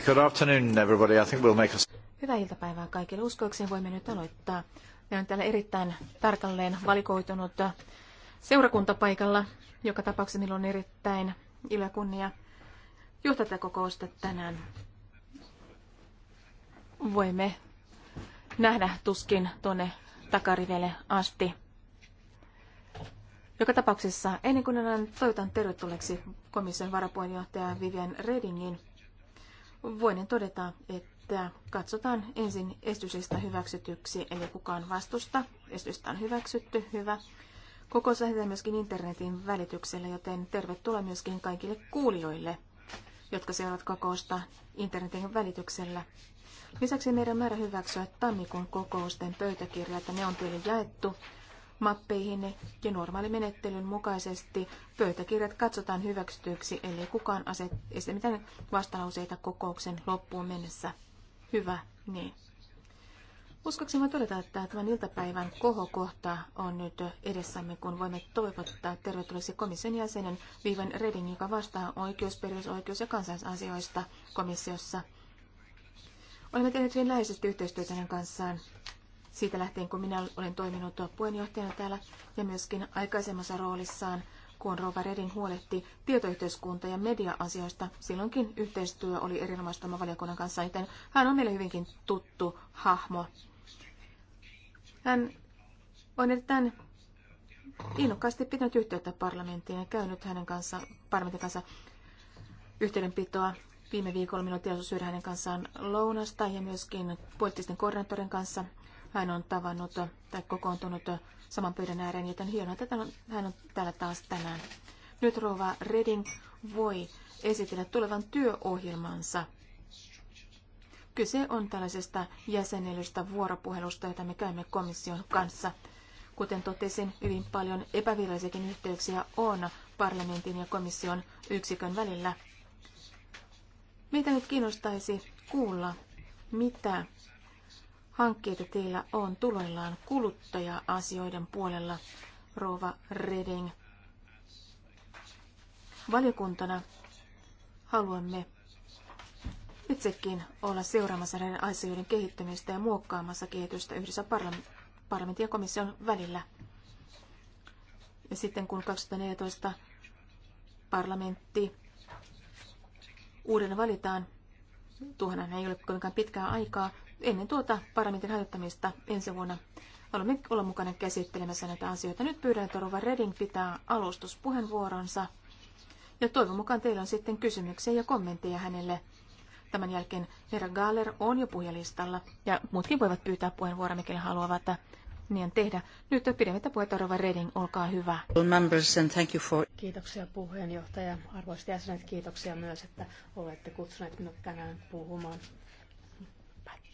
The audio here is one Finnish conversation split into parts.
Good afternoon, everybody. I think we'll make a... Hyvää iltapäivää kaikille. Uskoakseni voimme nyt aloittaa. Meillä on täällä erittäin tarkalleen valikoitunut seurakuntapaikalla. Joka tapauksessa meillä on erittäin ilo kunnia johtaa tätä kokousta tänään. Voimme nähdä tuskin tuonne takarivelle asti. Joka tapauksessa ennen kuin annan toivotan tervetulleeksi komission varapuheenjohtaja Vivian Redingin. Voinen todeta, että katsotaan ensin estysestä hyväksytyksi, eli kukaan vastusta. Estystä on hyväksytty, hyvä. Koko sähdetään myöskin internetin välityksellä, joten tervetuloa myöskin kaikille kuulijoille, jotka seuraavat kokousta internetin välityksellä. Lisäksi meidän määrä hyväksyä tammikuun kokousten pöytäkirja, että ne on teille jaettu mappeihin ja normaalimenettelyn mukaisesti pöytäkirjat katsotaan hyväksytyksi, ellei kukaan aset, esitä mitään vastalauseita kokouksen loppuun mennessä. Hyvä, niin. Uskoksi voin todeta, että tämän iltapäivän kohokohta on nyt edessämme, kun voimme toivottaa tervetulleeksi komission jäsenen Viivan Reding, joka vastaa oikeus, perusoikeus- ja kansalaisasioista komissiossa. Olemme tehneet hyvin läheisesti yhteistyötä hänen kanssaan siitä lähtien, kun minä olen toiminut puheenjohtajana täällä ja myöskin aikaisemmassa roolissaan, kun Rova Redin huolehti tietoyhteiskunta- ja media-asioista. Silloinkin yhteistyö oli erinomaista oman valiokunnan kanssa, joten hän on meille hyvinkin tuttu hahmo. Hän on erittäin innokkaasti pitänyt yhteyttä parlamenttiin ja käynyt hänen kanssa, parlamentin kanssa yhteydenpitoa. Viime viikolla minulla tilaisuus syödä hänen kanssaan lounasta ja myöskin poliittisten koordinaattorien kanssa hän on tavannut tai kokoontunut saman pöydän ääreen, joten hienoa, että hän on täällä taas tänään. Nyt Rova Reding voi esitellä tulevan työohjelmansa. Kyse on tällaisesta jäsenellystä vuoropuhelusta, jota me käymme komission kanssa. Kuten totesin, hyvin paljon epävirallisiakin yhteyksiä on parlamentin ja komission yksikön välillä. Meitä nyt kiinnostaisi kuulla, mitä hankkeita teillä on tuloillaan kuluttaja-asioiden puolella, Rova Reding. Valiokuntana haluamme itsekin olla seuraamassa näiden asioiden kehittämistä ja muokkaamassa kehitystä yhdessä parlamentin ja komission välillä. Ja sitten kun 2014 parlamentti uuden valitaan, tuohon ei ole kovinkaan pitkää aikaa, ennen tuota parlamentin hajottamista ensi vuonna haluamme olla mukana käsittelemässä näitä asioita. Nyt pyydän, että Rova Reding pitää alustuspuheenvuoronsa. Ja toivon mukaan teillä on sitten kysymyksiä ja kommentteja hänelle. Tämän jälkeen herra Galler on jo puhujalistalla ja muutkin voivat pyytää puheenvuoroa, mikäli haluavat niin tehdä. Nyt pidemmittä puhetta Rova Reding, olkaa hyvä. Kiitoksia puheenjohtaja. Arvoisat jäsenet, kiitoksia myös, että olette kutsuneet minut tänään puhumaan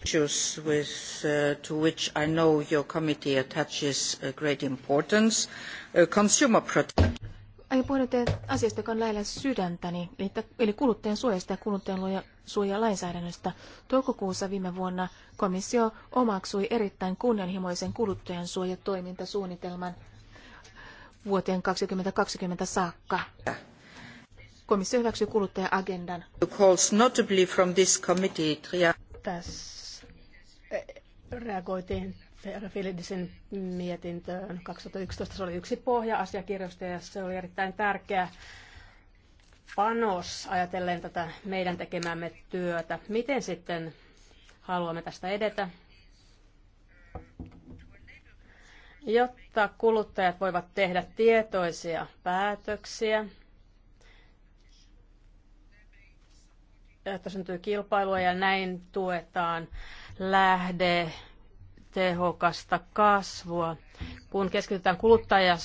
issues uh, to which I know your committee attaches great importance. Uh, consumer protection. Ai asiasta, joka on lähellä sydäntäni, eli, kuluttajan suojasta ja kuluttajan suojalainsäädännöstä. Toukokuussa viime vuonna komissio omaksui erittäin kunnianhimoisen kuluttajan suojatoimintasuunnitelman vuoteen 2020 saakka. Komissio hyväksyi kuluttaja-agendan. Tässä reagoitiin Filidisen mietintöön 2011. Se oli yksi pohja-asiakirjoista ja se oli erittäin tärkeä panos ajatellen tätä meidän tekemämme työtä. Miten sitten haluamme tästä edetä? Jotta kuluttajat voivat tehdä tietoisia päätöksiä, että syntyy kilpailua ja näin tuetaan lähde tehokasta kasvua. Kun keskitytään kuluttaja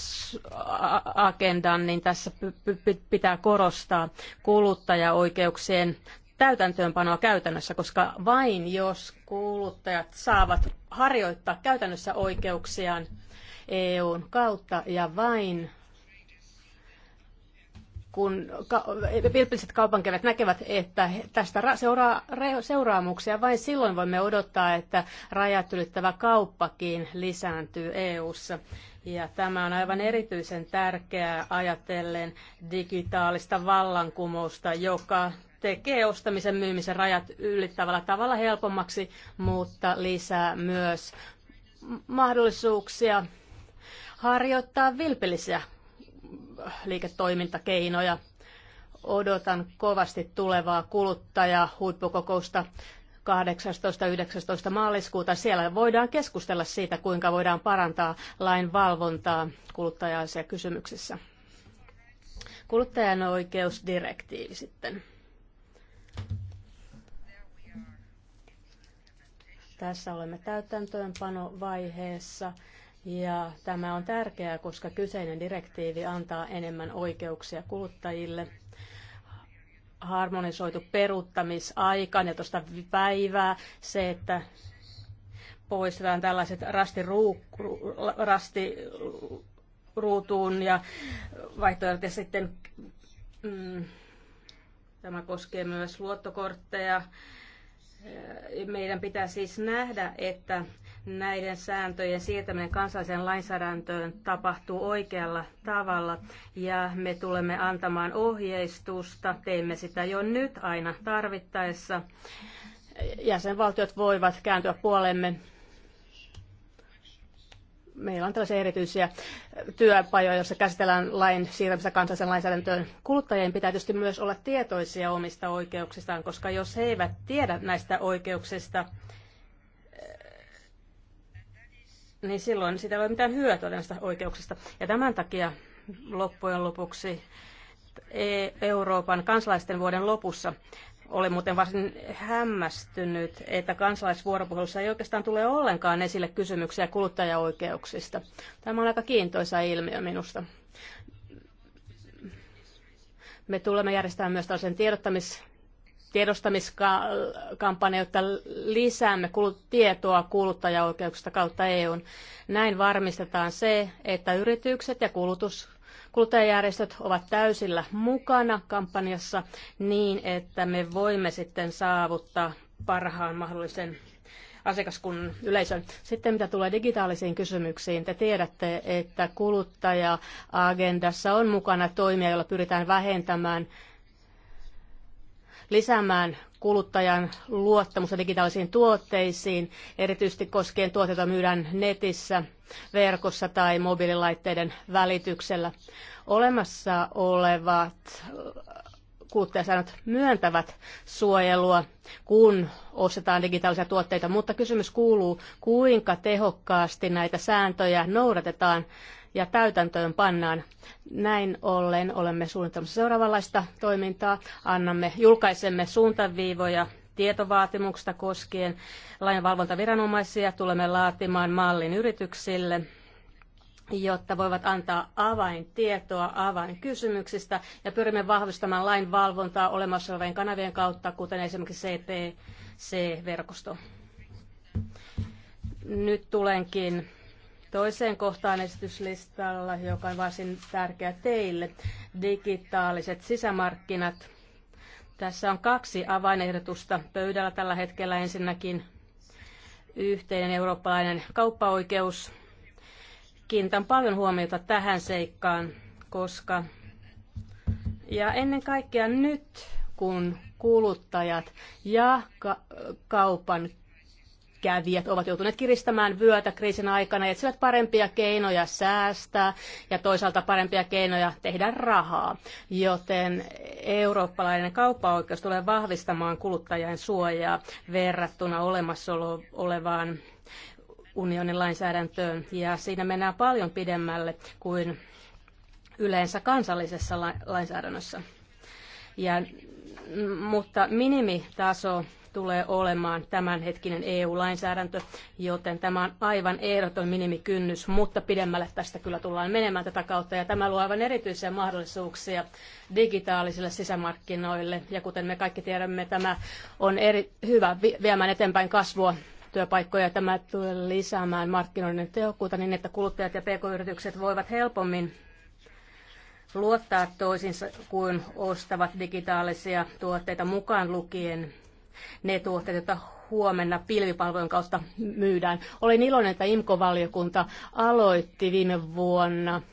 niin tässä pitää korostaa kuluttajaoikeuksien täytäntöönpanoa käytännössä, koska vain jos kuluttajat saavat harjoittaa käytännössä oikeuksiaan EUn kautta ja vain kun ka- vilpilliset kaupankäyvät näkevät, että tästä seuraa seuraamuksia, vain silloin voimme odottaa, että rajat ylittävä kauppakin lisääntyy EU:ssa. Ja tämä on aivan erityisen tärkeää ajatellen digitaalista vallankumousta, joka tekee ostamisen myymisen rajat ylittävällä tavalla helpommaksi, mutta lisää myös mahdollisuuksia harjoittaa vilpillisiä liiketoimintakeinoja. Odotan kovasti tulevaa kuluttajahuippukokousta 18-19 maaliskuuta. Siellä voidaan keskustella siitä, kuinka voidaan parantaa lain valvontaa kuluttaja kysymyksissä. Kuluttajan oikeusdirektiivi sitten. Tässä olemme täytäntöönpanovaiheessa. vaiheessa ja tämä on tärkeää, koska kyseinen direktiivi antaa enemmän oikeuksia kuluttajille harmonisoitu peruuttamisaika, ja tuosta päivää, se, että poistetaan tällaiset rastiruutuun ja vaihtoehdot ja sitten mm, tämä koskee myös luottokortteja. Meidän pitää siis nähdä, että näiden sääntöjen siirtäminen kansalliseen lainsäädäntöön tapahtuu oikealla tavalla ja me tulemme antamaan ohjeistusta, teemme sitä jo nyt aina tarvittaessa. Jäsenvaltiot voivat kääntyä puolemme meillä on tällaisia erityisiä työpajoja, joissa käsitellään lain siirtämistä kansallisen lainsäädäntöön. Kuluttajien pitää tietysti myös olla tietoisia omista oikeuksistaan, koska jos he eivät tiedä näistä oikeuksista, niin silloin sitä ei ole mitään hyötyä näistä oikeuksista. Ja tämän takia loppujen lopuksi e- Euroopan kansalaisten vuoden lopussa olen muuten varsin hämmästynyt, että kansalaisvuoropuhelussa ei oikeastaan tule ollenkaan esille kysymyksiä kuluttajaoikeuksista. Tämä on aika kiintoisa ilmiö minusta. Me tulemme järjestämään myös tällaisen tiedottamis- tiedostamiskampanja, jotta lisäämme tietoa kuluttajaoikeuksista kautta EUn. Näin varmistetaan se, että yritykset ja kulutus, kuluttajajärjestöt ovat täysillä mukana kampanjassa niin, että me voimme sitten saavuttaa parhaan mahdollisen asiakaskunnan yleisön. Sitten mitä tulee digitaalisiin kysymyksiin, te tiedätte, että kuluttaja-agendassa on mukana toimia, joilla pyritään vähentämään lisäämään kuluttajan luottamusta digitaalisiin tuotteisiin, erityisesti koskien tuotteita myydään netissä, verkossa tai mobiililaitteiden välityksellä. Olemassa olevat kuluttajasäännöt myöntävät suojelua, kun ostetaan digitaalisia tuotteita, mutta kysymys kuuluu, kuinka tehokkaasti näitä sääntöjä noudatetaan ja täytäntöön pannaan. Näin ollen olemme suunnittelemassa seuraavanlaista toimintaa. Annamme, julkaisemme suuntaviivoja tietovaatimuksista koskien lainvalvontaviranomaisia. Tulemme laatimaan mallin yrityksille – jotta voivat antaa avaintietoa avainkysymyksistä ja pyrimme vahvistamaan lain valvontaa olemassa olevien kanavien kautta, kuten esimerkiksi CPC-verkosto. Nyt tulenkin toiseen kohtaan esityslistalla, joka on varsin tärkeä teille, digitaaliset sisämarkkinat. Tässä on kaksi avainehdotusta pöydällä tällä hetkellä. Ensinnäkin yhteinen eurooppalainen kauppaoikeus – Kiinnitän paljon huomiota tähän seikkaan, koska ja ennen kaikkea nyt, kun kuluttajat ja ka- kaupan kävijät ovat joutuneet kiristämään vyötä kriisin aikana ja etsivät parempia keinoja säästää ja toisaalta parempia keinoja tehdä rahaa. Joten eurooppalainen kauppaoikeus tulee vahvistamaan kuluttajien suojaa verrattuna olemassa olevaan unionin lainsäädäntöön ja siinä mennään paljon pidemmälle kuin yleensä kansallisessa lainsäädännössä. Ja, mm, mutta minimitaso tulee olemaan tämänhetkinen EU-lainsäädäntö, joten tämä on aivan ehdoton minimikynnys, mutta pidemmälle tästä kyllä tullaan menemään tätä kautta. Ja tämä luo aivan erityisiä mahdollisuuksia digitaalisille sisämarkkinoille. Ja kuten me kaikki tiedämme, tämä on eri, hyvä viemään eteenpäin kasvua työpaikkoja. Tämä tulee lisäämään markkinoiden tehokkuutta niin, että kuluttajat ja pk-yritykset voivat helpommin luottaa toisinsa kuin ostavat digitaalisia tuotteita mukaan lukien ne tuotteet, joita huomenna pilvipalvelujen kautta myydään. Olen iloinen, että IMKO-valiokunta aloitti viime vuonna –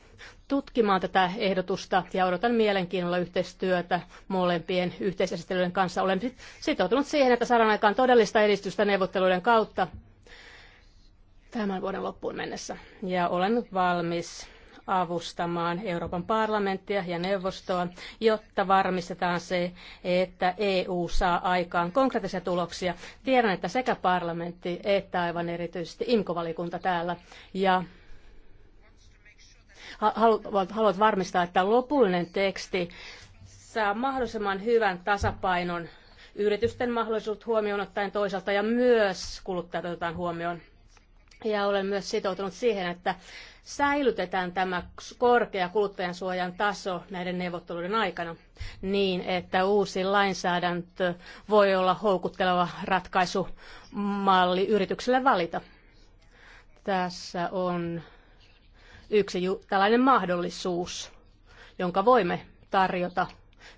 tutkimaan tätä ehdotusta ja odotan mielenkiinnolla yhteistyötä molempien yhteisesittelyiden kanssa. Olen sitoutunut siihen, että saadaan aikaan todellista edistystä neuvotteluiden kautta tämän vuoden loppuun mennessä. Ja olen valmis avustamaan Euroopan parlamenttia ja neuvostoa, jotta varmistetaan se, että EU saa aikaan konkreettisia tuloksia. Tiedän, että sekä parlamentti että aivan erityisesti imkovalikunta täällä ja Haluat varmistaa, että lopullinen teksti saa mahdollisimman hyvän tasapainon yritysten mahdollisuudet huomioon ottaen toisaalta ja myös kuluttajat otetaan huomioon. Ja olen myös sitoutunut siihen, että säilytetään tämä korkea kuluttajansuojan taso näiden neuvotteluiden aikana niin, että uusi lainsäädäntö voi olla houkutteleva ratkaisumalli yritykselle valita. Tässä on yksi tällainen mahdollisuus, jonka voimme tarjota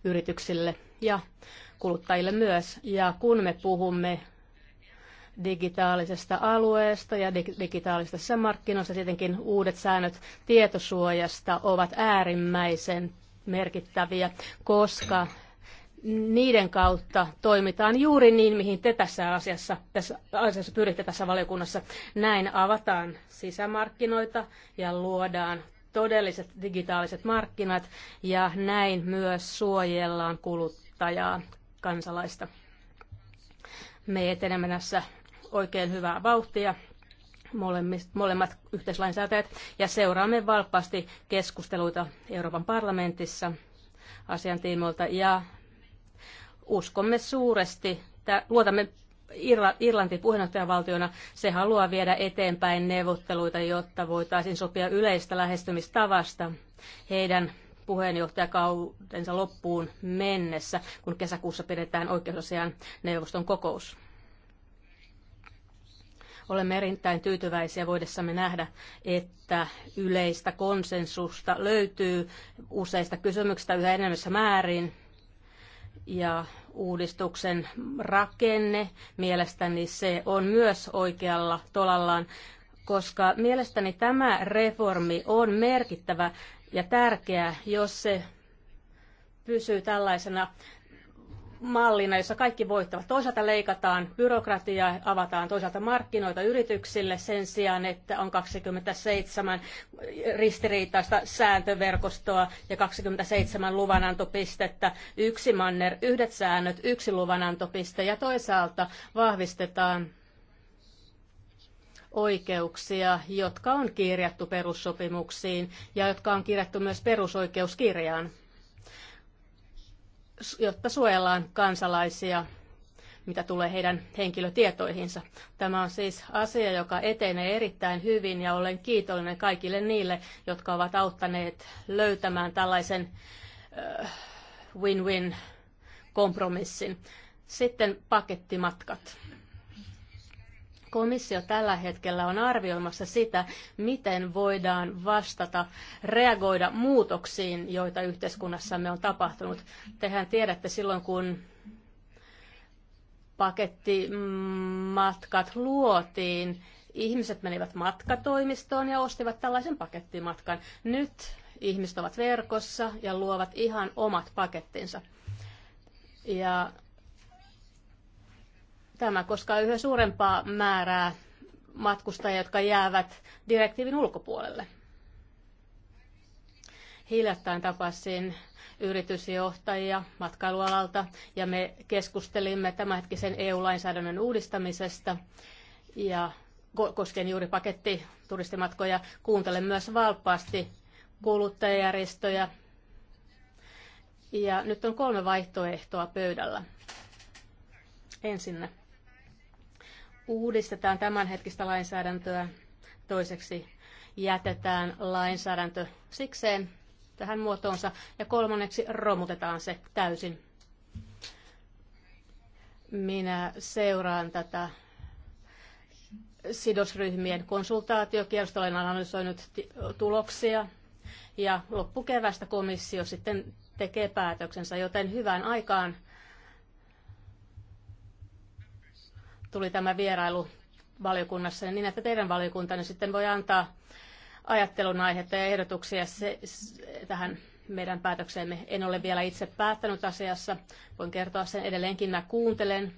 yrityksille ja kuluttajille myös. Ja kun me puhumme digitaalisesta alueesta ja digitaalisesta sisämarkkinoista, tietenkin uudet säännöt tietosuojasta ovat äärimmäisen merkittäviä, koska niiden kautta toimitaan juuri niin, mihin te tässä asiassa, tässä asiassa pyritte tässä valiokunnassa. Näin avataan sisämarkkinoita ja luodaan todelliset digitaaliset markkinat ja näin myös suojellaan kuluttajaa, kansalaista. Me etenemme tässä oikein hyvää vauhtia molemmat yhteislainsäätäjät ja seuraamme valppaasti keskusteluita Euroopan parlamentissa asiantiimoilta ja uskomme suuresti, luotamme Irlanti puheenjohtajavaltiona, se haluaa viedä eteenpäin neuvotteluita, jotta voitaisiin sopia yleistä lähestymistavasta heidän puheenjohtajakautensa loppuun mennessä, kun kesäkuussa pidetään oikeusasian neuvoston kokous. Olemme erittäin tyytyväisiä voidessamme nähdä, että yleistä konsensusta löytyy useista kysymyksistä yhä enemmässä määrin, ja uudistuksen rakenne, mielestäni se on myös oikealla tolallaan, koska mielestäni tämä reformi on merkittävä ja tärkeä, jos se pysyy tällaisena mallina, jossa kaikki voittavat. Toisaalta leikataan byrokratiaa, avataan toisaalta markkinoita yrityksille sen sijaan, että on 27 ristiriitaista sääntöverkostoa ja 27 luvanantopistettä, yksi manner, yhdet säännöt, yksi luvanantopiste ja toisaalta vahvistetaan oikeuksia, jotka on kirjattu perussopimuksiin ja jotka on kirjattu myös perusoikeuskirjaan jotta suojellaan kansalaisia, mitä tulee heidän henkilötietoihinsa. Tämä on siis asia, joka etenee erittäin hyvin ja olen kiitollinen kaikille niille, jotka ovat auttaneet löytämään tällaisen äh, win-win kompromissin. Sitten pakettimatkat komissio tällä hetkellä on arvioimassa sitä, miten voidaan vastata, reagoida muutoksiin, joita yhteiskunnassamme on tapahtunut. Tehän tiedätte silloin, kun pakettimatkat luotiin, ihmiset menivät matkatoimistoon ja ostivat tällaisen pakettimatkan. Nyt ihmiset ovat verkossa ja luovat ihan omat pakettinsa. Ja Tämä koska yhä suurempaa määrää matkustajia, jotka jäävät direktiivin ulkopuolelle. Hiljattain tapasin yritysjohtajia matkailualalta ja me keskustelimme tämänhetkisen EU-lainsäädännön uudistamisesta ja koskien juuri paketti turistimatkoja kuuntelen myös valppaasti kuluttajajärjestöjä. Ja nyt on kolme vaihtoehtoa pöydällä. Ensinnä uudistetaan tämänhetkistä lainsäädäntöä, toiseksi jätetään lainsäädäntö sikseen tähän muotoonsa ja kolmanneksi romutetaan se täysin. Minä seuraan tätä sidosryhmien konsultaatiokierrosta, olen analysoinut tuloksia ja loppukevästä komissio sitten tekee päätöksensä, joten hyvään aikaan tuli tämä vierailu valiokunnassa, niin että teidän valiokuntanne sitten voi antaa ajattelun aihetta ja ehdotuksia se, se, tähän meidän päätökseemme. En ole vielä itse päättänyt asiassa. Voin kertoa sen edelleenkin. Mä kuuntelen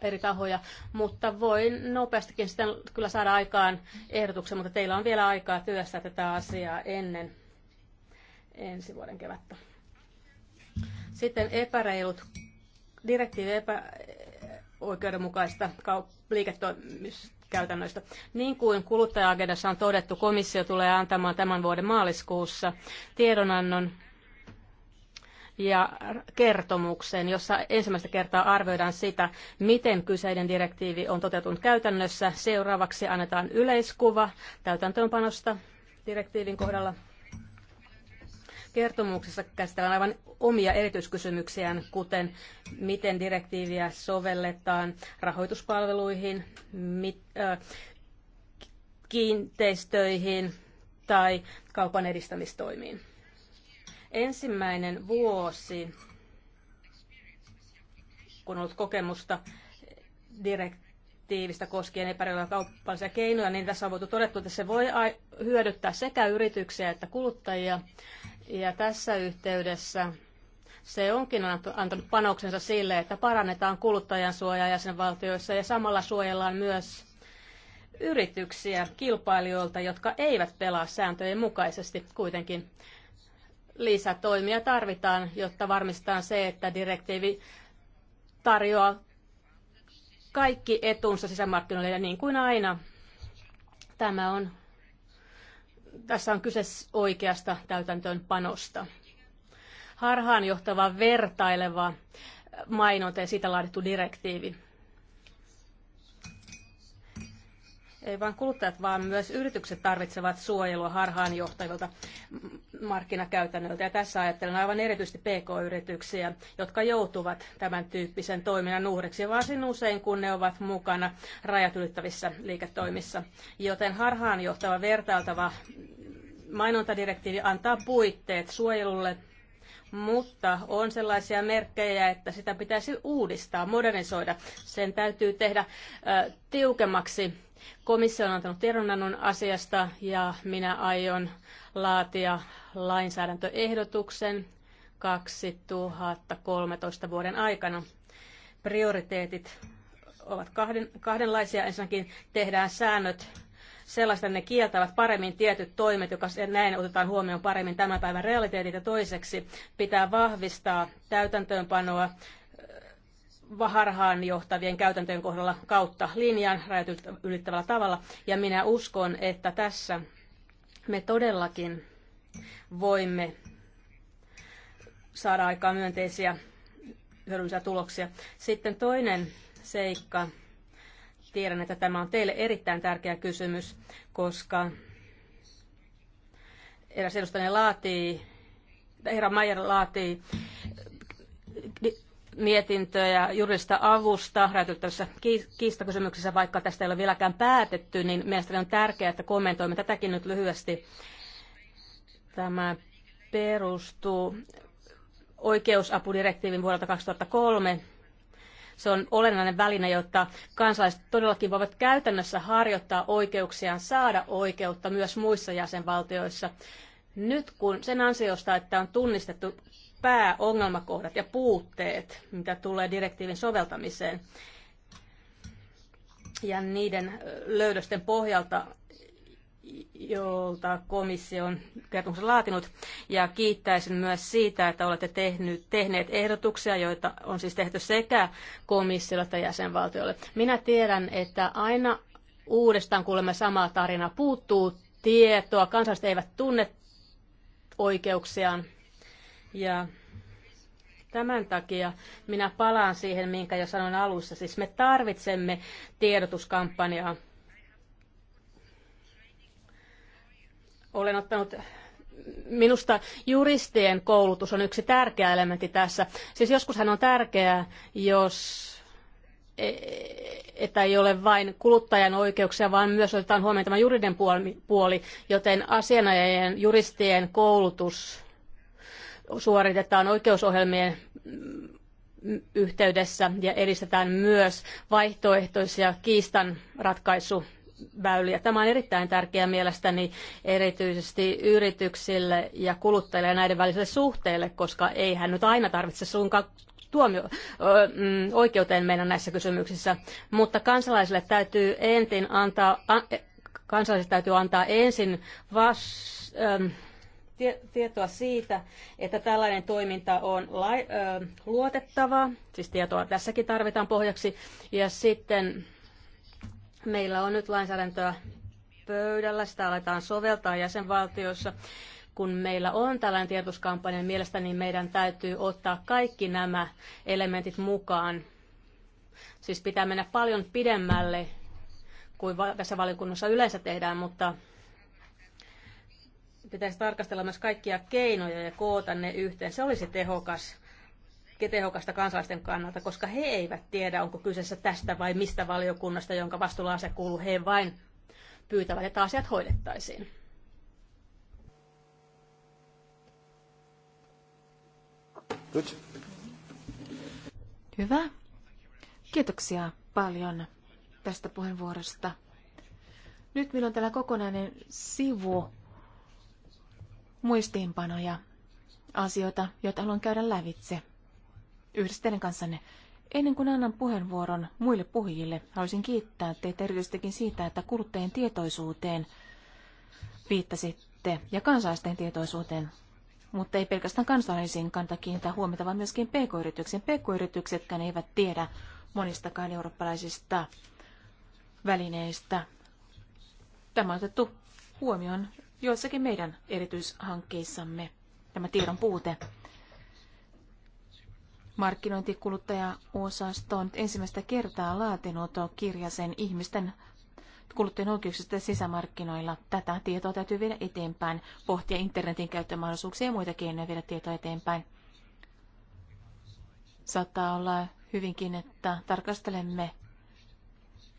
eri tahoja, mutta voin nopeastikin sitten kyllä saada aikaan ehdotuksen, mutta teillä on vielä aikaa työstää tätä asiaa ennen ensi vuoden kevättä. Sitten epäreilut, direktiivi epä, oikeudenmukaista liiketoimiskäytännöistä. Niin kuin kuluttaja-agendassa on todettu, komissio tulee antamaan tämän vuoden maaliskuussa tiedonannon ja kertomuksen, jossa ensimmäistä kertaa arvioidaan sitä, miten kyseinen direktiivi on toteutunut käytännössä. Seuraavaksi annetaan yleiskuva täytäntöönpanosta direktiivin kohdalla Kertomuksessa käsitellään aivan omia erityiskysymyksiään, kuten miten direktiiviä sovelletaan rahoituspalveluihin, mit, äh, kiinteistöihin tai kaupan edistämistoimiin. Ensimmäinen vuosi, kun on ollut kokemusta direktiivistä, aktiivista koskien epäröilyä kaupallisia keinoja, niin tässä on voitu todettu, että se voi hyödyttää sekä yrityksiä että kuluttajia, ja tässä yhteydessä se onkin antanut panoksensa sille, että parannetaan kuluttajan suojaa jäsenvaltioissa ja samalla suojellaan myös yrityksiä kilpailijoilta, jotka eivät pelaa sääntöjen mukaisesti kuitenkin. Lisätoimia tarvitaan, jotta varmistetaan se, että direktiivi tarjoaa kaikki etunsa sisämarkkinoille ja niin kuin aina. Tämä on tässä on kyse oikeasta täytäntöönpanosta. Harhaanjohtava vertaileva mainonta ja siitä laadittu direktiivi ei vain kuluttajat, vaan myös yritykset tarvitsevat suojelua harhaanjohtavilta markkinakäytännöiltä. Ja tässä ajattelen aivan erityisesti PK-yrityksiä, jotka joutuvat tämän tyyppisen toiminnan uhreksi varsin usein, kun ne ovat mukana rajat ylittävissä liiketoimissa. Joten harhaanjohtava vertailtava mainontadirektiivi antaa puitteet suojelulle mutta on sellaisia merkkejä, että sitä pitäisi uudistaa, modernisoida. Sen täytyy tehdä tiukemmaksi Komissio on antanut tiedonannon asiasta ja minä aion laatia lainsäädäntöehdotuksen 2013 vuoden aikana. Prioriteetit ovat kahden, kahdenlaisia. Ensinnäkin tehdään säännöt sellaista, ne kieltävät paremmin tietyt toimet, joka näin otetaan huomioon paremmin tämän päivän realiteetit. Ja toiseksi pitää vahvistaa täytäntöönpanoa harhaan johtavien käytäntöjen kohdalla kautta linjan rajat ylittävällä tavalla. Ja minä uskon, että tässä me todellakin voimme saada aikaan myönteisiä hyödyllisiä tuloksia. Sitten toinen seikka. Tiedän, että tämä on teille erittäin tärkeä kysymys, koska eräs edustajani laatii, herra Mayer laatii mietintöä ja juridista avusta räätyltävissä kiistakysymyksissä, vaikka tästä ei ole vieläkään päätetty, niin mielestäni on tärkeää, että kommentoimme tätäkin nyt lyhyesti. Tämä perustuu oikeusapudirektiivin vuodelta 2003. Se on olennainen väline, jotta kansalaiset todellakin voivat käytännössä harjoittaa oikeuksiaan, saada oikeutta myös muissa jäsenvaltioissa. Nyt kun sen ansiosta, että on tunnistettu pääongelmakohdat ja puutteet, mitä tulee direktiivin soveltamiseen. Ja niiden löydösten pohjalta jolta komissio on kertomuksen laatinut. Ja kiittäisin myös siitä, että olette tehnyt, tehneet ehdotuksia, joita on siis tehty sekä komissiolle että jäsenvaltiolle. Minä tiedän, että aina uudestaan kuulemme samaa tarinaa. Puuttuu tietoa, kansalaiset eivät tunne oikeuksiaan ja tämän takia minä palaan siihen, minkä jo sanoin alussa. Siis me tarvitsemme tiedotuskampanjaa. Olen ottanut minusta juristien koulutus on yksi tärkeä elementti tässä. Siis hän on tärkeää, jos e, että ei ole vain kuluttajan oikeuksia, vaan myös otetaan huomioon tämä juridinen puoli, joten asianajajien juristien koulutus suoritetaan oikeusohjelmien yhteydessä ja edistetään myös vaihtoehtoisia kiistanratkaisuväyliä. Tämä on erittäin tärkeää mielestäni erityisesti yrityksille ja kuluttajille ja näiden välisille suhteille, koska ei hän nyt aina tarvitse suinkaan tuomio, ö, mm, oikeuteen mennä näissä kysymyksissä. Mutta kansalaisille täytyy ensin antaa, an, kansalaisille täytyy antaa ensin vas, ö, tietoa siitä, että tällainen toiminta on lai, ö, luotettavaa, siis tietoa tässäkin tarvitaan pohjaksi, ja sitten meillä on nyt lainsäädäntöä pöydällä, sitä aletaan soveltaa jäsenvaltioissa. Kun meillä on tällainen tiedotuskampanja, niin mielestäni niin meidän täytyy ottaa kaikki nämä elementit mukaan. Siis pitää mennä paljon pidemmälle kuin tässä valiokunnassa yleensä tehdään, mutta Pitäisi tarkastella myös kaikkia keinoja ja koota ne yhteen. Se olisi tehokas tehokasta kansalaisten kannalta, koska he eivät tiedä, onko kyseessä tästä vai mistä valiokunnasta, jonka vastuulla asia kuuluu. He vain pyytävät, että asiat hoidettaisiin. Good. Hyvä. Kiitoksia paljon tästä puheenvuorosta. Nyt meillä on täällä kokonainen sivu muistiinpanoja, asioita, joita haluan käydä lävitse yhdessä teidän kanssanne. Ennen kuin annan puheenvuoron muille puhujille, haluaisin kiittää teitä erityisestikin siitä, että kuluttajien tietoisuuteen viittasitte ja kansalaisten tietoisuuteen, mutta ei pelkästään kansalaisiin kanta kiinnittää huomiota, vaan myöskin pk-yrityksen. Pk-yrityksetkään eivät tiedä monistakaan eurooppalaisista välineistä. Tämä on otettu huomioon joissakin meidän erityishankkeissamme tämä tiedon puute. Markkinointikuluttaja-osasto on ensimmäistä kertaa laatinut kirjasen ihmisten kuluttajien oikeuksista sisämarkkinoilla. Tätä tietoa täytyy viedä eteenpäin, pohtia internetin käyttömahdollisuuksia ja muita keinoja viedä tietoa eteenpäin. Saattaa olla hyvinkin, että tarkastelemme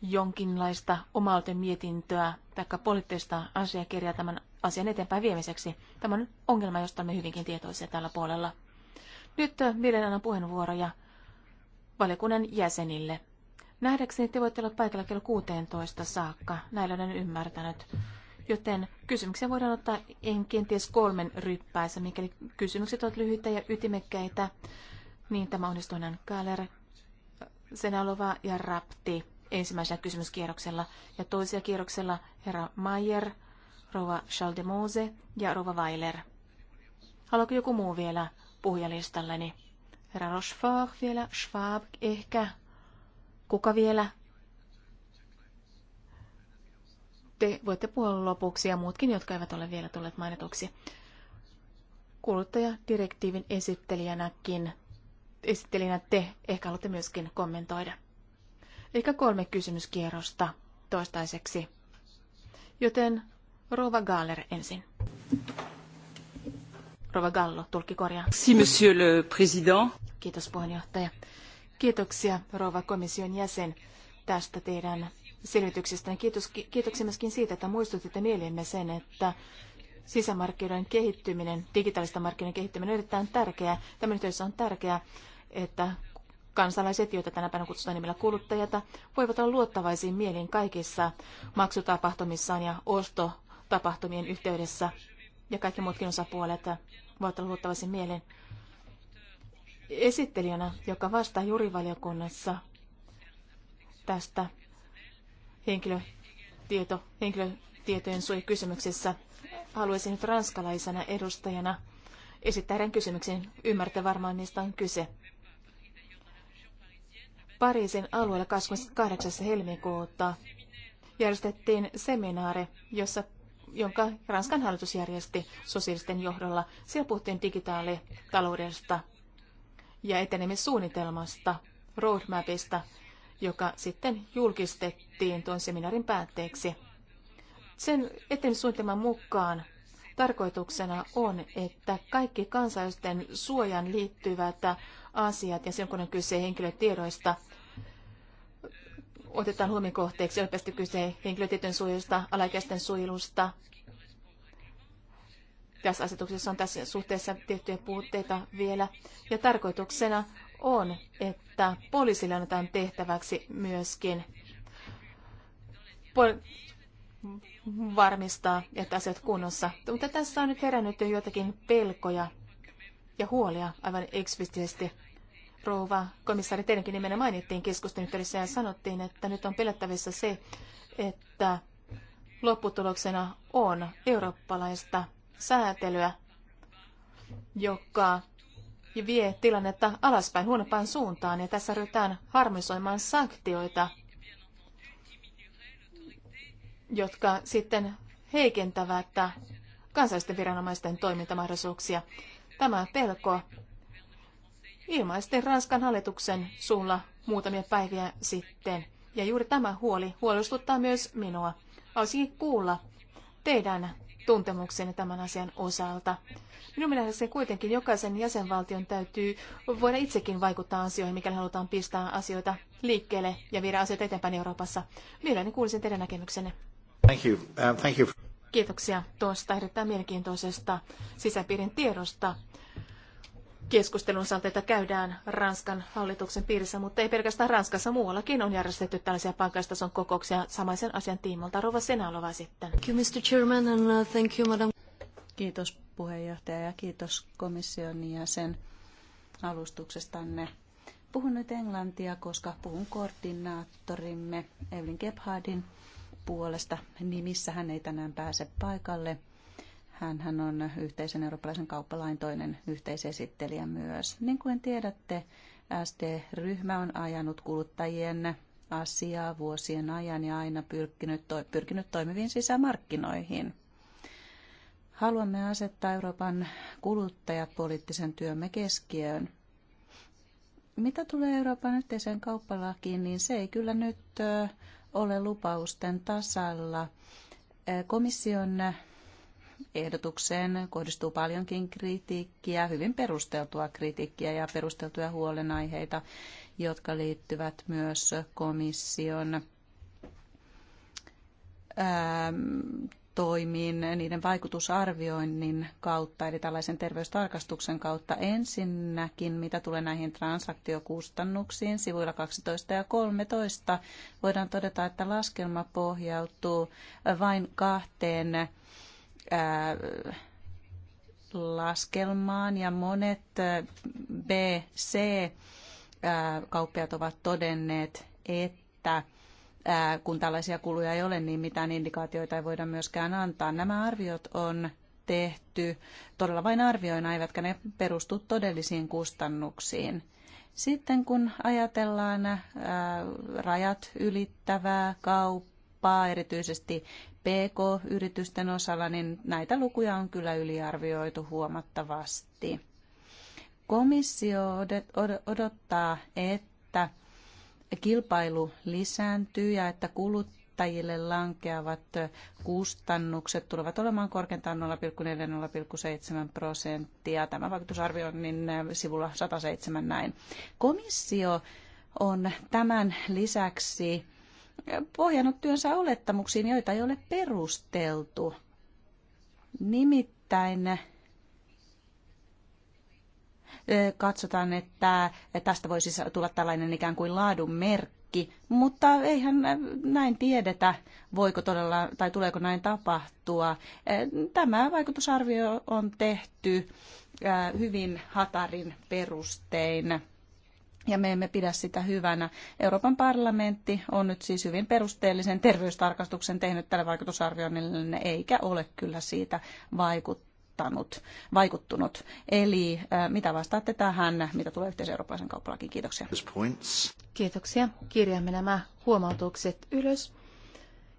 jonkinlaista omalten mietintöä tai poliittista asiakirjaa tämän asian eteenpäin viemiseksi. Tämä on ongelma, josta me hyvinkin tietoisia tällä puolella. Nyt äh, mielellään puheenvuoroja valiokunnan jäsenille. Nähdäkseni te voitte olla paikalla kello 16 saakka, näillä olen ymmärtänyt. Joten kysymyksiä voidaan ottaa en kenties kolmen ryppäässä, mikäli kysymykset ovat lyhyitä ja ytimekkäitä, niin tämä onnistuu näin Kaler, Senalova ja Rapti ensimmäisellä kysymyskierroksella ja toisella kierroksella herra Mayer – Rova Schaldemose ja Rova Weiler. Haluatko joku muu vielä puhujalistalleni? Herra Rochefort vielä, Schwab ehkä. Kuka vielä? Te voitte puhua lopuksi ja muutkin, jotka eivät ole vielä tulleet mainituksi. Kuluttajadirektiivin esittelijänäkin, esittelijänä te ehkä haluatte myöskin kommentoida. Eikä kolme kysymyskierrosta toistaiseksi. Joten Rova Gaaler ensin. Rova Gallo, tulkki korjaa. monsieur le président. Kiitos puheenjohtaja. Kiitoksia Rova komission jäsen tästä teidän selvityksestänne. Kiitos, kiitoksia myöskin siitä, että muistutitte mieliimme sen, että sisämarkkinoiden kehittyminen, digitaalisten markkinoiden kehittyminen on erittäin tärkeää. Tämän yhteydessä on tärkeää, että kansalaiset, joita tänä päivänä kutsutaan nimellä kuluttajata, voivat olla luottavaisiin mielin kaikissa maksutapahtumissaan ja osto tapahtumien yhteydessä ja kaikki muutkin osapuolet voivat olla luottavaisin mielin. Esittelijänä, joka vastaa jurivaliokunnassa tästä henkilötieto, henkilötietojen suojakysymyksessä, haluaisin nyt ranskalaisena edustajana esittää tämän kysymyksen. Ymmärtä varmaan, mistä on kyse. Pariisin alueella 28. helmikuuta järjestettiin seminaari, jossa jonka Ranskan hallitus järjesti sosiaalisten johdolla. Siellä puhuttiin digitaalitaloudesta ja etenemissuunnitelmasta, roadmapista, joka sitten julkistettiin tuon seminaarin päätteeksi. Sen etenemissuunnitelman mukaan tarkoituksena on, että kaikki kansalaisten suojan liittyvät asiat ja sen kun on kyse henkilötiedoista – otetaan huomioon kohteeksi, olpäästi kyse henkilötietojen suojelusta, alaikäisten suojelusta. Tässä asetuksessa on tässä suhteessa tiettyjä puutteita vielä. Ja tarkoituksena on, että poliisille annetaan tehtäväksi myöskin pol- varmistaa, että asiat kunnossa. Mutta tässä on nyt herännyt jo joitakin pelkoja ja huolia aivan eksplisiittisesti rouva komissaari, teidänkin nimenä mainittiin keskustelun yhteydessä ja sanottiin, että nyt on pelättävissä se, että lopputuloksena on eurooppalaista säätelyä, joka vie tilannetta alaspäin huonompaan suuntaan ja tässä ryhdytään harmisoimaan sanktioita, jotka sitten heikentävät kansallisten viranomaisten toimintamahdollisuuksia. Tämä pelko ilmaisten Ranskan hallituksen suulla muutamia päiviä sitten. Ja juuri tämä huoli huolestuttaa myös minua. Haluaisinkin kuulla teidän tuntemuksenne tämän asian osalta. Minun mielestäni kuitenkin jokaisen jäsenvaltion täytyy voida itsekin vaikuttaa asioihin, mikäli halutaan pistää asioita liikkeelle ja viedä asioita eteenpäin Euroopassa. Mielelläni kuulisin teidän näkemyksenne. Thank you. Uh, thank you. Kiitoksia tuosta erittäin mielenkiintoisesta sisäpiirin tiedosta keskustelun osalta, käydään Ranskan hallituksen piirissä, mutta ei pelkästään Ranskassa, muuallakin on järjestetty tällaisia paikallistason kokouksia samaisen asian tiimolta. Rova Senalova sitten. Thank you, Mr. Chairman, and uh, thank you, Madam. Kiitos puheenjohtaja ja kiitos komission jäsen alustuksestanne. Puhun nyt englantia, koska puhun koordinaattorimme Evelyn Gebhardin puolesta nimissä. Hän ei tänään pääse paikalle hän on yhteisen eurooppalaisen kauppalain toinen yhteisesittelijä myös. Niin kuin tiedätte, SD-ryhmä on ajanut kuluttajien asiaa vuosien ajan ja aina pyrkinyt, to, pyrkinyt toimiviin sisämarkkinoihin. Haluamme asettaa Euroopan kuluttajat poliittisen työmme keskiöön. Mitä tulee Euroopan yhteiseen kauppalakiin, niin se ei kyllä nyt ole lupausten tasalla. Komission ehdotukseen kohdistuu paljonkin kritiikkiä, hyvin perusteltua kritiikkiä ja perusteltuja huolenaiheita, jotka liittyvät myös komission ähm, toimiin niiden vaikutusarvioinnin kautta, eli tällaisen terveystarkastuksen kautta. Ensinnäkin, mitä tulee näihin transaktiokustannuksiin, sivuilla 12 ja 13 voidaan todeta, että laskelma pohjautuu vain kahteen Äh, laskelmaan ja monet äh, BC äh, kauppiat ovat todenneet, että kun tällaisia kuluja ei ole, niin mitään indikaatioita ei voida myöskään antaa. Nämä arviot on tehty todella vain arvioina, eivätkä ne perustu todellisiin kustannuksiin. Sitten kun ajatellaan rajat ylittävää kauppaa, erityisesti PK-yritysten osalla, niin näitä lukuja on kyllä yliarvioitu huomattavasti. Komissio odottaa, että kilpailu lisääntyy ja että kuluttajille lankeavat kustannukset tulevat olemaan korkeintaan 0,4-0,7 prosenttia. Tämä vaikutusarvio on niin äh, sivulla 107 näin. Komissio on tämän lisäksi pohjannut työnsä olettamuksiin, joita ei ole perusteltu. Nimittäin katsotaan, että tästä voisi tulla tällainen ikään kuin laadun merkki, mutta eihän näin tiedetä, voiko todella tai tuleeko näin tapahtua. Tämä vaikutusarvio on tehty hyvin hatarin perustein ja me emme pidä sitä hyvänä. Euroopan parlamentti on nyt siis hyvin perusteellisen terveystarkastuksen tehnyt tälle vaikutusarvioinnille, eikä ole kyllä siitä vaikuttanut, vaikuttunut. Eli äh, mitä vastaatte tähän, mitä tulee eurooppalaisen kauppalakiin? Kiitoksia. Kiitoksia. Kirjaamme nämä huomautukset ylös.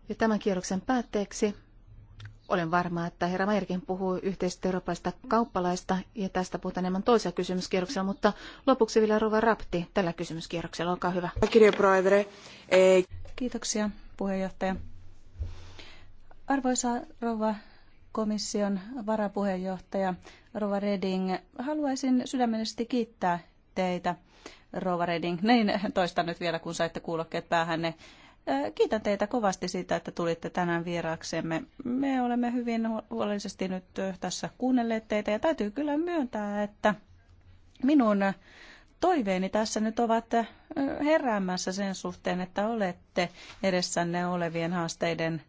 Ja tämän kierroksen päätteeksi olen varma, että herra Mairkin puhuu yhteisestä eurooppalaisesta kauppalaista ja tästä puhutaan enemmän toisella kysymyskierroksella, mutta lopuksi vielä Rova Rapti tällä kysymyskierroksella. Olkaa hyvä. Kiitoksia puheenjohtaja. Arvoisa Rova komission varapuheenjohtaja Rova Reding, haluaisin sydämellisesti kiittää teitä Rova Reding. Niin, toistan nyt vielä, kun saitte kuulokkeet päähänne. Kiitän teitä kovasti siitä, että tulitte tänään vieraaksemme. Me olemme hyvin huolellisesti nyt tässä kuunnelleet teitä ja täytyy kyllä myöntää, että minun toiveeni tässä nyt ovat heräämässä sen suhteen, että olette edessänne olevien haasteiden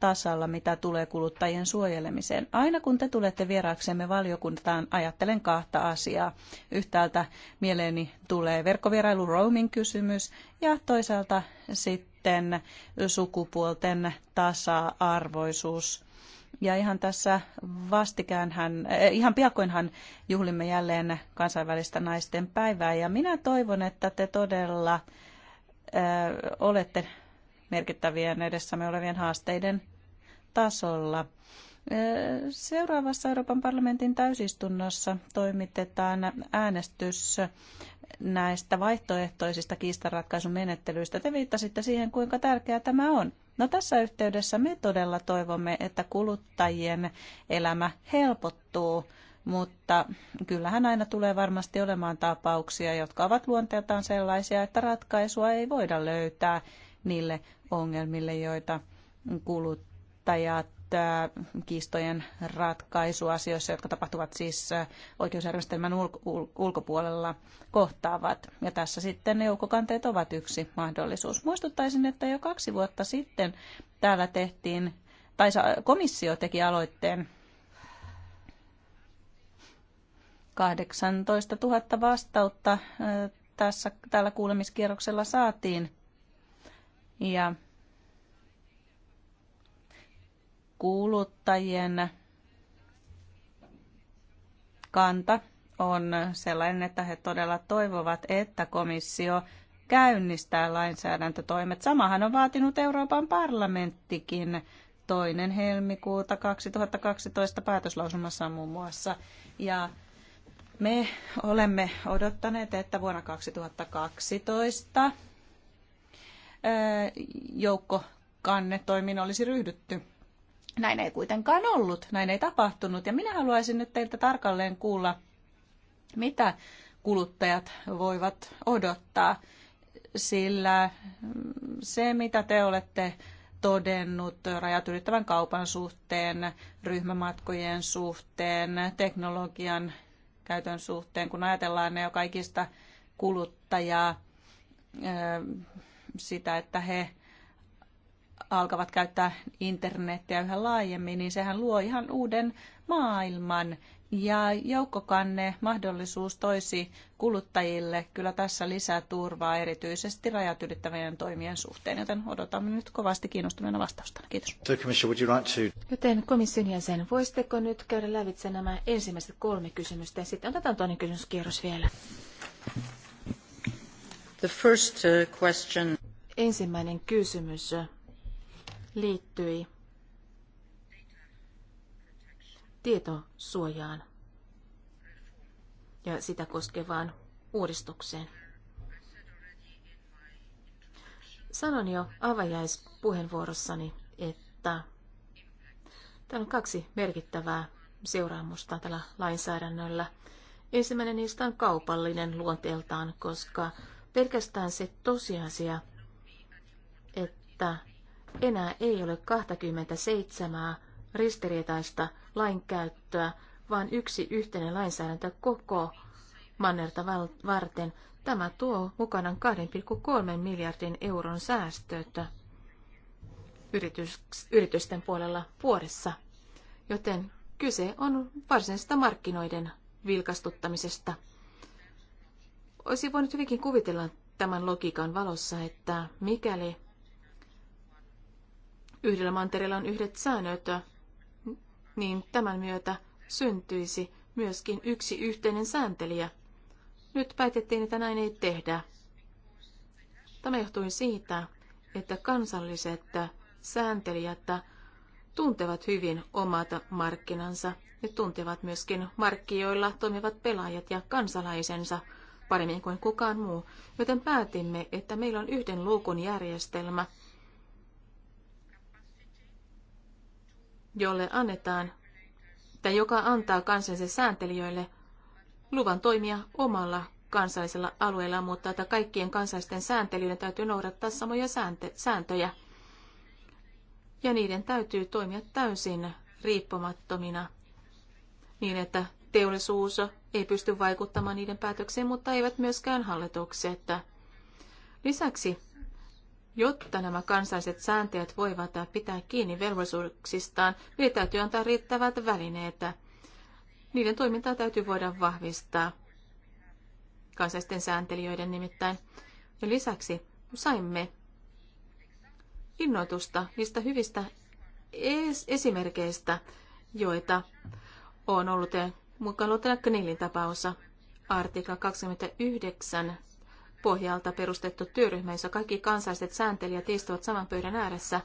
tasalla, mitä tulee kuluttajien suojelemiseen. Aina kun te tulette vieraaksemme valiokuntaan, ajattelen kahta asiaa. Yhtäältä mieleeni tulee verkkovierailu roaming kysymys ja toisaalta sitten sukupuolten tasa-arvoisuus. Ja ihan tässä vastikäänhän, eh, ihan piakkoinhan juhlimme jälleen kansainvälistä naisten päivää. Ja minä toivon, että te todella eh, olette merkittävien edessämme olevien haasteiden tasolla. Seuraavassa Euroopan parlamentin täysistunnossa toimitetaan äänestys näistä vaihtoehtoisista kiistanratkaisumenettelyistä. Te viittasitte siihen, kuinka tärkeää tämä on. No tässä yhteydessä me todella toivomme, että kuluttajien elämä helpottuu, mutta kyllähän aina tulee varmasti olemaan tapauksia, jotka ovat luonteeltaan sellaisia, että ratkaisua ei voida löytää niille ongelmille, joita kuluttajat äh, kiistojen ratkaisuasioissa, jotka tapahtuvat siis äh, oikeusjärjestelmän ulkopuolella kohtaavat. Ja tässä sitten joukkokanteet ovat yksi mahdollisuus. Muistuttaisin, että jo kaksi vuotta sitten täällä tehtiin, tai komissio teki aloitteen 18 000 vastautta äh, tässä, tällä kuulemiskierroksella saatiin ja kuluttajien kanta on sellainen, että he todella toivovat, että komissio käynnistää lainsäädäntötoimet. Samahan on vaatinut Euroopan parlamenttikin toinen helmikuuta 2012 päätöslausumassa muun muassa. Ja me olemme odottaneet, että vuonna 2012 joukkokannetoimiin olisi ryhdytty. Näin ei kuitenkaan ollut, näin ei tapahtunut. Ja minä haluaisin nyt teiltä tarkalleen kuulla, mitä kuluttajat voivat odottaa, sillä se, mitä te olette todennut rajat ylittävän kaupan suhteen, ryhmämatkojen suhteen, teknologian käytön suhteen, kun ajatellaan ne jo kaikista kuluttajaa, sitä, että he alkavat käyttää internettiä yhä laajemmin, niin sehän luo ihan uuden maailman. Ja joukkokanne mahdollisuus toisi kuluttajille kyllä tässä lisää turvaa erityisesti rajat ylittävien toimien suhteen, joten odotamme nyt kovasti kiinnostuneena vastausta. Kiitos. Joten komission jäsen, voisitteko nyt käydä lävitse nämä ensimmäiset kolme kysymystä ja sitten otetaan toinen kysymyskierros vielä. The first uh, question. Ensimmäinen kysymys liittyi tietosuojaan ja sitä koskevaan uudistukseen. Sanon jo avajaispuheenvuorossani, että täällä on kaksi merkittävää seuraamusta tällä lainsäädännöllä. Ensimmäinen niistä on kaupallinen luonteeltaan, koska pelkästään se tosiasia, että enää ei ole 27 ristiriitaista lainkäyttöä, vaan yksi yhteinen lainsäädäntö koko mannerta varten. Tämä tuo mukanaan 2,3 miljardin euron säästöt yritysten puolella vuodessa, joten kyse on varsinaisesta markkinoiden vilkastuttamisesta. Olisi voinut hyvinkin kuvitella tämän logiikan valossa, että mikäli yhdellä mantereella on yhdet säännöt, niin tämän myötä syntyisi myöskin yksi yhteinen sääntelijä. Nyt päätettiin, että näin ei tehdä. Tämä johtui siitä, että kansalliset sääntelijät tuntevat hyvin omat markkinansa. Ne tuntevat myöskin markkinoilla toimivat pelaajat ja kansalaisensa paremmin kuin kukaan muu, joten päätimme, että meillä on yhden luukun järjestelmä – jolle annetaan tai joka antaa kansallisille sääntelijöille luvan toimia omalla kansallisella alueella, mutta että kaikkien kansallisten sääntelyiden täytyy noudattaa samoja sääntöjä. Ja niiden täytyy toimia täysin riippumattomina niin, että teollisuus ei pysty vaikuttamaan niiden päätöksiin, mutta eivät myöskään hallitukset. Lisäksi Jotta nämä kansalliset sääntäjät voivat pitää kiinni velvollisuuksistaan, niille täytyy antaa riittävät välineet. Niiden toimintaa täytyy voida vahvistaa kansallisten sääntelijöiden nimittäin. Ja lisäksi saimme innoitusta niistä hyvistä esimerkkeistä, joita on ollut mukaan luettuna Knillin tapaus. Artikla 29 pohjalta perustettu työryhmä, jossa kaikki kansalliset sääntelijät istuvat saman pöydän ääressä,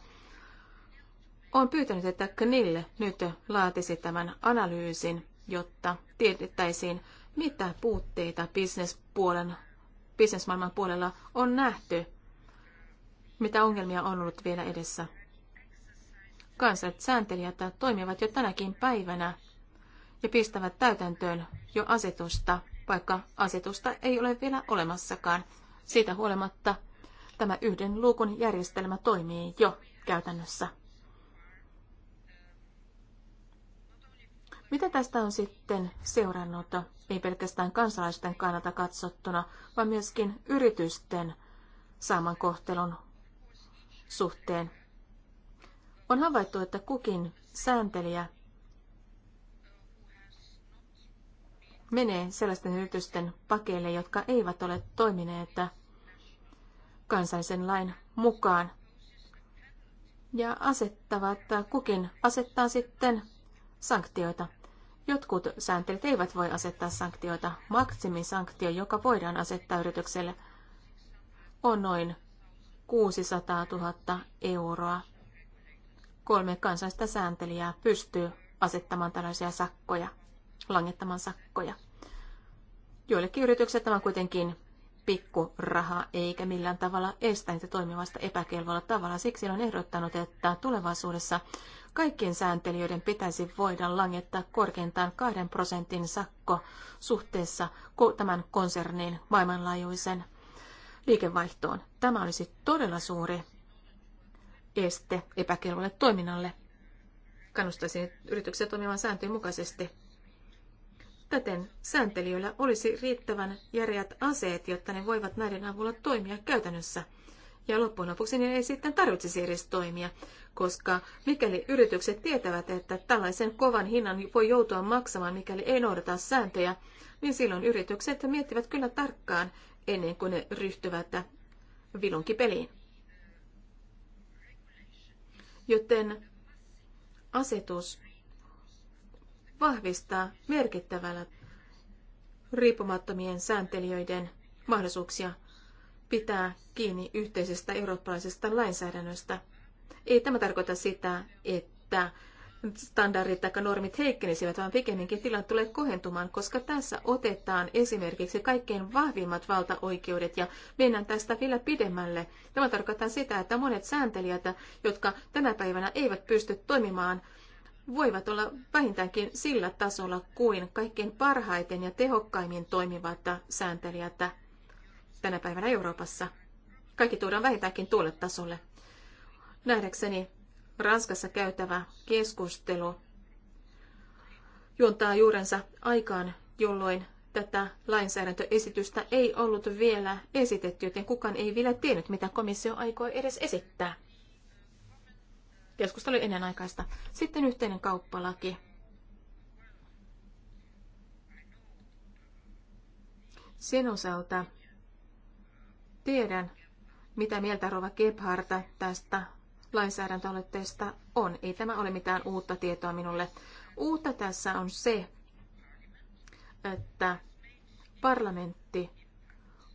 on pyytänyt, että KNIL nyt laatisi tämän analyysin, jotta tiedettäisiin, mitä puutteita bisnespuolen, bisnesmaailman puolella on nähty, mitä ongelmia on ollut vielä edessä. Kansalliset sääntelijät toimivat jo tänäkin päivänä ja pistävät täytäntöön jo asetusta, vaikka asetusta ei ole vielä olemassakaan. Siitä huolimatta tämä yhden luukun järjestelmä toimii jo käytännössä. Mitä tästä on sitten seurannut, ei pelkästään kansalaisten kannalta katsottuna, vaan myöskin yritysten saaman kohtelun suhteen? On havaittu, että kukin sääntelijä menee sellaisten yritysten pakeille, jotka eivät ole toimineet kansallisen lain mukaan. Ja asettavat, kukin asettaa sitten sanktioita. Jotkut sääntelijät eivät voi asettaa sanktioita. Maksimisanktio, joka voidaan asettaa yritykselle, on noin 600 000 euroa. Kolme kansallista sääntelijää pystyy asettamaan tällaisia sakkoja langettamaan sakkoja. Joillekin yrityksille tämä on kuitenkin pikkuraha eikä millään tavalla estä niitä toimivasta epäkelvolla tavalla. Siksi on ehdottanut, että tulevaisuudessa kaikkien sääntelijöiden pitäisi voida langettaa korkeintaan 2 prosentin sakko suhteessa tämän konsernin maailmanlaajuisen liikevaihtoon. Tämä olisi todella suuri este epäkelvolle toiminnalle. Kannustaisin yrityksiä toimimaan sääntöjen mukaisesti. Täten sääntelijöillä olisi riittävän järeät aseet, jotta ne voivat näiden avulla toimia käytännössä. Ja loppujen lopuksi niin ei sitten tarvitsisi edes toimia, koska mikäli yritykset tietävät, että tällaisen kovan hinnan voi joutua maksamaan, mikäli ei noudata sääntöjä, niin silloin yritykset miettivät kyllä tarkkaan ennen kuin ne ryhtyvät vilunkipeliin. Joten asetus vahvistaa merkittävällä riippumattomien sääntelijöiden mahdollisuuksia pitää kiinni yhteisestä eurooppalaisesta lainsäädännöstä. Ei tämä tarkoita sitä, että standardit tai normit heikkenisivät, vaan pikemminkin tilanne tulee kohentumaan, koska tässä otetaan esimerkiksi kaikkein vahvimmat valtaoikeudet ja mennään tästä vielä pidemmälle. Tämä tarkoittaa sitä, että monet sääntelijät, jotka tänä päivänä eivät pysty toimimaan voivat olla vähintäänkin sillä tasolla kuin kaikkein parhaiten ja tehokkaimmin toimivat sääntelijät tänä päivänä Euroopassa. Kaikki tuodaan vähintäänkin tuolle tasolle. Nähdäkseni Ranskassa käytävä keskustelu juontaa juurensa aikaan, jolloin tätä lainsäädäntöesitystä ei ollut vielä esitetty, joten kukaan ei vielä tiennyt, mitä komissio aikoi edes esittää oli ennen aikaista. Sitten yhteinen kauppalaki. Sen osalta tiedän, mitä mieltä Rova Gebharta tästä lainsäädäntöaloitteesta on. Ei tämä ole mitään uutta tietoa minulle. Uutta tässä on se, että parlamentti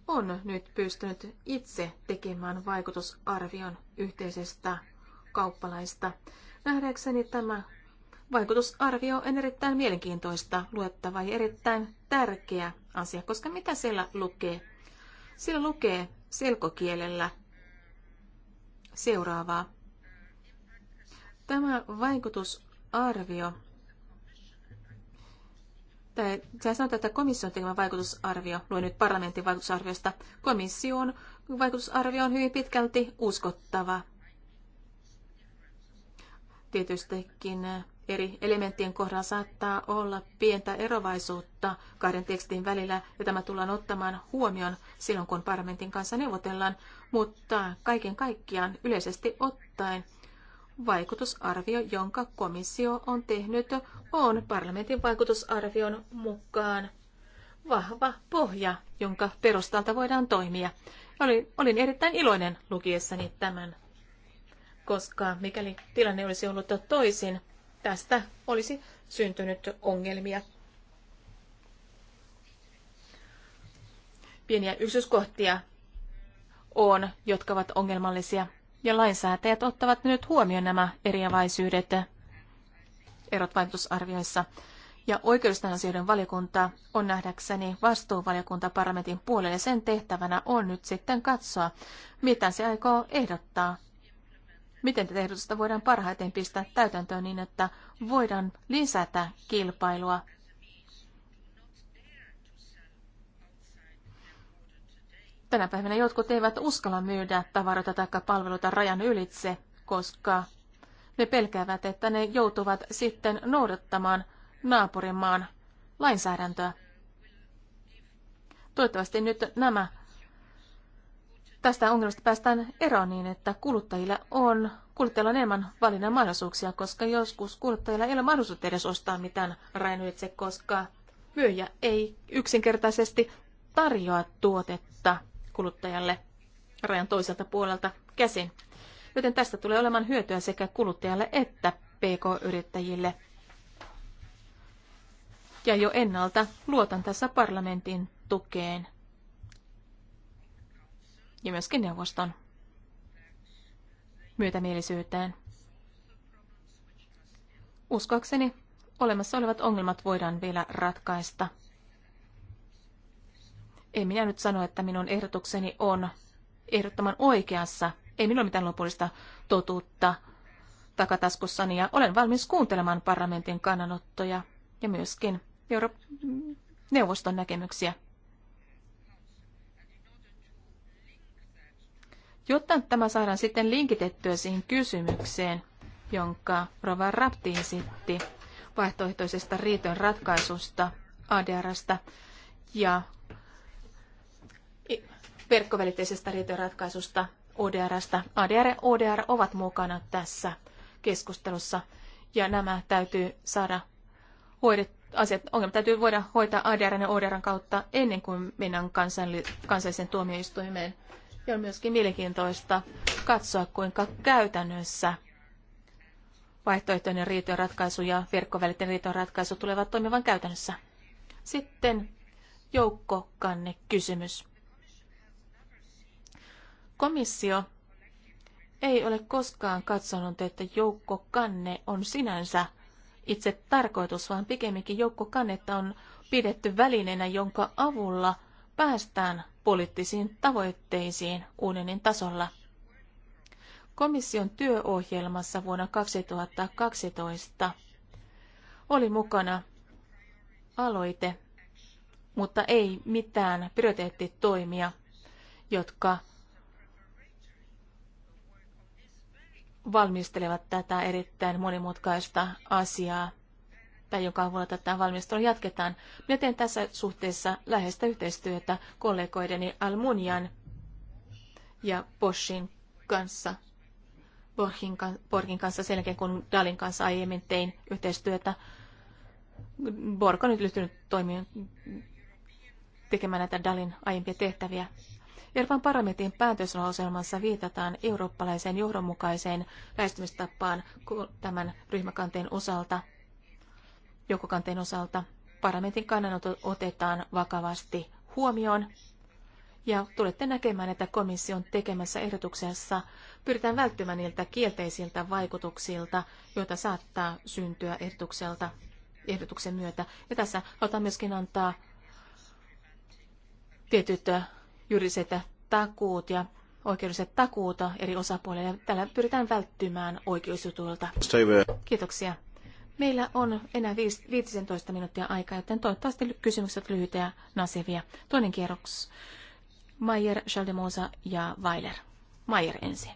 on nyt pystynyt itse tekemään vaikutusarvion yhteisestä kauppalaista. Nähdäkseni tämä vaikutusarvio on erittäin mielenkiintoista luettava ja erittäin tärkeä asia, koska mitä siellä lukee? Siellä lukee selkokielellä seuraavaa. Tämä vaikutusarvio, tai sä sanoit, että komission tekemä vaikutusarvio, luen nyt parlamentin vaikutusarviosta, komission vaikutusarvio on hyvin pitkälti uskottava Tietystikin eri elementtien kohdalla saattaa olla pientä erovaisuutta kahden tekstin välillä, ja tämä tullaan ottamaan huomioon silloin, kun parlamentin kanssa neuvotellaan, mutta kaiken kaikkiaan yleisesti ottaen vaikutusarvio, jonka komissio on tehnyt, on parlamentin vaikutusarvion mukaan vahva pohja, jonka perustalta voidaan toimia. Olin, olin erittäin iloinen lukiessani tämän koska mikäli tilanne olisi ollut toisin, tästä olisi syntynyt ongelmia. Pieniä yksityiskohtia on, jotka ovat ongelmallisia, ja lainsäätäjät ottavat nyt huomioon nämä eriäväisyydet erot vaikutusarvioissa. Ja oikeudellisten asioiden valiokunta on nähdäkseni vastuuvaliokunta parlamentin puolelle. Sen tehtävänä on nyt sitten katsoa, mitä se aikoo ehdottaa Miten tätä ehdotusta voidaan parhaiten pistää täytäntöön niin, että voidaan lisätä kilpailua? Tänä päivänä jotkut eivät uskalla myydä tavaroita tai palveluita rajan ylitse, koska ne pelkäävät, että ne joutuvat sitten noudattamaan naapurimaan lainsäädäntöä. Toivottavasti nyt nämä tästä ongelmasta päästään eroon niin, että kuluttajilla on, kuluttajilla on enemmän valinnan mahdollisuuksia, koska joskus kuluttajilla ei ole mahdollisuutta edes ostaa mitään rainoitse, koska myyjä ei yksinkertaisesti tarjoa tuotetta kuluttajalle rajan toiselta puolelta käsin. Joten tästä tulee olemaan hyötyä sekä kuluttajalle että PK-yrittäjille. Ja jo ennalta luotan tässä parlamentin tukeen ja myöskin neuvoston myötämielisyyteen. Uskoakseni olemassa olevat ongelmat voidaan vielä ratkaista. Ei minä nyt sano, että minun ehdotukseni on ehdottoman oikeassa. Ei minulla mitään lopullista totuutta takataskussani ja olen valmis kuuntelemaan parlamentin kannanottoja ja myöskin Euro- neuvoston näkemyksiä. Jotta tämä saadaan sitten linkitettyä siihen kysymykseen, jonka Rova Rapti esitti vaihtoehtoisesta riitojen ratkaisusta ADRstä ja verkkovälitteisestä riitojen ratkaisusta ODRstä. ADR ja ODR ovat mukana tässä keskustelussa ja nämä täytyy saada hoidettua asiat, ongelmat täytyy voida hoitaa ADR ja ODR kautta ennen kuin mennään kansalliseen tuomioistuimeen ja on myöskin mielenkiintoista katsoa, kuinka käytännössä vaihtoehtoinen riitojenratkaisu ja verkkovälitteinen riitojen tulevat toimivan käytännössä. Sitten joukkokanne kysymys. Komissio ei ole koskaan katsonut, että joukkokanne on sinänsä itse tarkoitus, vaan pikemminkin joukkokannetta on pidetty välineenä, jonka avulla päästään poliittisiin tavoitteisiin unionin tasolla. Komission työohjelmassa vuonna 2012 oli mukana aloite, mutta ei mitään prioriteettitoimia, jotka valmistelevat tätä erittäin monimutkaista asiaa päivä, jonka avulla tätä valmistelua jatketaan. Minä teen tässä suhteessa läheistä yhteistyötä kollegoideni Almunian ja Boschin kanssa, Borgin, Borgin kanssa sen jälkeen, kun Dalin kanssa aiemmin tein yhteistyötä. Borg on nyt lyhtynyt toimimaan tekemään näitä Dalin aiempia tehtäviä. Euroopan parlamentin päätöslauselmassa viitataan eurooppalaiseen johdonmukaiseen lähestymistapaan tämän ryhmäkanteen osalta – joukkokanteen osalta. Parlamentin kannanotto otetaan vakavasti huomioon ja tulette näkemään, että komission tekemässä ehdotuksessa pyritään välttymään niiltä kielteisiltä vaikutuksilta, joita saattaa syntyä ehdotukselta, ehdotuksen myötä. Ja tässä halutaan myöskin antaa tietyt äh, juridiset takuut ja oikeudelliset takuuta eri osapuolille. Tällä pyritään välttymään oikeusjutuilta. Kiitoksia. Meillä on enää 15 minuuttia aikaa, joten toivottavasti kysymykset lyhyitä ja nasevia. Toinen kierroks. Mayer, Schaldemosa ja Weiler. Mayer ensin.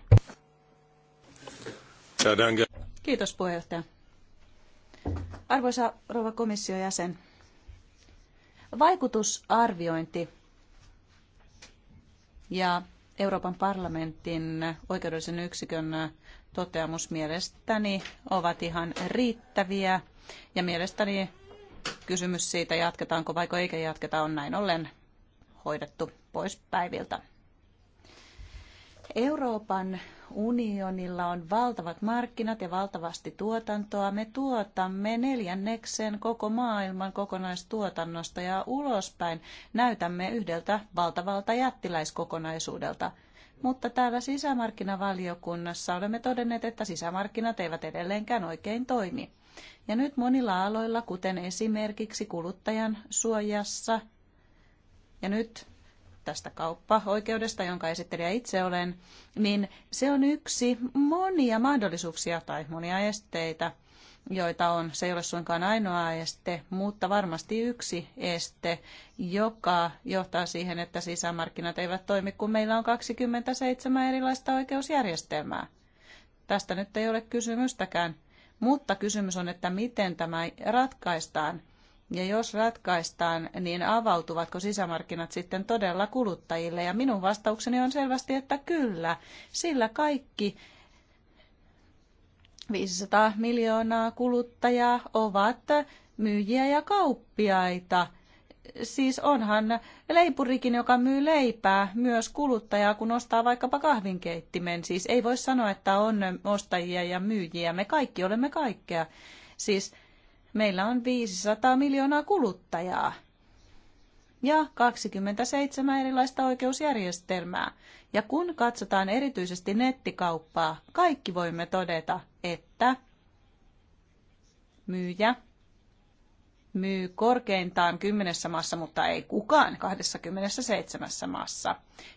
Kiitos puheenjohtaja. Arvoisa rouva komission jäsen, vaikutusarviointi ja Euroopan parlamentin oikeudellisen yksikön toteamus mielestäni ovat ihan riittäviä. Ja mielestäni kysymys siitä, jatketaanko vaiko eikä jatketa, on näin ollen hoidettu pois päiviltä. Euroopan unionilla on valtavat markkinat ja valtavasti tuotantoa. Me tuotamme neljänneksen koko maailman kokonaistuotannosta ja ulospäin näytämme yhdeltä valtavalta jättiläiskokonaisuudelta – mutta täällä sisämarkkinavaliokunnassa olemme todenneet, että sisämarkkinat eivät edelleenkään oikein toimi. Ja nyt monilla aloilla, kuten esimerkiksi kuluttajan suojassa, ja nyt tästä kauppa-oikeudesta, jonka esittelijä itse olen, niin se on yksi monia mahdollisuuksia tai monia esteitä – joita on. Se ei ole suinkaan ainoa este, mutta varmasti yksi este, joka johtaa siihen, että sisämarkkinat eivät toimi, kun meillä on 27 erilaista oikeusjärjestelmää. Tästä nyt ei ole kysymystäkään, mutta kysymys on, että miten tämä ratkaistaan. Ja jos ratkaistaan, niin avautuvatko sisämarkkinat sitten todella kuluttajille? Ja minun vastaukseni on selvästi, että kyllä, sillä kaikki 500 miljoonaa kuluttajaa ovat myyjiä ja kauppiaita. Siis onhan leipurikin, joka myy leipää, myös kuluttajaa, kun ostaa vaikkapa kahvinkeittimen. Siis ei voi sanoa, että on ostajia ja myyjiä. Me kaikki olemme kaikkea. Siis meillä on 500 miljoonaa kuluttajaa ja 27 erilaista oikeusjärjestelmää. Ja kun katsotaan erityisesti nettikauppaa, kaikki voimme todeta, että myyjä myy korkeintaan kymmenessä maassa, mutta ei kukaan 27 maassa.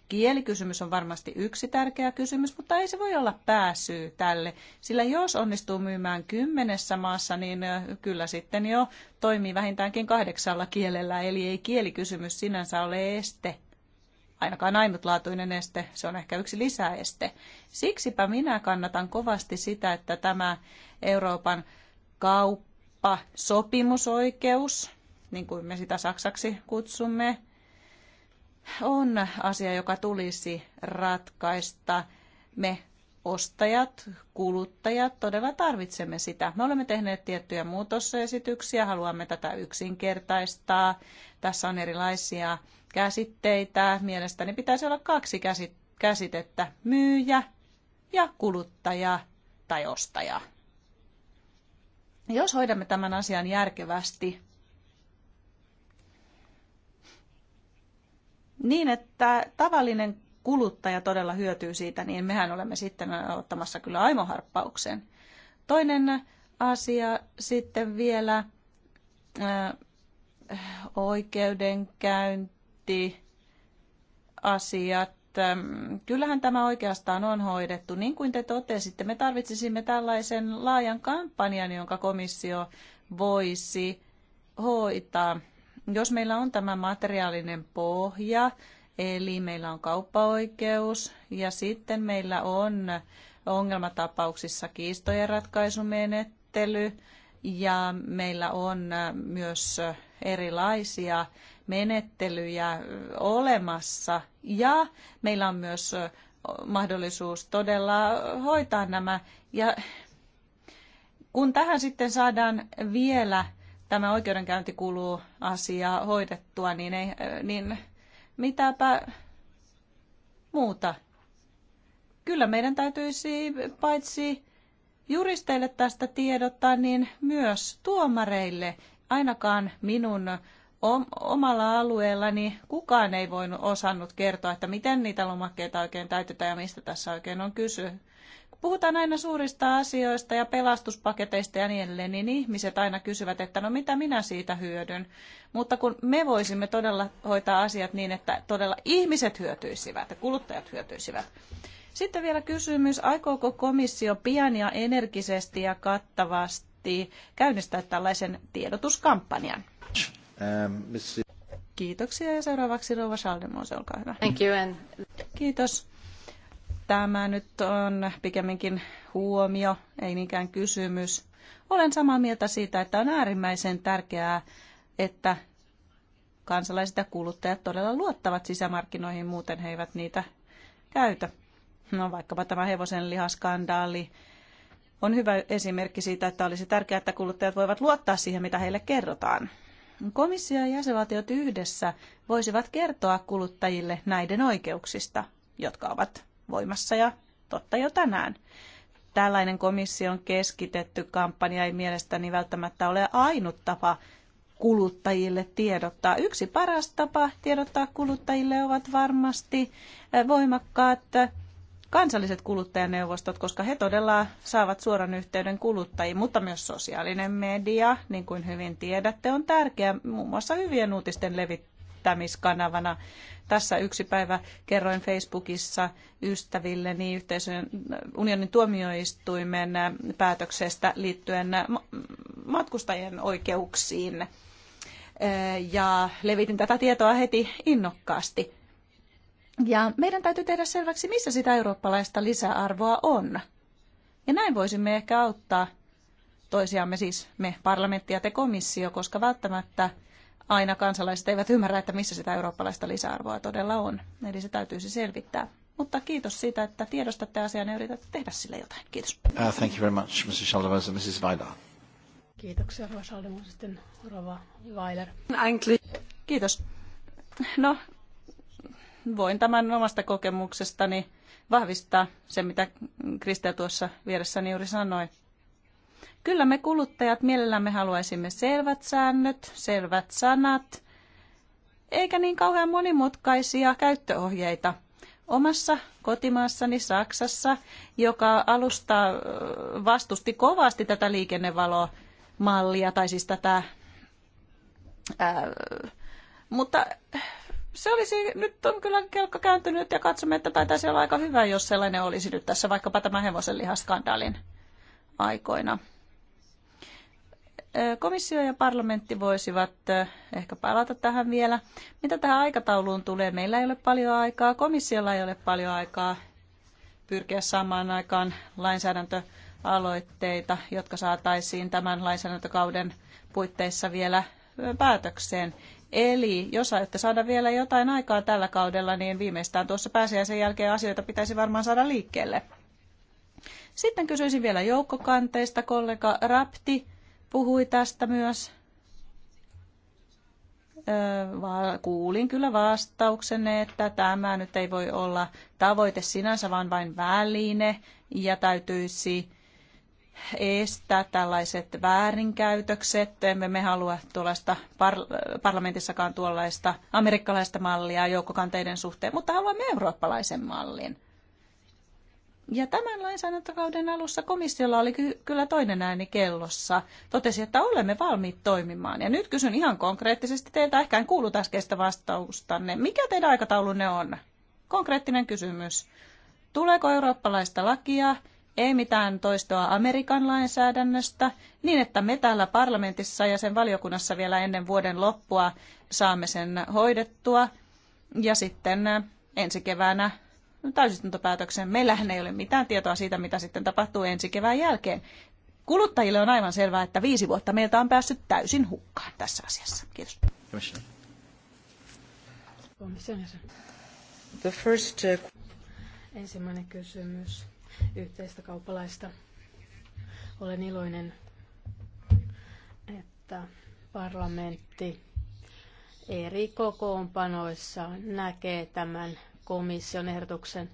Kielikysymys on varmasti yksi tärkeä kysymys, mutta ei se voi olla pääsyy tälle, sillä jos onnistuu myymään kymmenessä maassa, niin kyllä sitten jo toimii vähintäänkin kahdeksalla kielellä, eli ei kielikysymys sinänsä ole este ainakaan ainutlaatuinen este, se on ehkä yksi lisäeste. Siksipä minä kannatan kovasti sitä, että tämä Euroopan kauppasopimusoikeus, niin kuin me sitä saksaksi kutsumme, on asia, joka tulisi ratkaista. Me ostajat, kuluttajat todella tarvitsemme sitä. Me olemme tehneet tiettyjä muutosesityksiä, haluamme tätä yksinkertaistaa. Tässä on erilaisia käsitteitä. Mielestäni pitäisi olla kaksi käsitettä, myyjä ja kuluttaja tai ostaja. Jos hoidamme tämän asian järkevästi, niin että tavallinen kuluttaja todella hyötyy siitä, niin mehän olemme sitten ottamassa kyllä aimoharppauksen. Toinen asia sitten vielä oikeudenkäynti budjettiasiat. Kyllähän tämä oikeastaan on hoidettu. Niin kuin te totesitte, me tarvitsisimme tällaisen laajan kampanjan, jonka komissio voisi hoitaa. Jos meillä on tämä materiaalinen pohja, eli meillä on kauppaoikeus ja sitten meillä on ongelmatapauksissa kiistojen ratkaisumenettely ja meillä on myös erilaisia menettelyjä olemassa ja meillä on myös mahdollisuus todella hoitaa nämä. Ja kun tähän sitten saadaan vielä tämä oikeudenkäyntikulu asia hoidettua, niin, ei, niin mitäpä muuta. Kyllä meidän täytyisi paitsi juristeille tästä tiedottaa, niin myös tuomareille. Ainakaan minun omalla alueellani kukaan ei voinut osannut kertoa, että miten niitä lomakkeita oikein täytetään ja mistä tässä oikein on kysy. Puhutaan aina suurista asioista ja pelastuspaketeista ja niin edelleen, niin ihmiset aina kysyvät, että no mitä minä siitä hyödyn. Mutta kun me voisimme todella hoitaa asiat niin, että todella ihmiset hyötyisivät ja kuluttajat hyötyisivät. Sitten vielä kysymys, aikooko komissio pian ja energisesti ja kattavasti käynnistää tällaisen tiedotuskampanjan? Ähm, Kiitoksia ja seuraavaksi Rova Schaldemose, olkaa hyvä. Thank you and... Kiitos. Tämä nyt on pikemminkin huomio, ei niinkään kysymys. Olen samaa mieltä siitä, että on äärimmäisen tärkeää, että kansalaiset ja kuluttajat todella luottavat sisämarkkinoihin, muuten he eivät niitä käytä. No vaikkapa tämä hevosen lihaskandaali on hyvä esimerkki siitä, että olisi tärkeää, että kuluttajat voivat luottaa siihen, mitä heille kerrotaan. Komissio ja jäsenvaltiot yhdessä voisivat kertoa kuluttajille näiden oikeuksista, jotka ovat voimassa ja totta jo tänään. Tällainen komission keskitetty kampanja ei mielestäni välttämättä ole ainut tapa kuluttajille tiedottaa. Yksi paras tapa tiedottaa kuluttajille ovat varmasti eh, voimakkaat eh, kansalliset kuluttajaneuvostot, koska he todella saavat suoran yhteyden kuluttajiin, mutta myös sosiaalinen media, niin kuin hyvin tiedätte, on tärkeä muun muassa hyvien uutisten levittämiskanavana. Tässä yksi päivä kerroin Facebookissa ystäville niin yhteisön unionin tuomioistuimen päätöksestä liittyen matkustajien oikeuksiin. Ja levitin tätä tietoa heti innokkaasti ja meidän täytyy tehdä selväksi, missä sitä eurooppalaista lisäarvoa on. Ja näin voisimme ehkä auttaa toisiamme, siis me parlamentti ja te komissio, koska välttämättä aina kansalaiset eivät ymmärrä, että missä sitä eurooppalaista lisäarvoa todella on. Eli se täytyisi selvittää. Mutta kiitos siitä, että tiedostatte asian ja yritätte tehdä sille jotain. Kiitos. Uh, thank you very much, Mrs. Schaldemose and Mrs. Weiler. Kiitoksia, Rova Schaldemose, sitten Rova Weiler. Kiitos. No, voin tämän omasta kokemuksestani vahvistaa sen, mitä Krista tuossa vieressäni juuri sanoi. Kyllä me kuluttajat mielellämme haluaisimme selvät säännöt, selvät sanat, eikä niin kauhean monimutkaisia käyttöohjeita. Omassa kotimaassani Saksassa, joka alusta vastusti kovasti tätä liikennevalomallia, tai siis tätä, ää, mutta se olisi, nyt on kyllä kelkka kääntynyt ja katsomme, että taitaisi olla aika hyvä, jos sellainen olisi nyt tässä vaikkapa tämä hevosenlihaskandaalin aikoina. Komissio ja parlamentti voisivat ehkä palata tähän vielä. Mitä tähän aikatauluun tulee? Meillä ei ole paljon aikaa, komissiolla ei ole paljon aikaa pyrkiä saamaan aikaan lainsäädäntöaloitteita, jotka saataisiin tämän lainsäädäntökauden puitteissa vielä päätökseen. Eli jos ajatte saada vielä jotain aikaa tällä kaudella, niin viimeistään tuossa pääsiäisen jälkeen asioita pitäisi varmaan saada liikkeelle. Sitten kysyisin vielä joukkokanteista. Kollega Rapti puhui tästä myös. Kuulin kyllä vastauksenne, että tämä nyt ei voi olla tavoite sinänsä, vaan vain väline ja täytyisi estää tällaiset väärinkäytökset. Emme me halua tuollaista par- parlamentissakaan tuollaista amerikkalaista mallia joukkokanteiden suhteen, mutta haluamme eurooppalaisen mallin. Ja tämän lainsäädäntökauden alussa komissiolla oli ky- kyllä toinen ääni kellossa. Totesi, että olemme valmiit toimimaan. Ja nyt kysyn ihan konkreettisesti teiltä, ehkä en kuulu äskeistä vastaustanne. Mikä teidän aikataulunne on? Konkreettinen kysymys. Tuleeko eurooppalaista lakia? ei mitään toistoa Amerikan lainsäädännöstä, niin että me täällä parlamentissa ja sen valiokunnassa vielä ennen vuoden loppua saamme sen hoidettua. Ja sitten eh, ensi keväänä täysistuntopäätöksen. Meillähän ei ole mitään tietoa siitä, mitä sitten tapahtuu ensi kevään jälkeen. Kuluttajille on aivan selvää, että viisi vuotta meiltä on päässyt täysin hukkaan tässä asiassa. Kiitos. The first... Uh, Ensimmäinen kysymys yhteistä kaupalaista. Olen iloinen, että parlamentti eri kokoonpanoissa näkee tämän komission ehdotuksen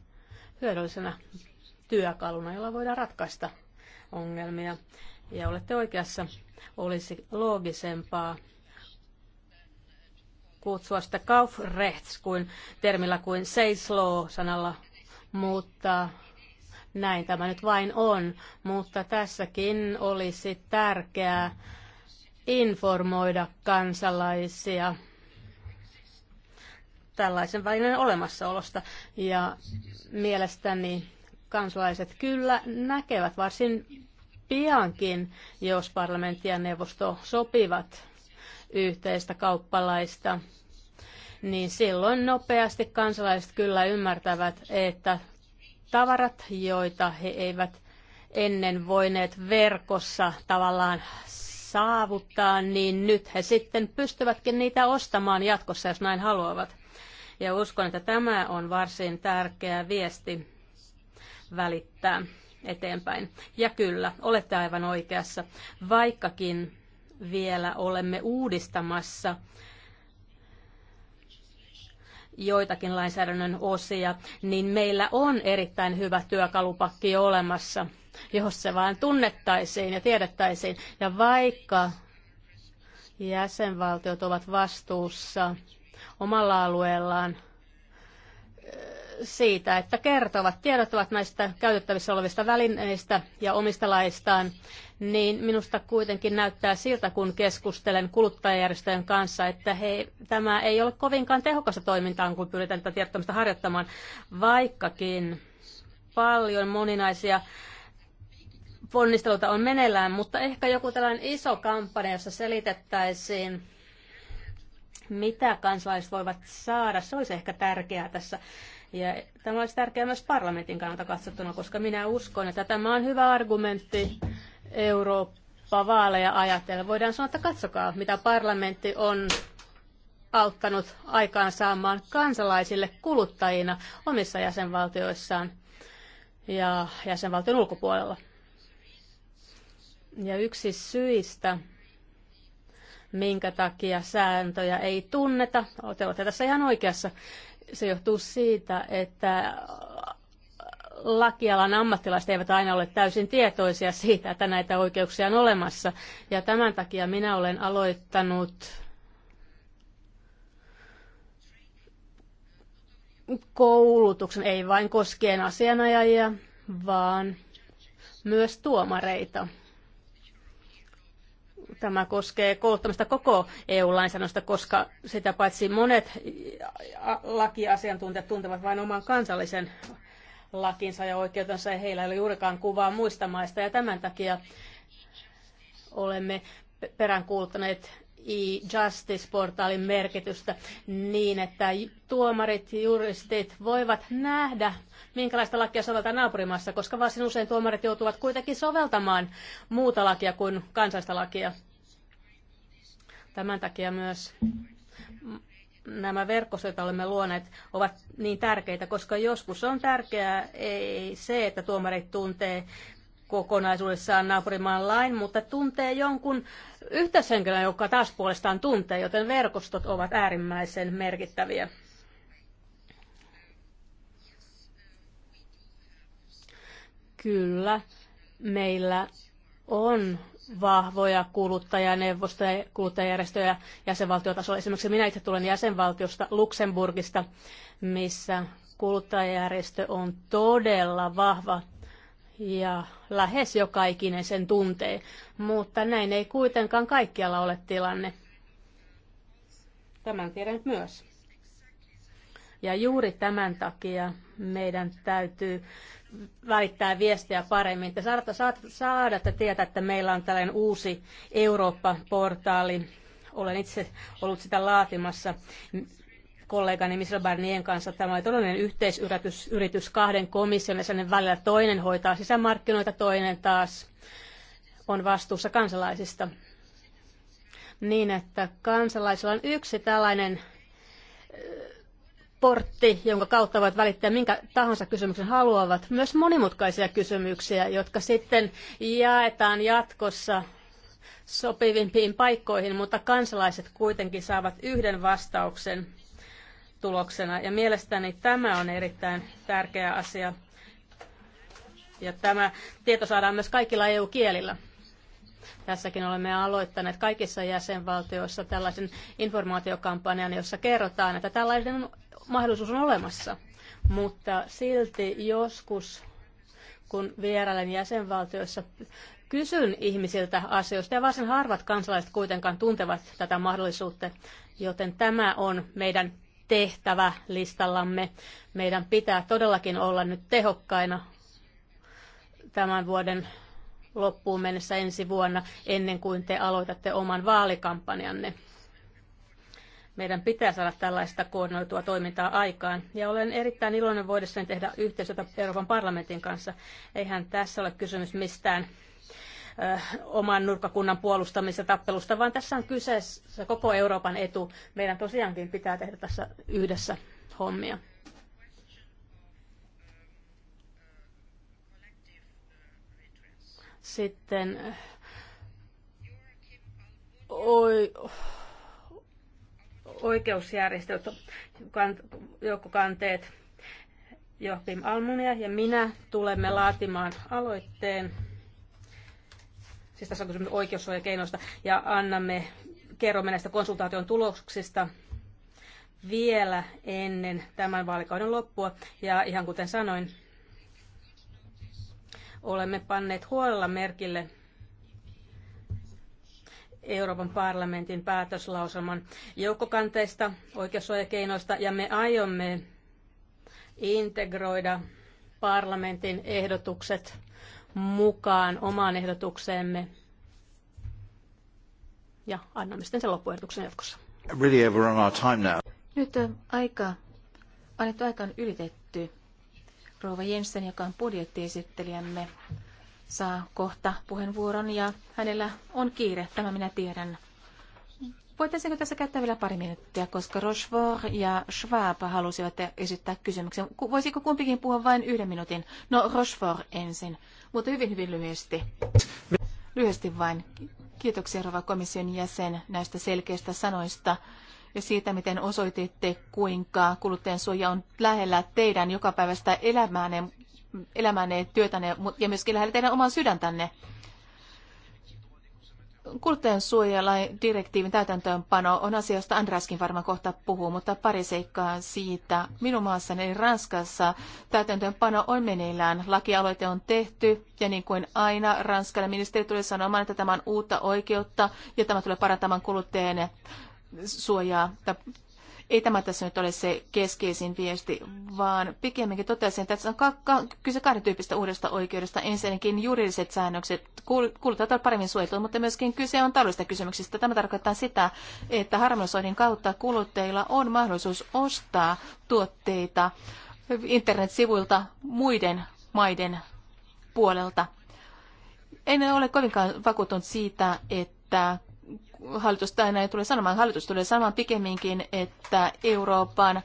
hyödyllisenä työkaluna, jolla voidaan ratkaista ongelmia. Ja olette oikeassa, olisi loogisempaa kutsua sitä kaufrechts kuin termillä kuin seislo sanalla, mutta näin tämä nyt vain on, mutta tässäkin olisi tärkeää informoida kansalaisia tällaisen välineen olemassaolosta. Ja mielestäni kansalaiset kyllä näkevät varsin piankin, jos parlamentti ja neuvosto sopivat yhteistä kauppalaista, niin silloin nopeasti kansalaiset kyllä ymmärtävät, että tavarat, joita he eivät ennen voineet verkossa tavallaan saavuttaa, niin nyt he sitten pystyvätkin niitä ostamaan jatkossa, jos näin haluavat. Ja uskon, että tämä on varsin tärkeä viesti välittää eteenpäin. Ja kyllä, olette aivan oikeassa, vaikkakin vielä olemme uudistamassa joitakin lainsäädännön osia, niin meillä on erittäin hyvä työkalupakki olemassa, jos se vain tunnettaisiin ja tiedettäisiin. Ja vaikka jäsenvaltiot ovat vastuussa omalla alueellaan siitä, että kertovat, tiedottavat näistä käytettävissä olevista välineistä ja omista laistaan, niin minusta kuitenkin näyttää siltä, kun keskustelen kuluttajajärjestöjen kanssa, että he, tämä ei ole kovinkaan tehokasta toimintaa, kun pyritään tätä tiedottamista harjoittamaan, vaikkakin paljon moninaisia ponnisteluita on meneillään, mutta ehkä joku tällainen iso kampanja, jossa selitettäisiin mitä kansalaiset voivat saada. Se olisi ehkä tärkeää tässä ja tämä olisi tärkeää myös parlamentin kannalta katsottuna, koska minä uskon, että tämä on hyvä argumentti Eurooppa-vaaleja ajatellen. Voidaan sanoa, että katsokaa, mitä parlamentti on auttanut aikaansaamaan kansalaisille kuluttajina omissa jäsenvaltioissaan ja jäsenvaltion ulkopuolella. Ja yksi syistä, minkä takia sääntöjä ei tunneta, te olette tässä ihan oikeassa, se johtuu siitä, että lakialan ammattilaiset eivät aina ole täysin tietoisia siitä, että näitä oikeuksia on olemassa. Ja tämän takia minä olen aloittanut koulutuksen, ei vain koskien asianajajia, vaan myös tuomareita. Tämä koskee kouluttamista koko EU-lainsäädännöstä, koska sitä paitsi monet lakiasiantuntijat tuntevat vain oman kansallisen lakinsa ja oikeutensa, ja heillä ei ole juurikaan kuvaa muista maista, ja tämän takia olemme peräänkuuluttaneet e-justice-portaalin merkitystä niin, että tuomarit, juristit voivat nähdä, minkälaista lakia soveltaa naapurimaassa, koska varsin usein tuomarit joutuvat kuitenkin soveltamaan muuta lakia kuin kansallista lakia. Tämän takia myös nämä verkkosivut, joita olemme luoneet, ovat niin tärkeitä, koska joskus on tärkeää ei se, että tuomarit tuntee kokonaisuudessaan naapurimaan lain, mutta tuntee jonkun yhteishenkilön, joka taas puolestaan tuntee, joten verkostot ovat äärimmäisen merkittäviä. Kyllä, meillä on vahvoja kuluttajaneuvostoja, kuluttajajärjestöjä jäsenvaltiotasolla. Esimerkiksi minä itse tulen jäsenvaltiosta Luxemburgista, missä kuluttajajärjestö on todella vahva ja lähes joka ikinen sen tuntee, mutta näin ei kuitenkaan kaikkialla ole tilanne. Tämän tiedän myös. Ja juuri tämän takia meidän täytyy välittää viestiä paremmin. Te saada, saada tietää, että meillä on tällainen uusi Eurooppa-portaali. Olen itse ollut sitä laatimassa kollegani Michel Barnien kanssa. Tämä oli todellinen yhteisyritys yritys kahden komission ja sen välillä. Toinen hoitaa sisämarkkinoita, toinen taas on vastuussa kansalaisista. Niin, että kansalaisilla on yksi tällainen portti, jonka kautta voit välittää minkä tahansa kysymyksen haluavat. Myös monimutkaisia kysymyksiä, jotka sitten jaetaan jatkossa sopivimpiin paikkoihin, mutta kansalaiset kuitenkin saavat yhden vastauksen tuloksena. Ja mielestäni tämä on erittäin tärkeä asia. Ja tämä tieto saadaan myös kaikilla EU-kielillä. Tässäkin olemme aloittaneet kaikissa jäsenvaltioissa tällaisen informaatiokampanjan, jossa kerrotaan, että tällainen mahdollisuus on olemassa. Mutta silti joskus, kun vierailen jäsenvaltioissa, kysyn ihmisiltä asioista ja varsin harvat kansalaiset kuitenkaan tuntevat tätä mahdollisuutta, joten tämä on meidän tehtävä listallamme. Meidän pitää todellakin olla nyt tehokkaina tämän vuoden loppuun mennessä ensi vuonna, ennen kuin te aloitatte oman vaalikampanjanne. Meidän pitää saada tällaista koordinoitua toimintaa aikaan. Ja olen erittäin iloinen voidessani tehdä yhteistyötä Euroopan parlamentin kanssa. Eihän tässä ole kysymys mistään Äh, oman nurkkakunnan puolustamisesta tappelusta, vaan tässä on kyseessä koko Euroopan etu. Meidän tosiaankin pitää tehdä tässä yhdessä hommia. Sitten oi, oikeusjärjestöt, joukkokanteet, Joachim Almunia ja minä tulemme laatimaan aloitteen Siis tässä on kysymys oikeussuojakeinoista ja annamme, kerromme näistä konsultaation tuloksista vielä ennen tämän vaalikauden loppua. Ja ihan kuten sanoin, olemme panneet huolella merkille Euroopan parlamentin päätöslauselman joukkokanteista, oikeussuojakeinoista ja me aiomme integroida parlamentin ehdotukset mukaan omaan ehdotukseemme ja annamme sitten sen loppuehdotuksen jatkossa. Really over on our time now. Nyt aika, annettu aika on ylitetty. Rouva Jensen, joka on budjettiesittelijämme, saa kohta puheenvuoron ja hänellä on kiire, tämä minä tiedän. Voitaisiinko tässä käyttää vielä pari minuuttia, koska Rochefort ja Schwab halusivat esittää kysymyksen. Voisiko kumpikin puhua vain yhden minuutin? No, Rochefort ensin, mutta hyvin, hyvin lyhyesti. Lyhyesti vain. Kiitoksia, Rova komission jäsen, näistä selkeistä sanoista ja siitä, miten osoititte, kuinka kuluttajan suoja on lähellä teidän jokapäiväistä elämääne, elämääne työtänne ja myöskin lähellä teidän oman sydäntänne. Kuluttajansuojalain täytäntöönpano on asia, josta Andraskin varmaan kohta puhuu, mutta pari seikkaa siitä. Minun maassani eli Ranskassa täytäntöönpano on meneillään. Lakialoite on tehty ja niin kuin aina ranskalainen ministeri tulee sanomaan, että tämä on uutta oikeutta ja tämä tulee parantamaan kuluttajien suojaa tai ei tämä tässä nyt ole se keskeisin viesti, vaan pikemminkin totesin, että tässä on ka- ka- kyse kahden tyyppistä uudesta oikeudesta. Ensinnäkin juridiset säännökset kuluttajat ovat paremmin suojeltua, mutta myöskin kyse on taloudellisista kysymyksistä. Tämä tarkoittaa sitä, että harmonisoinnin kautta kuluttajilla on mahdollisuus ostaa tuotteita internetsivuilta muiden maiden puolelta. En ole kovinkaan vakuuttunut siitä, että hallitus tai näin tulee sanomaan. Hallitus tulee sanomaan pikemminkin, että Euroopan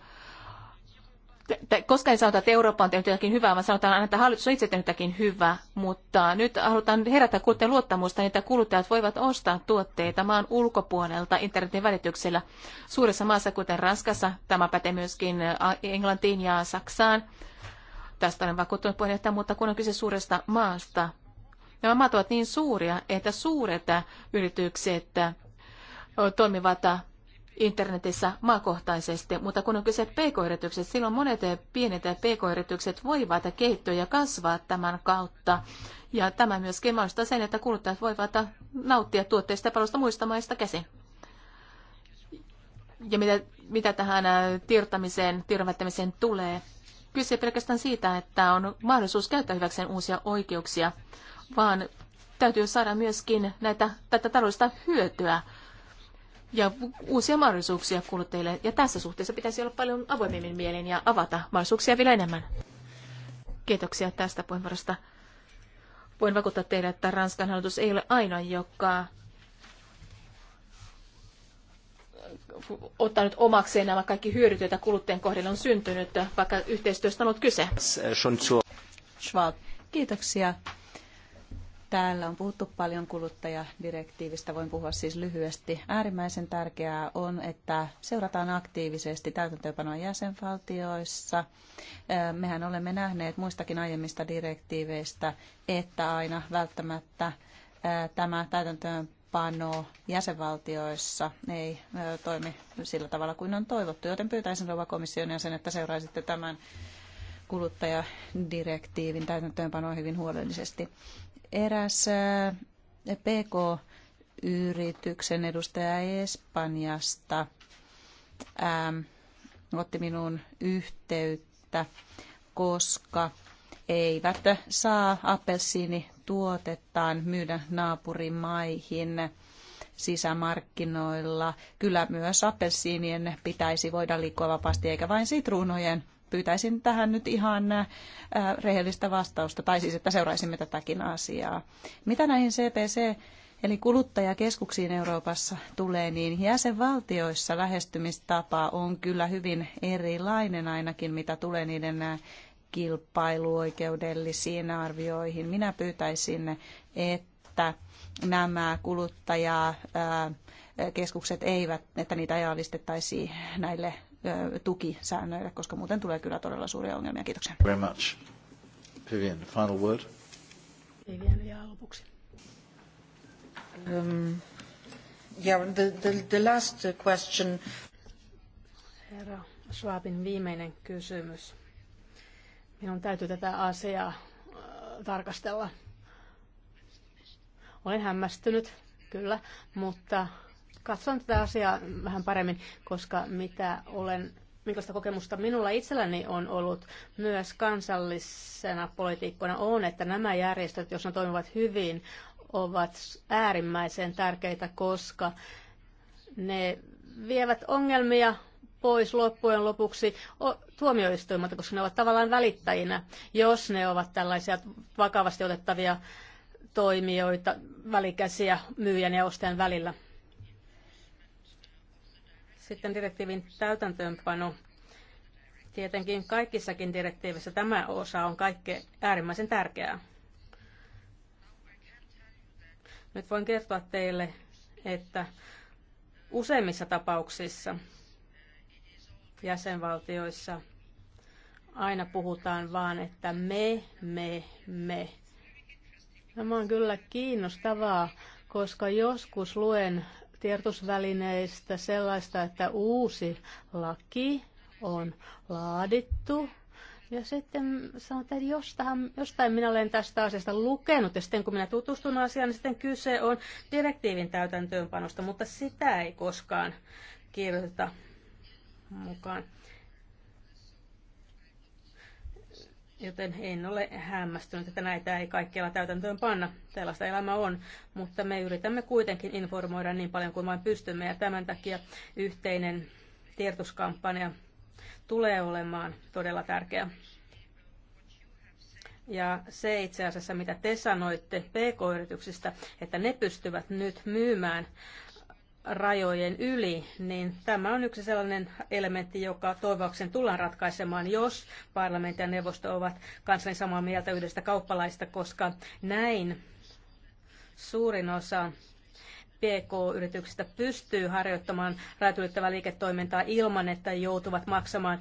koska ei sanota, että Eurooppa on tehnyt jotakin hyvää, vaan sanotaan, että hallitus on itse tehnyt jotakin hyvää, mutta nyt halutaan herätä kuluttajan luottamusta, niin että kuluttajat voivat ostaa tuotteita maan ulkopuolelta internetin välityksellä. Suuressa maassa, kuten Ranskassa, tämä pätee myöskin Englantiin ja Saksaan. Tästä olen vakuuttunut puheenjohtaja, mutta kun on kyse suuresta maasta, nämä maat ovat niin suuria, että suuret yritykset toimivat internetissä maakohtaisesti, mutta kun on kyse pk-yritykset, silloin monet pienet pk-yritykset voivat kehittyä ja kasvaa tämän kautta. Ja tämä myöskin mahdollistaa sen, että kuluttajat voivat nauttia tuotteista ja palveluista muista maista käsin. Ja mitä, mitä tähän tiedottamiseen, tiedonvälittämiseen tulee, kyse pelkästään siitä, että on mahdollisuus käyttää hyväkseen uusia oikeuksia, vaan täytyy saada myöskin näitä, tätä taloudellista hyötyä ja uusia mahdollisuuksia kuluttajille. Ja tässä suhteessa pitäisi olla paljon avoimemmin mielin ja avata mahdollisuuksia vielä enemmän. Kiitoksia tästä puheenvuorosta. Voin vakuuttaa teille, että Ranskan hallitus ei ole ainoa, joka ottanut omakseen nämä kaikki hyödyt, joita kuluttajien kohdalla on syntynyt, vaikka yhteistyöstä on ollut kyse. Schwab. Kiitoksia Täällä on puhuttu paljon kuluttajadirektiivistä, voin puhua siis lyhyesti. Äärimmäisen tärkeää on, että seurataan aktiivisesti täytäntöönpanoa jäsenvaltioissa. Mehän olemme nähneet muistakin aiemmista direktiiveistä, että aina välttämättä tämä täytäntöönpano jäsenvaltioissa ei toimi sillä tavalla kuin on toivottu, joten pyytäisin rouva komission jäsen, että seuraisitte tämän kuluttajadirektiivin täytäntöönpanoa hyvin huolellisesti. Eräs äh, PK-yrityksen edustaja Espanjasta ähm, otti minuun yhteyttä, koska eivät saa tuotettaan myydä naapurimaihin sisämarkkinoilla. Kyllä myös appelsiinien pitäisi voida liikkua vapaasti, eikä vain sitruunojen pyytäisin tähän nyt ihan äh, rehellistä vastausta, tai siis että seuraisimme tätäkin asiaa. Mitä näihin CPC Eli kuluttajakeskuksiin Euroopassa tulee, niin jäsenvaltioissa lähestymistapa on kyllä hyvin erilainen ainakin, mitä tulee niiden äh, kilpailuoikeudellisiin arvioihin. Minä pyytäisin, että nämä kuluttajakeskukset äh, eivät, että niitä ajallistettaisiin näille tukisäännöille, koska muuten tulee kyllä todella suuria ongelmia. Kiitoksia. Very much. Vivian, final word. Vivian vielä lopuksi. Um, yeah, the, the, the last question. Herra Schwabin viimeinen kysymys. Minun täytyy tätä asiaa äh, tarkastella. Olen hämmästynyt, kyllä, mutta katson tätä asiaa vähän paremmin, koska mitä olen minkälaista kokemusta minulla itselläni on ollut myös kansallisena politiikkona on, että nämä järjestöt, jos ne toimivat hyvin, ovat äärimmäisen tärkeitä, koska ne vievät ongelmia pois loppujen lopuksi tuomioistuimelta, koska ne ovat tavallaan välittäjinä, jos ne ovat tällaisia vakavasti otettavia toimijoita, välikäsiä myyjän ja ostajan välillä. Sitten direktiivin täytäntöönpano. Tietenkin kaikissakin direktiivissä tämä osa on kaikki äärimmäisen tärkeää. Nyt voin kertoa teille, että useimmissa tapauksissa jäsenvaltioissa aina puhutaan vaan, että me, me, me. Tämä on kyllä kiinnostavaa, koska joskus luen tiedotusvälineistä sellaista, että uusi laki on laadittu ja sitten sanotaan, että jostain, jostain minä olen tästä asiasta lukenut, ja sitten kun minä tutustun asiaan, niin sitten kyse on direktiivin täytäntöönpanosta, mutta sitä ei koskaan kirjoiteta mukaan. Joten en ole hämmästynyt, että näitä ei kaikkialla täytäntöön panna. Tällaista elämä on, mutta me yritämme kuitenkin informoida niin paljon kuin vain pystymme ja tämän takia yhteinen tiedotuskampanja tulee olemaan todella tärkeä. Ja se itse asiassa, mitä te sanoitte PK-yrityksistä, että ne pystyvät nyt myymään rajojen yli, niin tämä on yksi sellainen elementti, joka toivauksen tullaan ratkaisemaan, jos parlamentti ja neuvosto ovat kanssani samaa mieltä yhdestä kauppalaista, koska näin suurin osa PK-yrityksistä pystyy harjoittamaan rajoittavaa liiketoimintaa ilman, että joutuvat maksamaan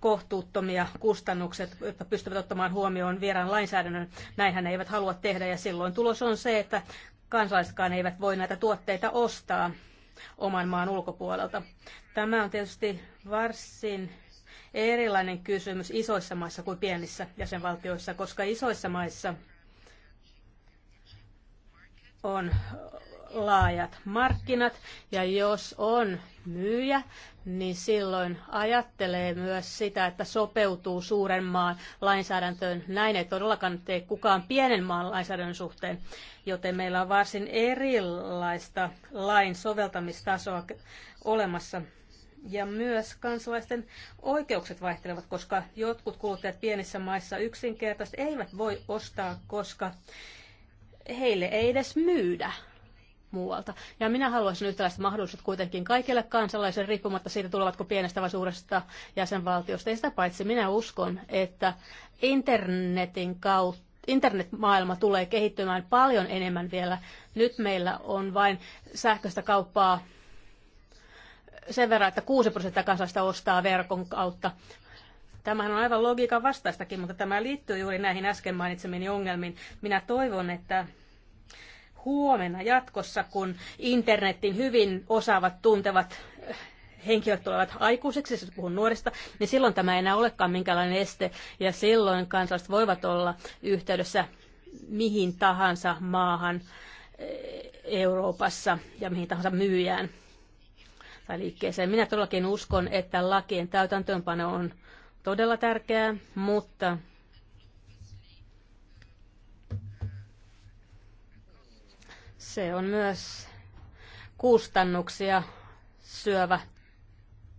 kohtuuttomia kustannukset, jotka pystyvät ottamaan huomioon vieraan lainsäädännön. Näinhän ne eivät halua tehdä ja silloin tulos on se, että kansalaisetkaan eivät voi näitä tuotteita ostaa oman maan ulkopuolelta. Tämä on tietysti varsin erilainen kysymys isoissa maissa kuin pienissä jäsenvaltioissa, koska isoissa maissa on laajat markkinat ja jos on myyjä, niin silloin ajattelee myös sitä, että sopeutuu suuren maan lainsäädäntöön. Näin ei todellakaan tee kukaan pienen maan lainsäädännön suhteen, joten meillä on varsin erilaista lain soveltamistasoa olemassa. Ja myös kansalaisten oikeukset vaihtelevat, koska jotkut kuluttajat pienissä maissa yksinkertaisesti eivät voi ostaa, koska heille ei edes myydä muualta. Ja minä haluaisin yhtäläiset mahdollisuudet kuitenkin kaikille kansalaisille, riippumatta siitä tulevatko pienestä vai suuresta jäsenvaltiosta. Ja sitä paitsi minä uskon, että internetin kautta internetmaailma tulee kehittymään paljon enemmän vielä. Nyt meillä on vain sähköistä kauppaa sen verran, että 6 prosenttia kansalaista ostaa verkon kautta. Tämähän on aivan logiikan vastaistakin, mutta tämä liittyy juuri näihin äsken mainitsemiin ongelmiin. Minä toivon, että huomenna jatkossa, kun internetin hyvin osaavat, tuntevat henkilöt tulevat aikuiseksi, jos siis puhun nuorista, niin silloin tämä ei enää olekaan minkälainen este, ja silloin kansalaiset voivat olla yhteydessä mihin tahansa maahan eh, Euroopassa ja mihin tahansa myyjään tai liikkeeseen. Minä todellakin uskon, että lakien täytäntöönpano on todella tärkeää, mutta Se on myös kustannuksia syövä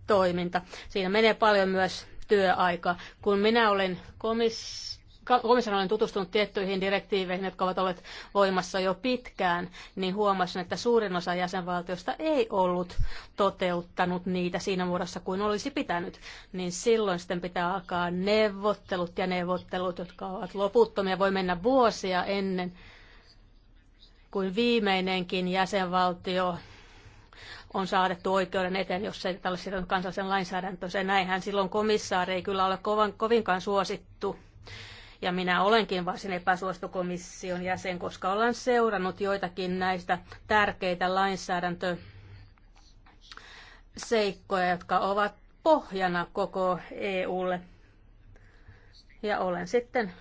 toiminta. Siinä menee paljon myös työaikaa. Kun minä olen komis olen tutustunut tiettyihin direktiiveihin, jotka ovat olleet voimassa jo pitkään, niin huomasin, että suurin osa jäsenvaltioista ei ollut toteuttanut niitä siinä muodossa kuin olisi pitänyt. Niin silloin sitten pitää alkaa neuvottelut ja neuvottelut, jotka ovat loputtomia. Voi mennä vuosia ennen kuin viimeinenkin jäsenvaltio on saadettu oikeuden eteen, jos ei tällä kansallisen lainsäädäntöön. Se näinhän silloin komissaari ei kyllä ole kovan, kovinkaan suosittu. Ja minä olenkin varsin epäsuostokomission jäsen, koska olen seurannut joitakin näistä tärkeitä lainsäädäntöseikkoja, jotka ovat pohjana koko EUlle. Ja olen sitten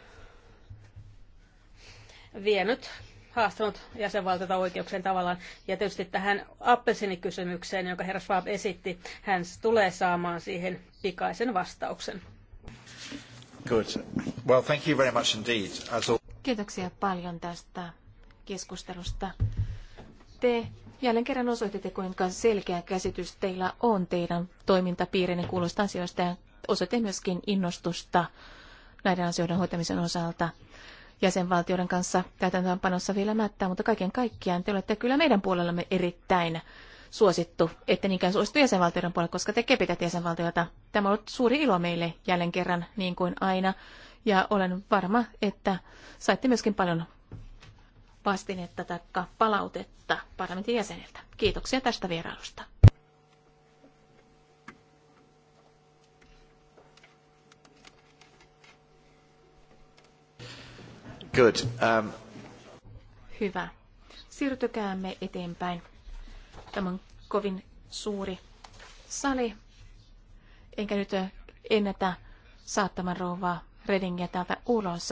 vienyt haastanut jäsenvaltiota oikeuksien tavallaan. Ja tietysti tähän appelsinikysymykseen, jonka herra Schwab esitti, hän tulee saamaan siihen pikaisen vastauksen. Good. Well, thank you very much indeed. As all... Kiitoksia paljon tästä keskustelusta. Te jälleen kerran osoititte, kuinka selkeä käsitys teillä on teidän toimintapiirinne kuuluista asioista ja osoitte myöskin innostusta näiden asioiden hoitamisen osalta jäsenvaltioiden kanssa täytäntöönpanossa vielä mättää, mutta kaiken kaikkiaan te olette kyllä meidän puolellamme erittäin suosittu, ette niinkään suosittu jäsenvaltioiden puolella, koska te kepitätte jäsenvaltioita. Tämä on ollut suuri ilo meille jälleen kerran, niin kuin aina, ja olen varma, että saitte myöskin paljon vastinetta tai palautetta parlamentin jäseniltä. Kiitoksia tästä vierailusta. Good. Um... Hyvä. Siirtykäämme eteenpäin. Tämä on kovin suuri sali. Enkä nyt ennätä saattamaan rouva Redingiä täältä ulos.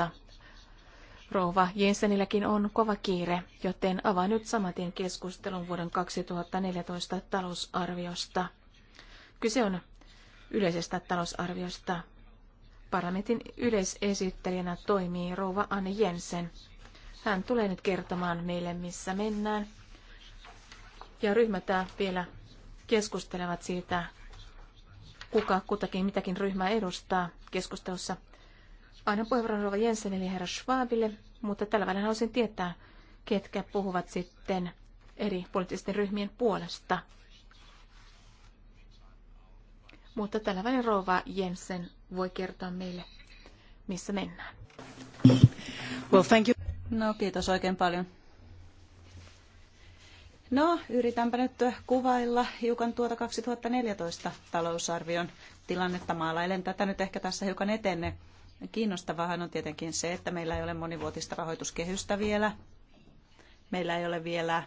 Rouva Jensenilläkin on kova kiire, joten avaa nyt samaten keskustelun vuoden 2014 talousarviosta. Kyse on yleisestä talousarviosta, Parlamentin yleisesittelijänä toimii rouva Anne Jensen. Hän tulee nyt kertomaan meille, missä mennään. Ja ryhmätään vielä keskustelevat siitä, kuka kutakin mitäkin ryhmää edustaa keskustelussa. Aina puheenvuoron rouva Jensen eli herra Schwabille, mutta tällä välin haluaisin tietää, ketkä puhuvat sitten eri poliittisten ryhmien puolesta. Mutta tällä välin rouva Jensen voi kertoa meille, missä mennään. Well, thank you. No, kiitos oikein paljon. No, yritänpä nyt kuvailla hiukan tuota 2014 talousarvion tilannetta. Maalailen tätä nyt ehkä tässä hiukan etenne. Kiinnostavahan on tietenkin se, että meillä ei ole monivuotista rahoituskehystä vielä. Meillä ei ole vielä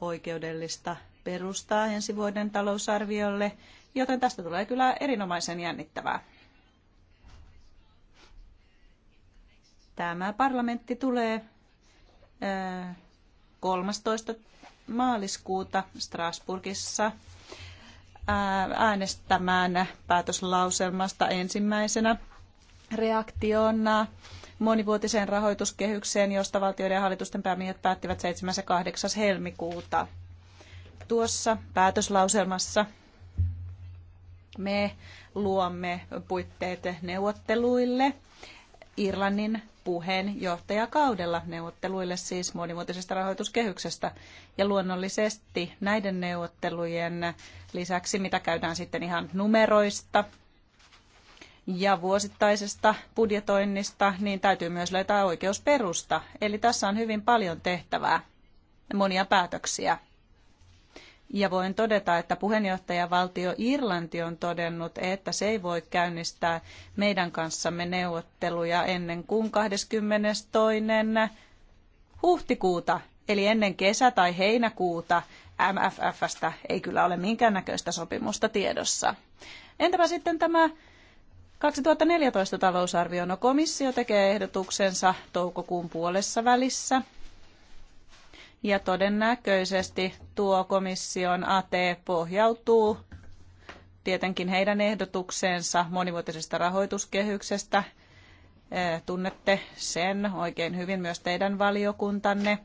oikeudellista perustaa ensi vuoden talousarviolle joten tästä tulee kyllä erinomaisen jännittävää. Tämä parlamentti tulee 13. Äh, maaliskuuta Strasburgissa äh, äänestämään päätöslauselmasta ensimmäisenä reaktiona monivuotiseen rahoituskehykseen, josta valtioiden ja hallitusten päämiehet päättivät 7. ja 8. helmikuuta. Tuossa päätöslauselmassa me luomme puitteet neuvotteluille Irlannin puheenjohtajakaudella neuvotteluille siis monimuotoisesta rahoituskehyksestä. Ja luonnollisesti näiden neuvottelujen lisäksi, mitä käydään sitten ihan numeroista ja vuosittaisesta budjetoinnista, niin täytyy myös löytää oikeusperusta. Eli tässä on hyvin paljon tehtävää, monia päätöksiä. Ja voin todeta, että puheenjohtajavaltio Irlanti on todennut, että se ei voi käynnistää meidän kanssamme neuvotteluja ennen kuin 22. huhtikuuta, eli ennen kesä- tai heinäkuuta MFFstä ei kyllä ole minkäännäköistä sopimusta tiedossa. Entäpä sitten tämä 2014 talousarvio? No komissio tekee ehdotuksensa toukokuun puolessa välissä ja todennäköisesti tuo komission ATE pohjautuu tietenkin heidän ehdotukseensa monivuotisesta rahoituskehyksestä. Tunnette sen oikein hyvin myös teidän valiokuntanne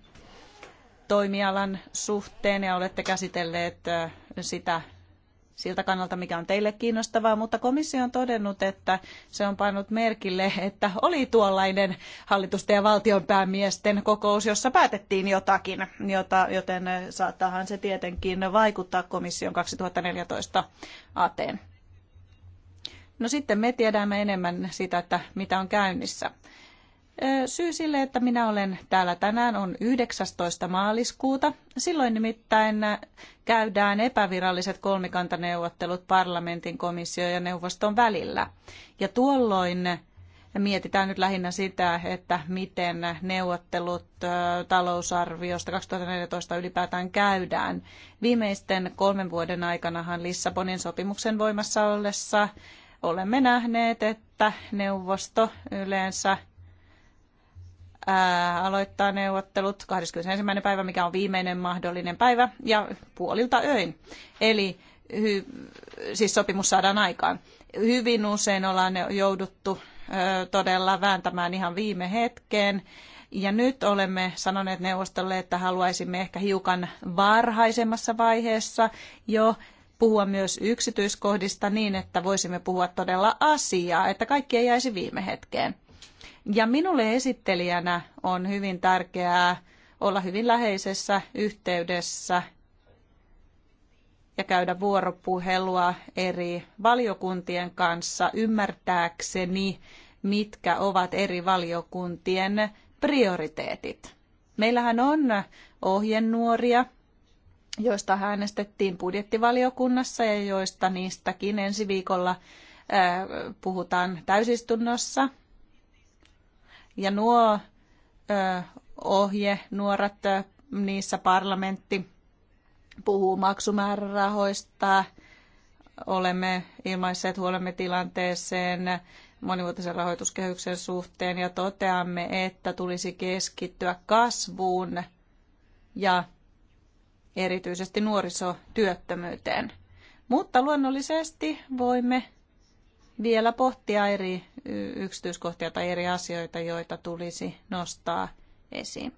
toimialan suhteen ja olette käsitelleet sitä siltä kannalta, mikä on teille kiinnostavaa, mutta komissio on todennut, että se on pannut merkille, että oli tuollainen hallitusten ja valtionpäämiesten kokous, jossa päätettiin jotakin, jota, joten eh, saattaahan se tietenkin vaikuttaa komission 2014 ateen. No sitten me tiedämme enemmän sitä, että mitä on käynnissä. Syy sille, että minä olen täällä tänään, on 19. maaliskuuta. Silloin nimittäin käydään epäviralliset kolmikantaneuvottelut parlamentin, komissio ja neuvoston välillä. Ja tuolloin mietitään nyt lähinnä sitä, että miten neuvottelut talousarviosta 2014 ylipäätään käydään. Viimeisten kolmen vuoden aikanahan Lissabonin sopimuksen voimassa ollessa olemme nähneet, että neuvosto yleensä aloittaa neuvottelut 21. päivä, mikä on viimeinen mahdollinen päivä, ja puolilta öin. Eli hy, siis sopimus saadaan aikaan. Hyvin usein ollaan jouduttu todella vääntämään ihan viime hetkeen. Ja nyt olemme sanoneet neuvostolle, että haluaisimme ehkä hiukan varhaisemmassa vaiheessa jo puhua myös yksityiskohdista niin, että voisimme puhua todella asiaa, että kaikki ei jäisi viime hetkeen. Ja minulle esittelijänä on hyvin tärkeää olla hyvin läheisessä yhteydessä ja käydä vuoropuhelua eri valiokuntien kanssa ymmärtääkseni, mitkä ovat eri valiokuntien prioriteetit. Meillähän on ohjenuoria, joista äänestettiin budjettivaliokunnassa ja joista niistäkin ensi viikolla puhutaan täysistunnossa. Ja nuo ohje, nuorat, niissä parlamentti puhuu maksumäärärahoista, olemme ilmaisseet huolemme tilanteeseen monivuotisen rahoituskehyksen suhteen ja toteamme, että tulisi keskittyä kasvuun ja erityisesti nuorisotyöttömyyteen. Mutta luonnollisesti voimme vielä pohtia eri yksityiskohtia tai eri asioita, joita tulisi nostaa esiin.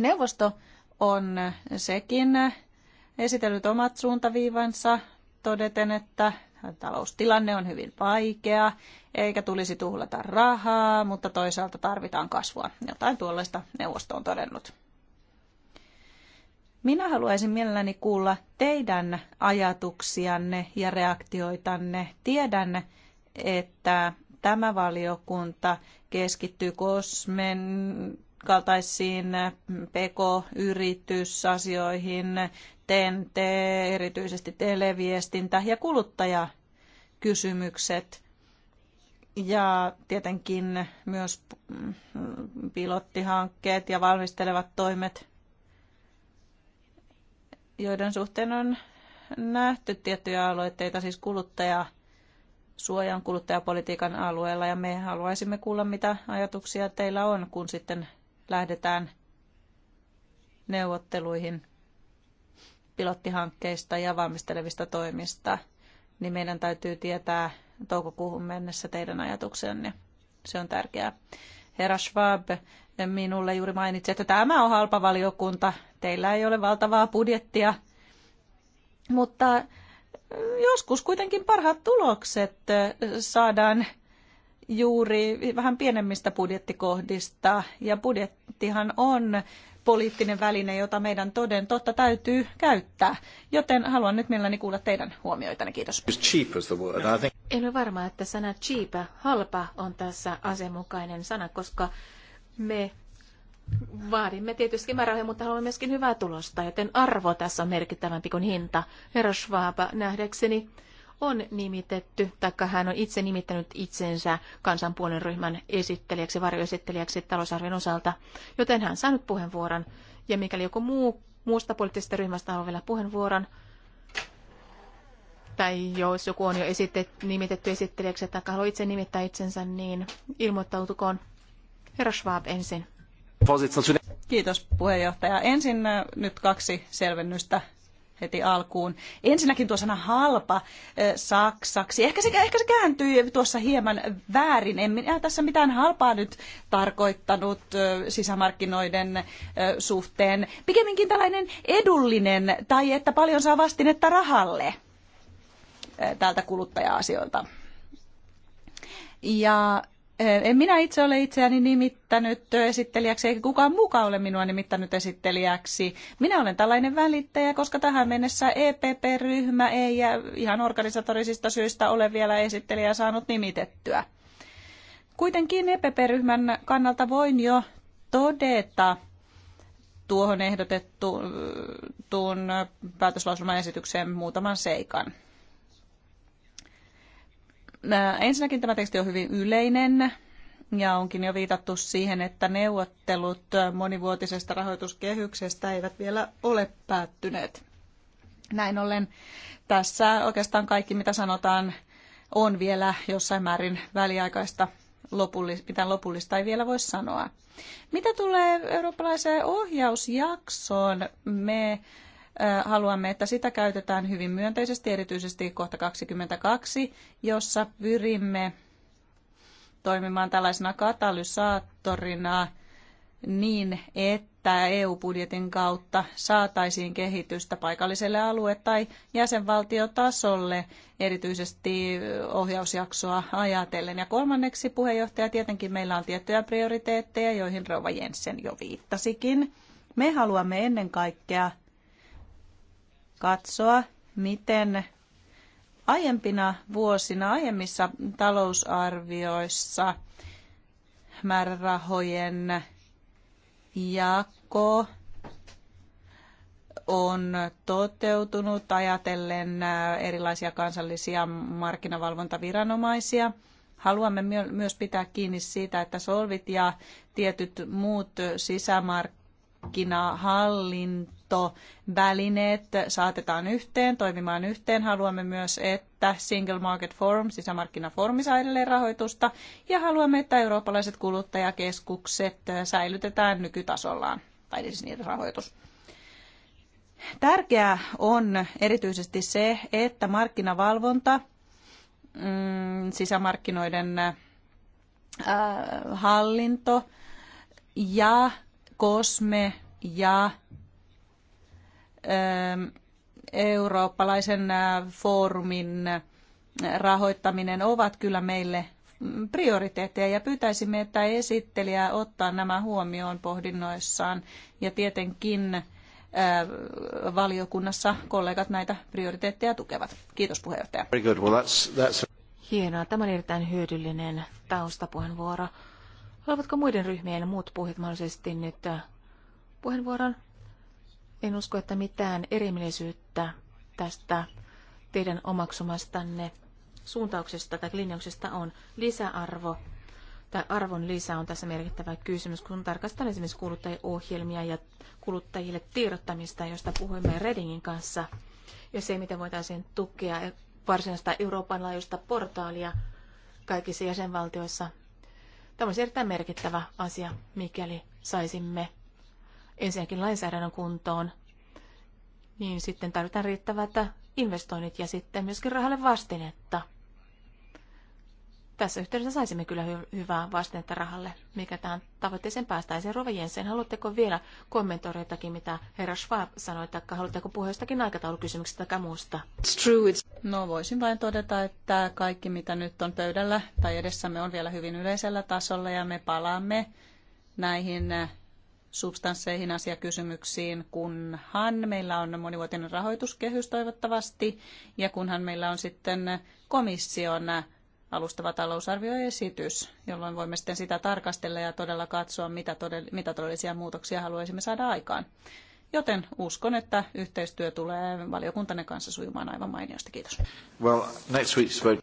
Neuvosto on sekin esitellyt omat suuntaviivansa todeten, että taloustilanne on hyvin vaikea, eikä tulisi tuhlata rahaa, mutta toisaalta tarvitaan kasvua. Jotain tuollaista neuvosto on todennut. Minä haluaisin mielelläni kuulla teidän ajatuksianne ja reaktioitanne. Tiedän, että tämä valiokunta keskittyy kosmen kaltaisiin PK-yritysasioihin, TNT, erityisesti televiestintä ja kuluttajakysymykset. Ja tietenkin myös pilottihankkeet ja valmistelevat toimet joiden suhteen on nähty tiettyjä aloitteita, siis kuluttaja suojan kuluttajapolitiikan alueella ja me haluaisimme kuulla, mitä ajatuksia teillä on, kun sitten lähdetään neuvotteluihin pilottihankkeista ja valmistelevista toimista, niin meidän täytyy tietää toukokuuhun mennessä teidän ajatuksenne. Se on tärkeää. Herra Schwab, minulle juuri mainitsi, että tämä on halpa valiokunta Teillä ei ole valtavaa budjettia, mutta joskus kuitenkin parhaat tulokset saadaan juuri vähän pienemmistä budjettikohdista. Ja budjettihan on poliittinen väline, jota meidän toden totta täytyy käyttää. Joten haluan nyt mielelläni kuulla teidän huomioitanne. Kiitos. En ole varma, että sana cheap, halpa, on tässä asianmukainen sana, koska me Vaadimme tietysti määrärahoja, mutta haluamme myöskin hyvää tulosta, joten arvo tässä on merkittävämpi kuin hinta. Herra Schwab, nähdäkseni on nimitetty, taikka hän on itse nimittänyt itsensä kansanpuolen ryhmän esittelijäksi, varjoesittelijäksi talousarvion osalta, joten hän saa nyt puheenvuoron. Ja mikäli joku muu muusta poliittisesta ryhmästä haluaa vielä puheenvuoron, tai jos joku on jo esitet, nimitetty esittelijäksi tai haluaa itse nimittää itsensä, niin ilmoittautukoon. Herra Schwab ensin. Kiitos puheenjohtaja. Ensin äh, nyt kaksi selvennystä heti alkuun. Ensinnäkin tuo sana halpa äh, saksaksi. Ehkä se, ehkä se tuossa hieman väärin. En minä tässä mitään halpaa nyt tarkoittanut äh, sisämarkkinoiden suhteen. Pikemminkin tällainen edullinen tai että paljon saa vastinetta rahalle tältä kuluttaja-asioilta. Ja Eh, en minä itse ole itseäni nimittänyt esittelijäksi, eikä kukaan muka ole minua nimittänyt esittelijäksi. Minä olen tällainen välittäjä, koska tähän mennessä EPP-ryhmä ei ja eh, ihan organisatorisista syistä ole vielä esittelijä saanut nimitettyä. Kuitenkin EPP-ryhmän kannalta voin jo todeta tuohon ehdotettuun eh, päätöslauselmaesitykseen muutaman seikan. Äh, ensinnäkin tämä teksti on hyvin yleinen ja onkin jo viitattu siihen, että neuvottelut monivuotisesta rahoituskehyksestä eivät vielä ole päättyneet. Näin ollen tässä oikeastaan kaikki, mitä sanotaan, on vielä jossain määrin väliaikaista mitä lopullista ei vielä voi sanoa. Mitä tulee eurooppalaiseen ohjausjaksoon, me haluamme, että sitä käytetään hyvin myönteisesti, erityisesti kohta 22, jossa pyrimme toimimaan tällaisena katalysaattorina niin, että EU-budjetin kautta saataisiin kehitystä paikalliselle alue- tai jäsenvaltiotasolle, erityisesti ohjausjaksoa ajatellen. Ja kolmanneksi puheenjohtaja, tietenkin meillä on tiettyjä prioriteetteja, joihin Rova Jensen jo viittasikin. Me haluamme ennen kaikkea katsoa, miten aiempina vuosina, aiemmissa talousarvioissa määrärahojen jako on toteutunut ajatellen äh, erilaisia kansallisia markkinavalvontaviranomaisia. Haluamme myös pitää kiinni siitä, että solvit ja tietyt muut sisämarkkinat markkinahallinto välineet saatetaan yhteen, toimimaan yhteen. Haluamme myös, että Single Market Forum, sisämarkkinafoorumi saa edelleen rahoitusta. Ja haluamme, että eurooppalaiset kuluttajakeskukset säilytetään nykytasollaan, tai siis niiden rahoitus. Tärkeää on erityisesti se, että markkinavalvonta, mm, sisämarkkinoiden hallinto ja Kosme ja ähm, eurooppalaisen äh, foorumin äh, rahoittaminen ovat kyllä meille mm, prioriteetteja ja pyytäisimme, että esittelijä ottaa nämä huomioon pohdinnoissaan ja tietenkin äh, valiokunnassa kollegat näitä prioriteetteja tukevat. Kiitos puheenjohtaja. Hienoa. Tämä oli erittäin hyödyllinen taustapuheenvuoro. Haluavatko muiden ryhmien muut puhujat mahdollisesti nyt äh, puheenvuoron? En usko, että mitään erimielisyyttä tästä teidän omaksumastanne suuntauksesta tai linjauksesta on lisäarvo Tämä arvon lisä on tässä merkittävä kysymys, kun tarkastan esimerkiksi kuluttajaohjelmia ja kuluttajille tiedottamista, josta puhuimme Redingin kanssa, ja se, miten voitaisiin tukea varsinaista Euroopan laajuista portaalia kaikissa jäsenvaltioissa Tämä olisi erittäin merkittävä asia, mikäli saisimme ensinnäkin lainsäädännön kuntoon, niin sitten tarvitaan riittävät investoinnit ja sitten myöskin rahalle vastinetta tässä yhteydessä saisimme kyllä hy- hyvää vastennetta rahalle, mikä tähän tavoitteeseen päästäisiin. Rova Jensen, haluatteko vielä kommentoida jotakin, mitä herra Schwab sanoi, tai haluatteko puhua jostakin aikataulukysymyksestä tai muusta? It's true, it's... No voisin vain todeta, että kaikki mitä nyt on pöydällä tai edessämme on vielä hyvin yleisellä tasolla ja me palaamme näihin äh, substansseihin, asiakysymyksiin, kunhan meillä on monivuotinen rahoituskehys toivottavasti ja kunhan meillä on sitten äh, komission äh, alustava talousarvioesitys, jolloin voimme sitten sitä tarkastella ja todella katsoa, mitä, todell- mitä todellisia muutoksia haluaisimme saada aikaan. Joten uskon, että yhteistyö tulee valiokuntanne kanssa sujumaan aivan mainiosti. Kiitos. Well, next week's vote.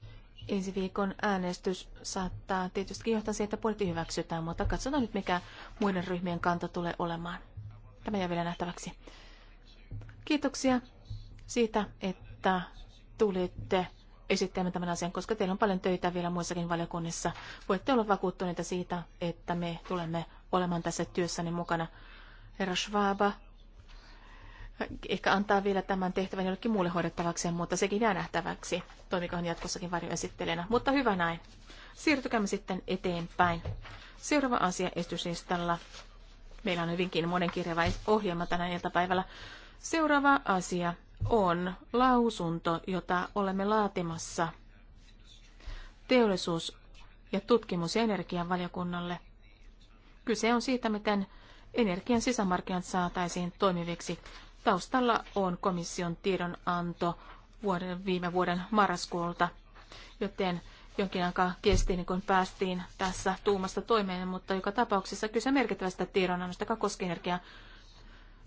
Ensi viikon äänestys saattaa tietysti johtaa siihen, että budjetti hyväksytään, mutta katsotaan nyt, mikä muiden ryhmien kanta tulee olemaan. Tämä jää vielä nähtäväksi. Kiitoksia siitä, että tulitte esittämään tämän asian, koska teillä on paljon töitä vielä muissakin valiokunnissa. Voitte olla vakuuttuneita siitä, että me tulemme olemaan tässä työssäni mukana. Herra Schwaba, ehkä antaa vielä tämän tehtävän jollekin muulle hoidettavaksi, mutta sekin jää nähtäväksi, Toimikohan jatkossakin varjoesittelijänä. Mutta hyvä näin. Siirtykäämme sitten eteenpäin. Seuraava asia esityslistalla. Meillä on hyvinkin monenkirjava ohjelma tänä iltapäivällä. Seuraava asia on lausunto, jota olemme laatimassa teollisuus- ja tutkimus- ja energianvaliokunnalle. Kyse on siitä, miten energian sisämarkkinat saataisiin toimiviksi. Taustalla on komission tiedonanto vuoden, viime vuoden marraskuulta, joten jonkin aikaa kesti, niin kun päästiin tässä tuumasta toimeen, mutta joka tapauksessa kyse merkittävästä tiedonannosta, joka koskee energiaa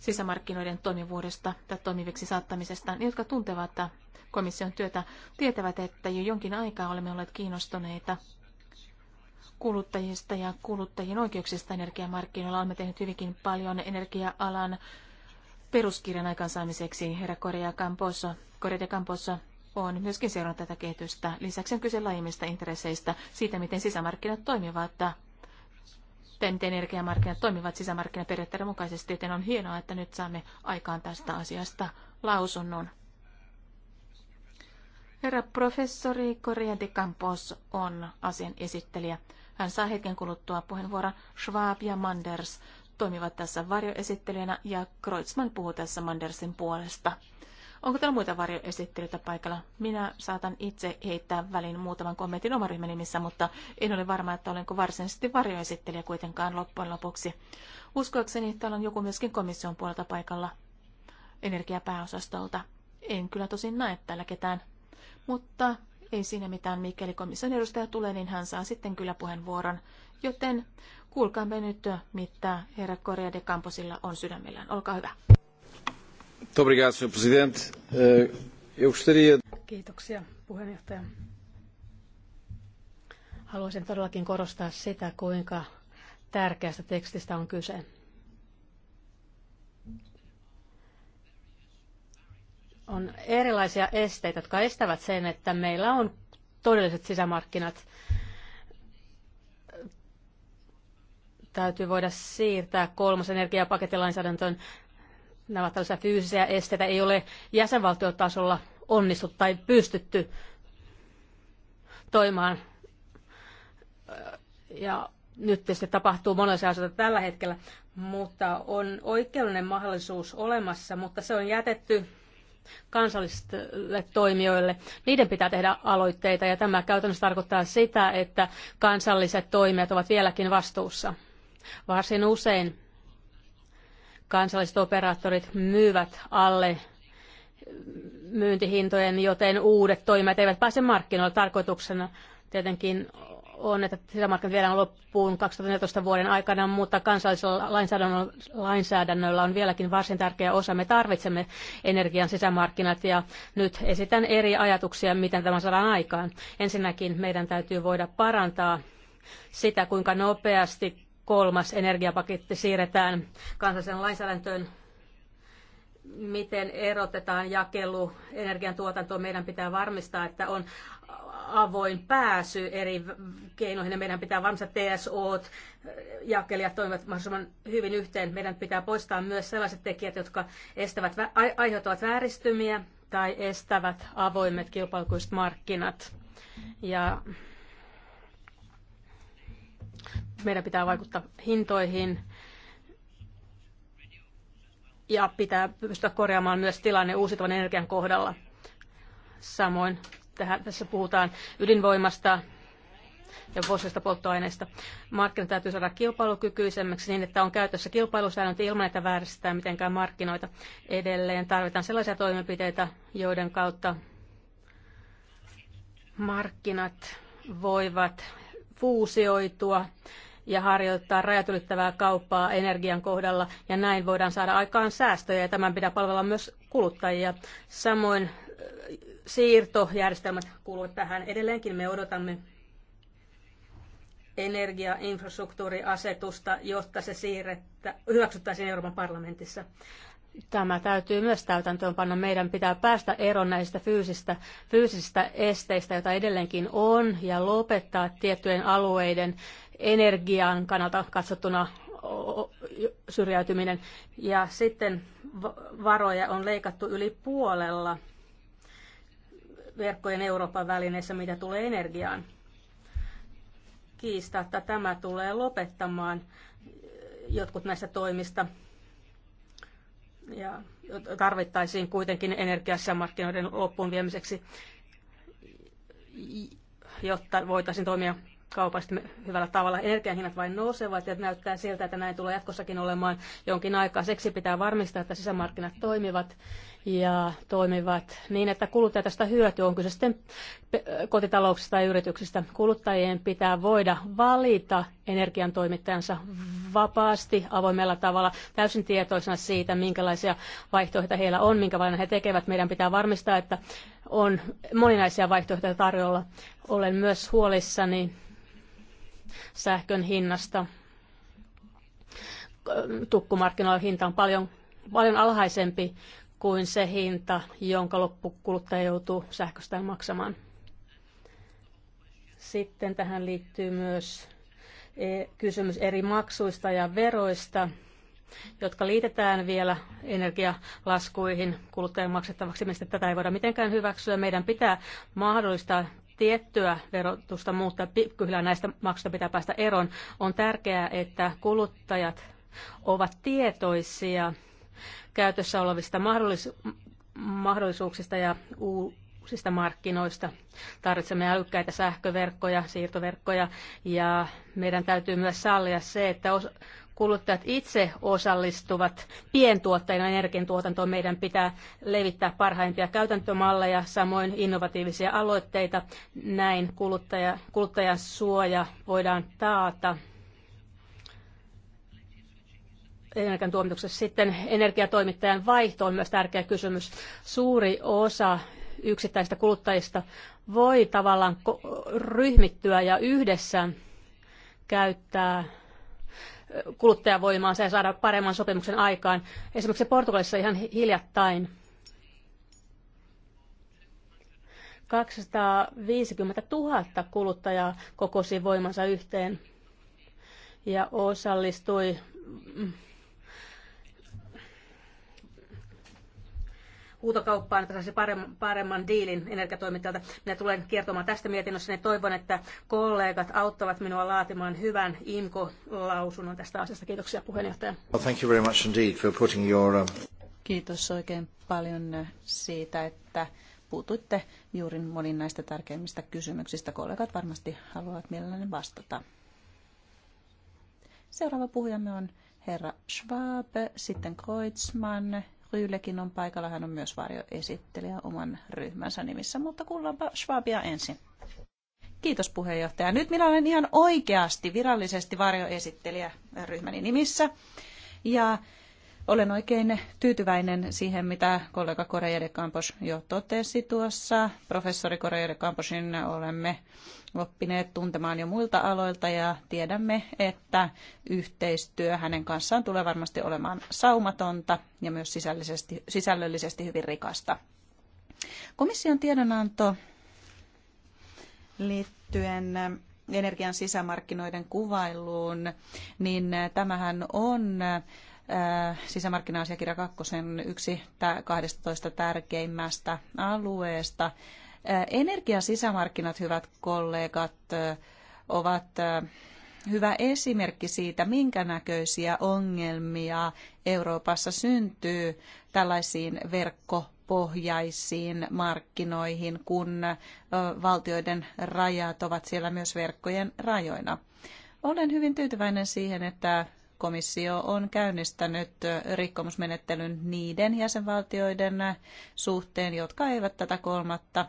sisämarkkinoiden toimivuudesta tai toimiviksi saattamisesta. Ne, jotka tuntevat komission työtä, tietävät, että jo jonkin aikaa olemme olleet kiinnostuneita kuluttajista ja kuluttajien oikeuksista energiamarkkinoilla. Olemme tehneet hyvinkin paljon energia-alan peruskirjan aikaansaamiseksi. Herra Korea Camposo, Korea de Camposo on myöskin seurannut tätä kehitystä. Lisäksi on kyse laajemmista intresseistä siitä, miten sisämarkkinat toimivat sitten miten energiamarkkinat toimivat sisämarkkinaperiaatteiden mukaisesti, joten on hienoa, että nyt saamme aikaan tästä asiasta lausunnon. Herra professori Corriente Campos on asian esittelijä. Hän saa hetken kuluttua puheenvuoron. Schwab ja Manders toimivat tässä varjoesittelijänä ja Kreutzmann puhuu tässä Mandersin puolesta. Onko täällä muita varjoesittelyitä paikalla? Minä saatan itse heittää väliin muutaman kommentin oman ryhmän nimissä, mutta en ole varma, että olenko varsinaisesti varjoesittelijä kuitenkaan loppujen lopuksi. Uskoakseni täällä on joku myöskin komission puolelta paikalla energiapääosastolta. En kyllä tosin näe täällä ketään, mutta ei siinä mitään. Mikäli komission edustaja tulee, niin hän saa sitten kyllä puheenvuoron. Joten kuulkaamme nyt, mitä herra Korea de Camposilla on sydämellään. Olkaa hyvä. Eh, Kiitoksia puheenjohtaja. Haluaisin todellakin korostaa sitä, kuinka tärkeästä tekstistä on kyse. On erilaisia esteitä, jotka estävät sen, että meillä on todelliset sisämarkkinat. Täytyy voida siirtää kolmas energiapaketilainsäädäntöön nämä tällaisia fyysisiä esteitä ei ole jäsenvaltiotasolla onnistuttu tai pystytty toimimaan. Ja nyt tietysti tapahtuu monenlaisia asioita tällä hetkellä, mutta on oikeudellinen mahdollisuus olemassa, mutta se on jätetty kansallisille toimijoille. Niiden pitää tehdä aloitteita ja tämä käytännössä tarkoittaa sitä, että kansalliset toimijat ovat vieläkin vastuussa. Varsin usein kansalliset operaattorit myyvät alle myyntihintojen, joten uudet toimijat eivät pääse markkinoille. Tarkoituksena tietenkin on, että sisämarkkinat viedään loppuun 2014 vuoden aikana, mutta kansallisella lainsäädännöllä, lainsäädännöllä on vieläkin varsin tärkeä osa. Me tarvitsemme energian sisämarkkinat ja nyt esitän eri ajatuksia, miten tämä saadaan aikaan. Ensinnäkin meidän täytyy voida parantaa sitä, kuinka nopeasti kolmas energiapaketti siirretään kansallisen lainsäädäntöön. Miten erotetaan jakelu energiantuotantoon? Meidän pitää varmistaa, että on avoin pääsy eri keinoihin ja meidän pitää varmistaa TSO, -t. jakelijat toimivat mahdollisimman hyvin yhteen. Meidän pitää poistaa myös sellaiset tekijät, jotka estävät, aiheuttavat vääristymiä tai estävät avoimet kilpailukykyiset markkinat. Ja meidän pitää vaikuttaa hintoihin ja pitää pystyä korjaamaan myös tilanne uusiutuvan energian kohdalla. Samoin tähän, tässä puhutaan ydinvoimasta ja fossiilista polttoaineista. Markkinat täytyy saada kilpailukykyisemmäksi niin, että on käytössä kilpailusäännöt ilman, että vääristetään mitenkään markkinoita. Edelleen tarvitaan sellaisia toimenpiteitä, joiden kautta markkinat voivat fuusioitua ja harjoittaa rajat ylittävää kauppaa energian kohdalla, ja näin voidaan saada aikaan säästöjä, ja tämän pitää palvella myös kuluttajia. Samoin siirtojärjestelmät kuuluvat tähän. Edelleenkin me odotamme energiainfrastruktuuriasetusta, jotta se siirrettä, hyväksyttäisiin Euroopan parlamentissa. Tämä täytyy myös täytäntöönpanna. Meidän pitää päästä eroon näistä fyysistä, fyysisistä esteistä, joita edelleenkin on, ja lopettaa tiettyjen alueiden energian kannalta katsottuna syrjäytyminen. Ja sitten varoja on leikattu yli puolella verkkojen Euroopan välineissä, mitä tulee energiaan. Kiistatta tämä tulee lopettamaan jotkut näistä toimista ja tarvittaisiin kuitenkin energiassa markkinoiden loppuun viemiseksi, jotta voitaisiin toimia kaupallisesti hyvällä tavalla. Energian hinnat vain nousevat ja näyttää siltä, että näin tulee jatkossakin olemaan jonkin aikaa. Seksi pitää varmistaa, että sisämarkkinat toimivat ja toimivat niin, että kuluttaja tästä hyötyy, on kyse sitten kotitalouksista tai yrityksistä. Kuluttajien pitää voida valita energiantoimittajansa vapaasti, avoimella tavalla, täysin tietoisena siitä, minkälaisia vaihtoehtoja heillä on, minkä valinnan he tekevät. Meidän pitää varmistaa, että on moninaisia vaihtoehtoja tarjolla. Olen myös huolissani sähkön hinnasta. Tukkumarkkinoilla hinta on paljon, paljon alhaisempi kuin se hinta, jonka loppukuluttaja joutuu sähköstään maksamaan. Sitten tähän liittyy myös e, kysymys eri maksuista ja veroista, jotka liitetään vielä energialaskuihin kuluttajan maksettavaksi. Mielestäni tätä ei voida mitenkään hyväksyä. Meidän pitää mahdollistaa tiettyä verotusta, muuttaa, kyllä näistä maksuista pitää päästä eroon. On tärkeää, että kuluttajat ovat tietoisia käytössä olevista mahdollis- mahdollisuuksista ja uusista markkinoista. Tarvitsemme älykkäitä sähköverkkoja, siirtoverkkoja ja meidän täytyy myös sallia se, että kuluttajat itse osallistuvat pientuottajina energiantuotantoon. Meidän pitää levittää parhaimpia käytäntömalleja, samoin innovatiivisia aloitteita. Näin kuluttaja, kuluttajan suoja voidaan taata energian tuomituksessa. Sitten energiatoimittajan vaihto on myös tärkeä kysymys. Suuri osa yksittäisistä kuluttajista voi tavallaan ryhmittyä ja yhdessä käyttää kuluttajavoimaansa ja saada paremman sopimuksen aikaan. Esimerkiksi Portugalissa ihan hiljattain 250 000 kuluttajaa kokosi voimansa yhteen ja osallistui mm, huutokauppaan, että saisi paremman, paremman diilin energiatoimittajalta. Minä tulen kertomaan tästä mietinnössä ja toivon, että kollegat auttavat minua laatimaan hyvän imco lausunnon tästä asiasta. Kiitoksia puheenjohtaja. Well, thank you very much indeed for putting your, um, Kiitos oikein paljon siitä, että puutuitte juuri monin näistä tärkeimmistä kysymyksistä. Kollegat varmasti haluavat mielelläni vastata. Seuraava puhujamme on herra Schwab, sitten Kreutzmann, Ryylekin on paikalla, hän on myös varjoesittelijä oman ryhmänsä nimissä, mutta kuullaanpa Schwabia ensin. Kiitos puheenjohtaja. Nyt minä olen ihan oikeasti virallisesti varjoesittelijä ryhmäni nimissä. Ja olen oikein tyytyväinen siihen, mitä kollega Korea de Campos jo totesi tuossa. Professori Korea de Camposin olemme oppineet tuntemaan jo muilta aloilta ja tiedämme, että yhteistyö hänen kanssaan tulee varmasti olemaan saumatonta ja myös sisällöllisesti, sisällöllisesti hyvin rikasta. Komission tiedonanto liittyen energian sisämarkkinoiden kuvailuun, niin tämähän on äh, sisämarkkina-asiakirja kakkosen yksi 12 tärkeimmästä alueesta. Energian sisämarkkinat, hyvät kollegat, ovat hyvä esimerkki siitä, minkä näköisiä ongelmia Euroopassa syntyy tällaisiin verkkopohjaisiin markkinoihin, kun valtioiden rajat ovat siellä myös verkkojen rajoina. Olen hyvin tyytyväinen siihen, että komissio on käynnistänyt rikkomusmenettelyn niiden jäsenvaltioiden suhteen, jotka eivät tätä kolmatta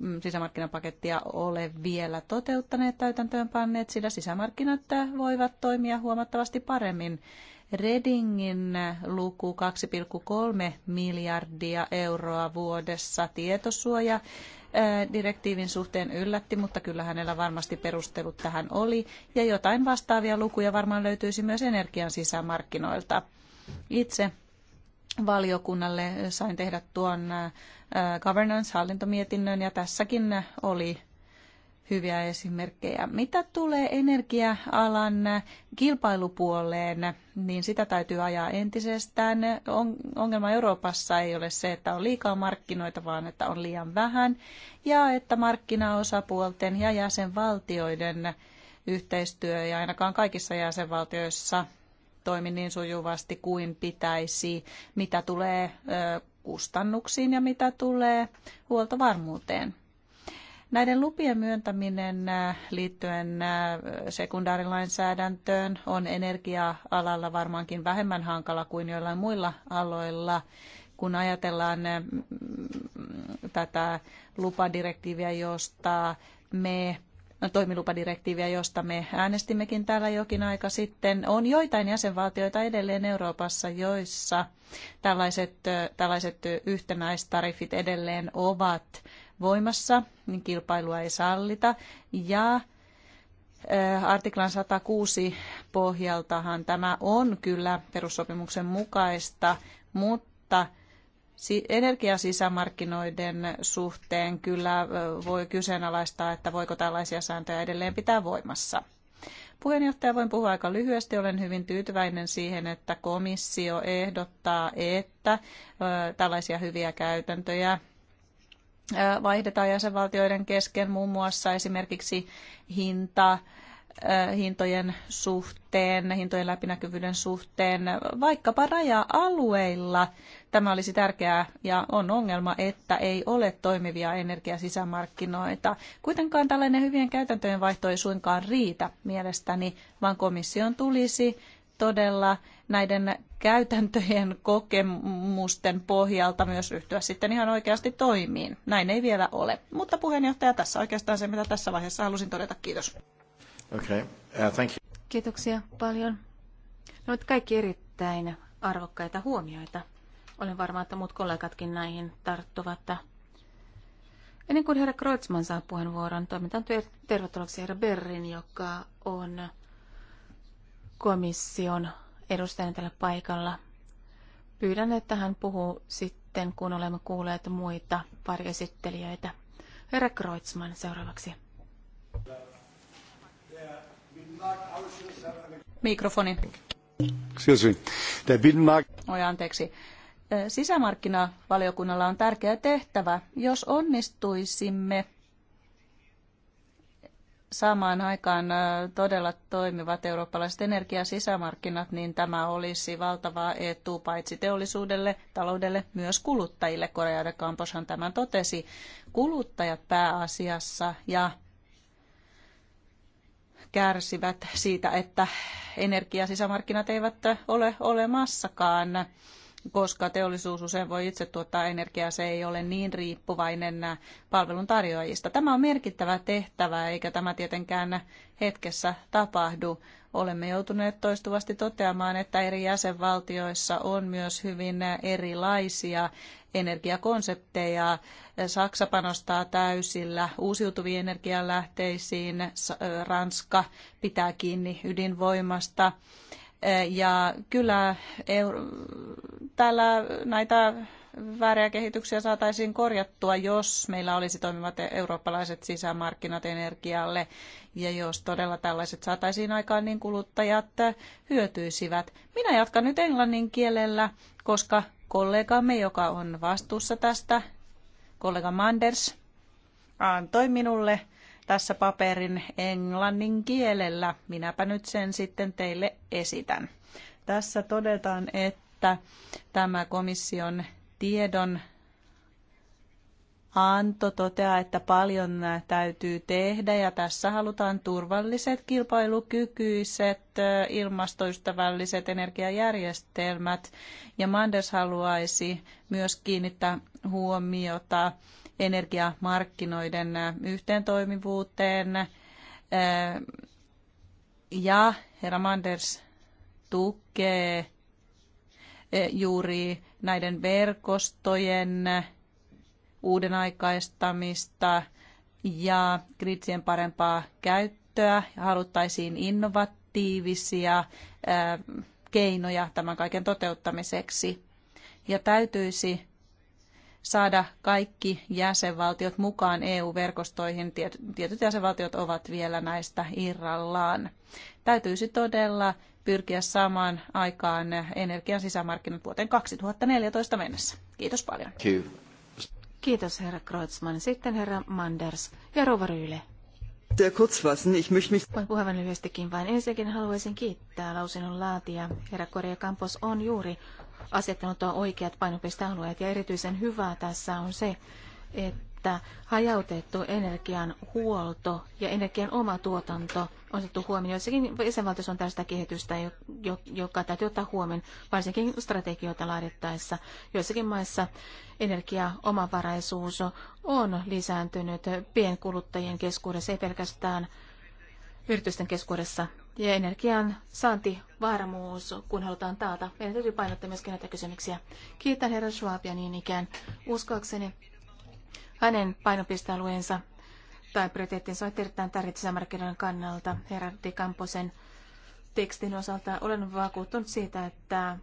mm, sisämarkkinapakettia ole vielä toteuttaneet täytäntöönpanneet, sillä sisämarkkinat voivat toimia huomattavasti paremmin Redingin luku 2,3 miljardia euroa vuodessa tietosuoja direktiivin suhteen yllätti, mutta kyllä hänellä varmasti perustelut tähän oli. Ja jotain vastaavia lukuja varmaan löytyisi myös energian sisämarkkinoilta. Itse valiokunnalle sain tehdä tuon governance-hallintomietinnön ja tässäkin oli hyviä esimerkkejä. Mitä tulee energia-alan kilpailupuoleen, niin sitä täytyy ajaa entisestään. Ongelma Euroopassa ei ole se, että on liikaa markkinoita, vaan että on liian vähän, ja että markkinaosapuolten ja jäsenvaltioiden yhteistyö ei ainakaan kaikissa jäsenvaltioissa toimi niin sujuvasti kuin pitäisi, mitä tulee kustannuksiin ja mitä tulee huoltovarmuuteen. Näiden lupien myöntäminen äh, liittyen äh, sekundaarilainsäädäntöön on energia-alalla varmaankin vähemmän hankala kuin joillain muilla aloilla kun ajatellaan äh, mm, tätä lupadirektiiviä, josta me no, toimilupadirektiiviä, josta me äänestimmekin täällä jokin aika sitten. On joitain jäsenvaltioita edelleen Euroopassa, joissa tällaiset, tällaiset yhtenäistariffit edelleen ovat voimassa, niin kilpailua ei sallita. Ja artiklan 106 pohjaltahan tämä on kyllä perussopimuksen mukaista, mutta energiasisämarkkinoiden suhteen kyllä voi kyseenalaistaa, että voiko tällaisia sääntöjä edelleen pitää voimassa. Puheenjohtaja, voin puhua aika lyhyesti. Olen hyvin tyytyväinen siihen, että komissio ehdottaa, että tällaisia hyviä käytäntöjä vaihdetaan jäsenvaltioiden kesken muun muassa esimerkiksi hinta, hintojen suhteen, hintojen läpinäkyvyyden suhteen, vaikkapa raja-alueilla. Tämä olisi tärkeää ja on ongelma, että ei ole toimivia energiasisämarkkinoita. Kuitenkaan tällainen hyvien käytäntöjen vaihto ei suinkaan riitä mielestäni, vaan komission tulisi todella näiden käytäntöjen kokemusten pohjalta myös ryhtyä sitten ihan oikeasti toimiin. Näin ei vielä ole. Mutta puheenjohtaja, tässä oikeastaan se, mitä tässä vaiheessa halusin todeta. Kiitos. Okay. Uh, thank you. Kiitoksia paljon. No, kaikki erittäin arvokkaita huomioita. Olen varma, että muut kollegatkin näihin tarttuvat. Ennen kuin herra Kreutzmann saa puheenvuoron, toimitan tervetulleeksi herra Berrin, joka on komission edustajana tällä paikalla. Pyydän, että hän puhuu sitten, kun olemme kuulleet muita esittelijöitä. Herra Kreutzmann seuraavaksi. Mikrofoni. Oi, anteeksi. Sisämarkkinavaliokunnalla on tärkeä tehtävä. Jos onnistuisimme samaan aikaan todella toimivat eurooppalaiset energiasisämarkkinat, niin tämä olisi valtava etu paitsi teollisuudelle, taloudelle, myös kuluttajille. Korea de Camposhan tämän totesi. Kuluttajat pääasiassa ja kärsivät siitä, että energiasisämarkkinat eivät ole olemassakaan koska teollisuus usein voi itse tuottaa energiaa, se ei ole niin riippuvainen palveluntarjoajista. Tämä on merkittävä tehtävä, eikä tämä tietenkään hetkessä tapahdu. Olemme joutuneet toistuvasti toteamaan, että eri jäsenvaltioissa on myös hyvin erilaisia energiakonsepteja. Saksa panostaa täysillä uusiutuviin energialähteisiin, Ranska pitää kiinni ydinvoimasta. Eh, ja kyllä täällä näitä vääriä kehityksiä saataisiin korjattua, jos meillä olisi toimivat eurooppalaiset sisämarkkinat energialle. Ja jos todella tällaiset saataisiin aikaan, niin kuluttajat hyötyisivät. Minä jatkan nyt englannin kielellä, koska kollegamme, joka on vastuussa tästä, kollega Manders, antoi minulle tässä paperin englannin kielellä. Minäpä nyt sen sitten teille esitän. Tässä todetaan, että tämä komission tiedon Anto toteaa, että paljon täytyy tehdä ja tässä halutaan turvalliset, kilpailukykyiset, ilmastoystävälliset energiajärjestelmät. Ja Manders haluaisi myös kiinnittää huomiota energiamarkkinoiden äh, yhteentoimivuuteen. Äh, ja herra Manders tukee äh, juuri näiden verkostojen uuden aikaistamista ja gritsien parempaa käyttöä. Haluttaisiin innovatiivisia keinoja tämän kaiken toteuttamiseksi. Ja täytyisi saada kaikki jäsenvaltiot mukaan EU-verkostoihin. Tietyt jäsenvaltiot ovat vielä näistä irrallaan. Täytyisi todella pyrkiä saamaan aikaan energian sisämarkkinat vuoteen 2014 mennessä. Kiitos paljon. Kiitos, Kiitos herra Kreutzmann. Sitten herra Manders ja Rova Ryle. Voin puheenvuoron lyhyestikin vain. Ensinnäkin haluaisin kiittää lausunnon laatia. Herra Korea Campos on juuri asettanut oikeat painopistealueet. Ja erityisen hyvää tässä on se, että hajautettu energian huolto ja energian oma tuotanto on otettu huomioon. Joissakin jäsenvaltioissa on tästä kehitystä, joka täytyy ottaa huomioon, varsinkin strategioita laadittaessa. Joissakin maissa energiaomavaraisuus on lisääntynyt pienkuluttajien keskuudessa, ei pelkästään yritysten keskuudessa ja energian saanti varmuus, kun halutaan taata. Meidän täytyy painottaa myös näitä kysymyksiä. Kiitän herra Schwabia niin ikään. Uskoakseni hänen painopistealueensa tai prioriteettinsa on erittäin tärkeitä markkinoiden kannalta. Herra Di Camposen tekstin osalta olen vakuuttunut siitä, että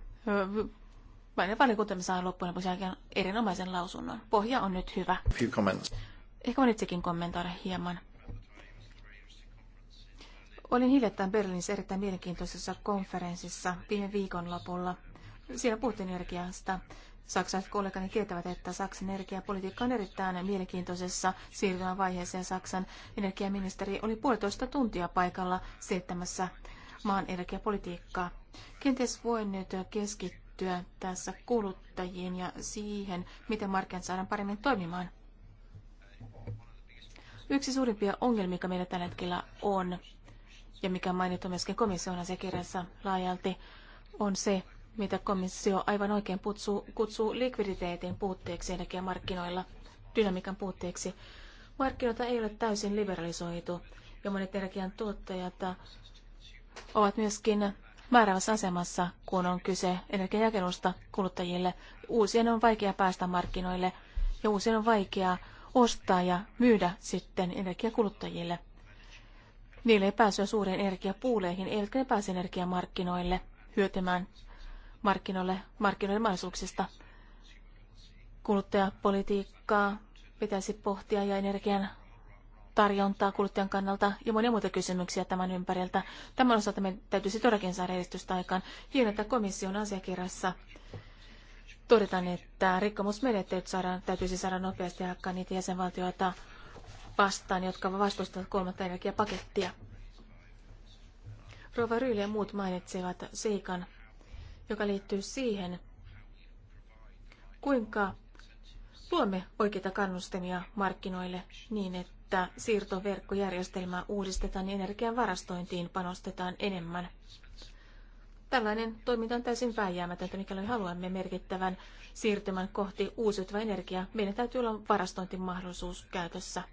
valiokuntamme saa loppujen lopuksi jälkeen erinomaisen lausunnon. Pohja on nyt hyvä. Ehkä voin itsekin kommentoida hieman. Olin hiljattain Berliinissä erittäin mielenkiintoisessa konferenssissa viime lopulla. Siellä puhuttiin energiasta. Saksalaiset kollegani tietävät, että Saksan energiapolitiikka on erittäin mielenkiintoisessa siirtymävaiheessa ja Saksan energiaministeri oli puolitoista tuntia paikalla selittämässä maan energiapolitiikkaa. Kenties voin nyt keskittyä tässä kuluttajiin ja siihen, miten markkinat saadaan paremmin toimimaan. Yksi suurimpia ongelmia, mikä meillä tällä hetkellä on, ja mikä mainittu myöskin komission asiakirjassa laajalti, on se, mitä komissio aivan oikein putsuu, kutsuu likviditeetin puutteeksi energiamarkkinoilla, dynamiikan puutteeksi. Markkinoita ei ole täysin liberalisoitu ja monet energian tuottajat ovat myöskin määrävässä asemassa, kun on kyse energiajakelusta kuluttajille. Uusien on vaikea päästä markkinoille ja uusien on vaikea ostaa ja myydä sitten energiakuluttajille. Niille ei pääsyä suuriin energiapuuleihin, eivätkä ne pääse energiamarkkinoille hyötymään markkinoille, markkinoiden mahdollisuuksista. Kuluttajapolitiikkaa pitäisi pohtia ja energian tarjontaa kuluttajan kannalta ja monia muita kysymyksiä tämän ympäriltä. Tämän osalta meidän täytyisi todellakin saada edistystä aikaan. Hienoa, että komission asiakirjassa todetaan, että rikkomusmenettelyt saadaan, täytyisi saada nopeasti aikaan niitä jäsenvaltioita vastaan, jotka vastustavat kolmatta energiapakettia. Rova Ryyli ja muut mainitsevat seikan, joka liittyy siihen, kuinka luomme oikeita kannustimia markkinoille niin, että siirtoverkkojärjestelmää uudistetaan ja energian varastointiin panostetaan enemmän. Tällainen toiminta on täysin vääjäämätöntä, mikäli haluamme merkittävän siirtymän kohti uusiutuvaa energiaa. Meidän täytyy olla varastointimahdollisuus käytössä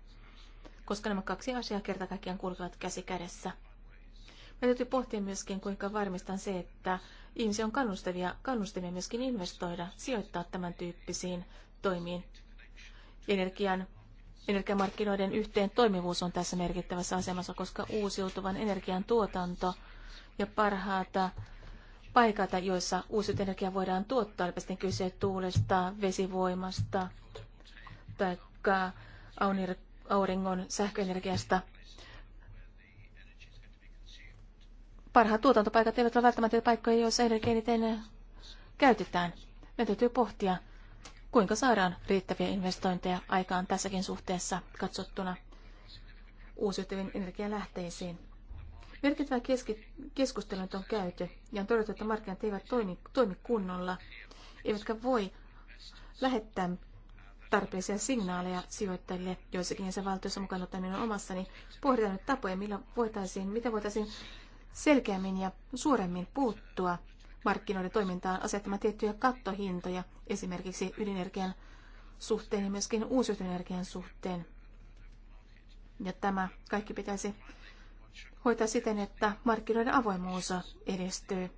koska nämä kaksi asiaa kerta kaikkiaan kulkevat käsi kädessä. Me täytyy pohtia myöskin, kuinka varmistan se, että ihmisiä on kannustavia, kannustimia myöskin investoida, sijoittaa tämän tyyppisiin toimiin. Energian, energiamarkkinoiden yhteen toimivuus on tässä merkittävässä asemassa, koska uusiutuvan energian tuotanto ja parhaata paikata, joissa uusiutuvan energia voidaan tuottaa, olipa sitten kyse tuulesta, vesivoimasta tai auringon sähköenergiasta. Parhaat tuotantopaikat eivät ole välttämättä paikkoja, joissa energiaa eniten käytetään. Me täytyy pohtia, kuinka saadaan riittäviä investointeja aikaan tässäkin suhteessa katsottuna uusiutuvien energialähteisiin. Merkittävä keskustelu on käyty ja on todettu, että markkinat eivät toimi, toimi kunnolla, eivätkä voi lähettää tarpeellisia signaaleja sijoittajille joissakin jäsenvaltioissa mukaan ottaen minun omassani. Pohditaan nyt tapoja, millä voitaisiin, miten voitaisiin selkeämmin ja suuremmin puuttua markkinoiden toimintaan asettamaan tiettyjä kattohintoja esimerkiksi ydinenergian suhteen ja myöskin uusiutuvan energian suhteen. Ja tämä kaikki pitäisi hoitaa siten, että markkinoiden avoimuus edistyy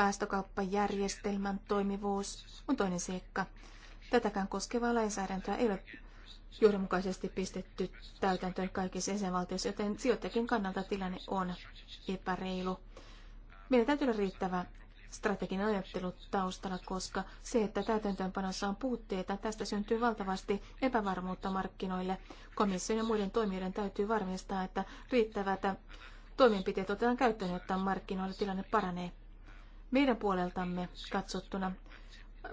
Päästökauppajärjestelmän toimivuus on toinen seikka. Tätäkään koskevaa lainsäädäntöä ei ole johdonmukaisesti pistetty täytäntöön kaikissa jäsenvaltioissa, joten sijoittajakin kannalta tilanne on epäreilu. Meidän täytyy olla riittävä strateginen ajattelu taustalla, koska se, että täytäntöönpanossa on puutteita, tästä syntyy valtavasti epävarmuutta markkinoille. Komission ja muiden toimijoiden täytyy varmistaa, että riittävät toimenpiteet otetaan käyttöön, jotta markkinoilla tilanne paranee. Meidän puoleltamme katsottuna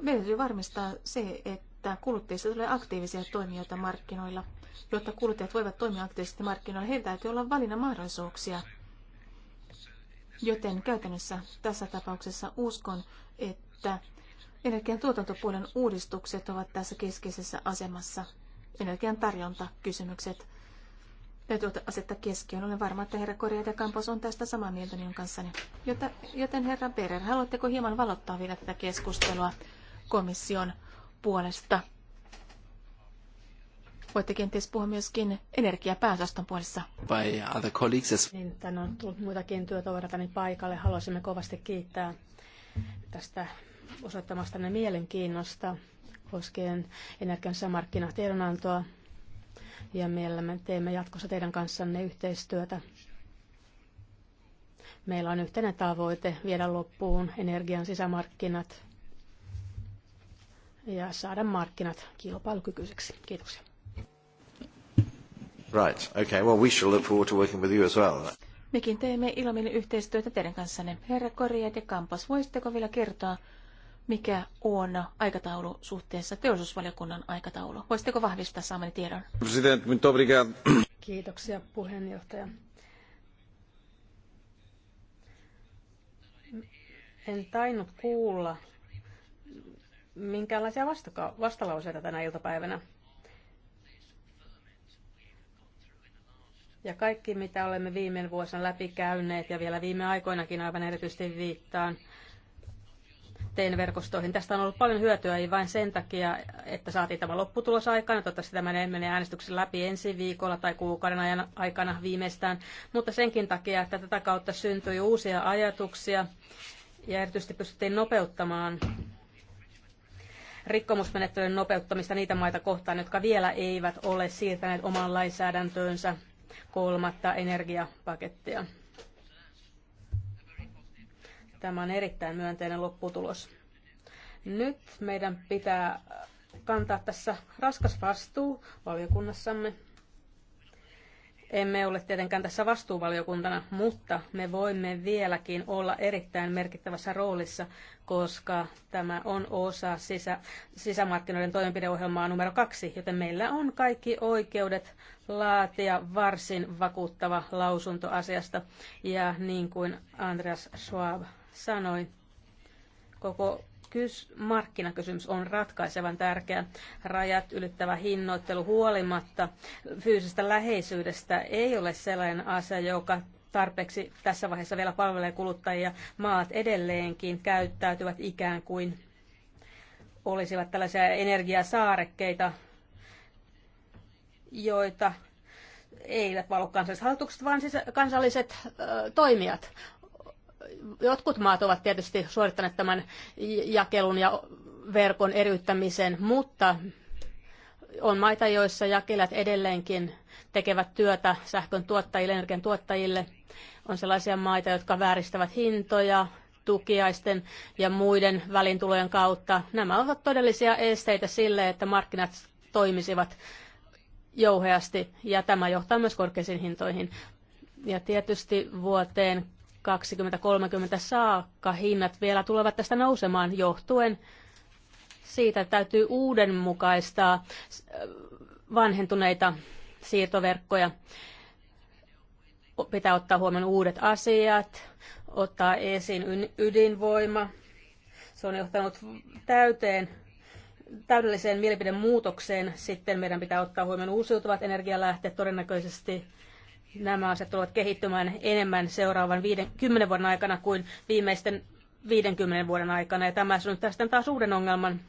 meidän täytyy varmistaa se, että kuluttajista tulee aktiivisia toimijoita markkinoilla. Jotta kuluttajat voivat toimia aktiivisesti markkinoilla, heillä täytyy olla valinnan mahdollisuuksia. Joten käytännössä tässä tapauksessa uskon, että energian tuotantopuolen uudistukset ovat tässä keskeisessä asemassa. Energian tarjontakysymykset täytyy asettaa keskiöön. Olen varma, että herra Korea ja Kampos on tästä samaa mieltä minun kanssani. Jota, joten herra Perer, haluatteko hieman valottaa vielä tätä keskustelua komission puolesta? Voitte kenties puhua myöskin energiapääosaston puolessa. By other colleagues. Niin, tänne on tullut muitakin työtovereitani niin paikalle. Haluaisimme kovasti kiittää tästä osoittamastanne mielenkiinnosta koskien energian markkinatiedonantoa ja mielellämme teemme jatkossa teidän kanssanne yhteistyötä. Meillä on yhteinen tavoite viedä loppuun energian sisämarkkinat ja saada markkinat kilpailukykyiseksi. Kiitoksia. Right. Okay. Well, we shall look forward to working with you as well. Mekin teemme ilomielin yhteistyötä teidän kanssanne. Herra Korjat ja Kampas, voisitteko vielä kertoa, mikä on aikataulu suhteessa teollisuusvaliokunnan aikataulu. Voisitteko vahvistaa saamani tiedon? President, Kiitoksia puheenjohtaja. En tainnut kuulla minkälaisia vastalauseita tänä iltapäivänä. Ja kaikki, mitä olemme viime vuosina läpikäyneet ja vielä viime aikoinakin aivan erityisesti viittaan TEN-verkostoihin. Tästä on ollut paljon hyötyä, ei vain sen takia, että saatiin tämä lopputulos aikana. Toivottavasti tämä menee äänestyksen läpi ensi viikolla tai kuukauden ajan aikana viimeistään, mutta senkin takia, että tätä kautta syntyi uusia ajatuksia ja erityisesti pystyttiin nopeuttamaan rikkomusmenettelyn nopeuttamista niitä maita kohtaan, jotka vielä eivät ole siirtäneet oman lainsäädäntöönsä kolmatta energiapakettia. Tämä on erittäin myönteinen lopputulos. Nyt meidän pitää kantaa tässä raskas vastuu valiokunnassamme. Emme ole tietenkään tässä vastuuvaliokuntana, mutta me voimme vieläkin olla erittäin merkittävässä roolissa, koska tämä on osa sisä, sisämarkkinoiden toimenpideohjelmaa numero kaksi, joten meillä on kaikki oikeudet laatia varsin vakuuttava lausunto asiasta. Ja niin kuin Andreas Schwab sanoi, koko kys- markkinakysymys on ratkaisevan tärkeä. Rajat ylittävä hinnoittelu huolimatta fyysisestä läheisyydestä ei ole sellainen asia, joka tarpeeksi tässä vaiheessa vielä palvelee kuluttajia. Maat edelleenkin käyttäytyvät ikään kuin olisivat tällaisia energiasaarekkeita, joita eivät valu kansalliset hallitukset, vaan siis kansalliset toimijat jotkut maat ovat tietysti suorittaneet tämän jakelun ja verkon eriyttämisen, mutta on maita, joissa jakelijat edelleenkin tekevät työtä sähkön tuottajille, energian tuottajille. On sellaisia maita, jotka vääristävät hintoja tukiaisten ja muiden välintulojen kautta. Nämä ovat todellisia esteitä sille, että markkinat toimisivat jouheasti ja tämä johtaa myös korkeisiin hintoihin. Ja tietysti vuoteen 2030 saakka hinnat vielä tulevat tästä nousemaan johtuen siitä, että täytyy uudenmukaistaa vanhentuneita siirtoverkkoja. Pitää ottaa huomioon uudet asiat, ottaa esiin ydinvoima. Se on johtanut täyteen täydelliseen mielipidemuutokseen. Sitten meidän pitää ottaa huomioon uusiutuvat energialähteet todennäköisesti nämä asiat tulevat kehittymään enemmän seuraavan 50 vuoden aikana kuin viimeisten 50 vuoden aikana. Ja tämä on sitten taas uuden ongelman,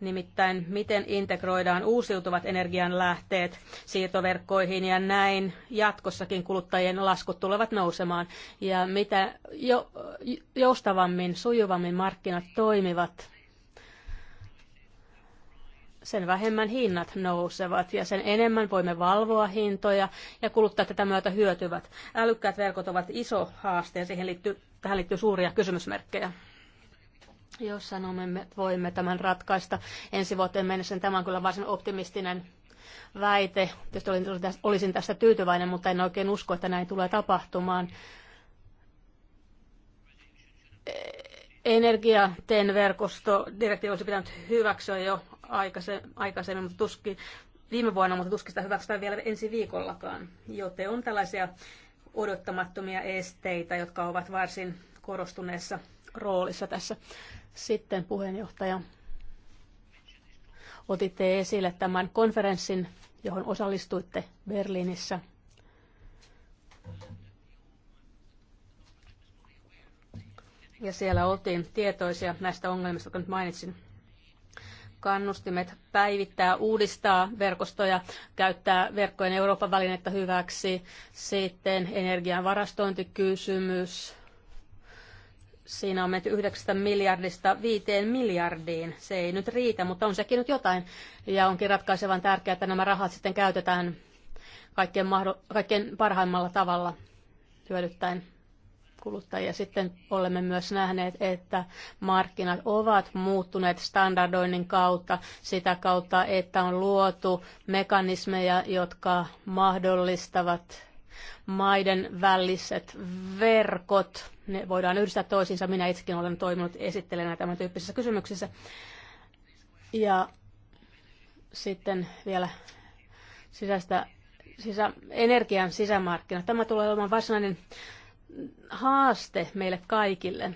nimittäin miten integroidaan uusiutuvat energianlähteet siirtoverkkoihin ja näin jatkossakin kuluttajien laskut tulevat nousemaan. Ja mitä jo, joustavammin, sujuvammin markkinat toimivat, sen vähemmän hinnat nousevat ja sen enemmän voimme valvoa hintoja ja kuluttajat tätä myötä hyötyvät. Älykkäät verkot ovat iso haaste ja siihen liittyy, tähän liittyy suuria kysymysmerkkejä. Jos sanomme, me voimme tämän ratkaista ensi vuoteen mennessä, niin tämä on kyllä varsin optimistinen väite. Tietysti olisin tästä tyytyväinen, mutta en oikein usko, että näin tulee tapahtumaan. Energiateen verkosto direktiivi olisi pitänyt hyväksyä jo aikaisemmin, mutta tuskin viime vuonna, mutta tuskin sitä hyväksytään vielä ensi viikollakaan. Joten on tällaisia odottamattomia esteitä, jotka ovat varsin korostuneessa roolissa tässä. Sitten puheenjohtaja, otitte esille tämän konferenssin, johon osallistuitte Berliinissä. Ja siellä oltiin tietoisia näistä ongelmista, jotka nyt mainitsin kannustimet päivittää, uudistaa verkostoja, käyttää verkkojen Euroopan välinettä hyväksi. Sitten energian varastointikysymys. Siinä on menty 9 miljardista 5 miljardiin. Se ei nyt riitä, mutta on sekin nyt jotain. Ja onkin ratkaisevan tärkeää, että nämä rahat sitten käytetään kaikkein, mahdoll- kaikkein parhaimmalla tavalla hyödyttäen kuluttajia. Sitten olemme myös nähneet, että markkinat ovat muuttuneet standardoinnin kautta, sitä kautta, että on luotu mekanismeja, jotka mahdollistavat maiden väliset verkot. Ne voidaan yhdistää toisiinsa. Minä itsekin olen toiminut esittelenä tämän tyyppisissä kysymyksissä. Ja sitten vielä sisäistä sisä, energian sisämarkkina. Tämä tulee olemaan varsinainen haaste meille kaikille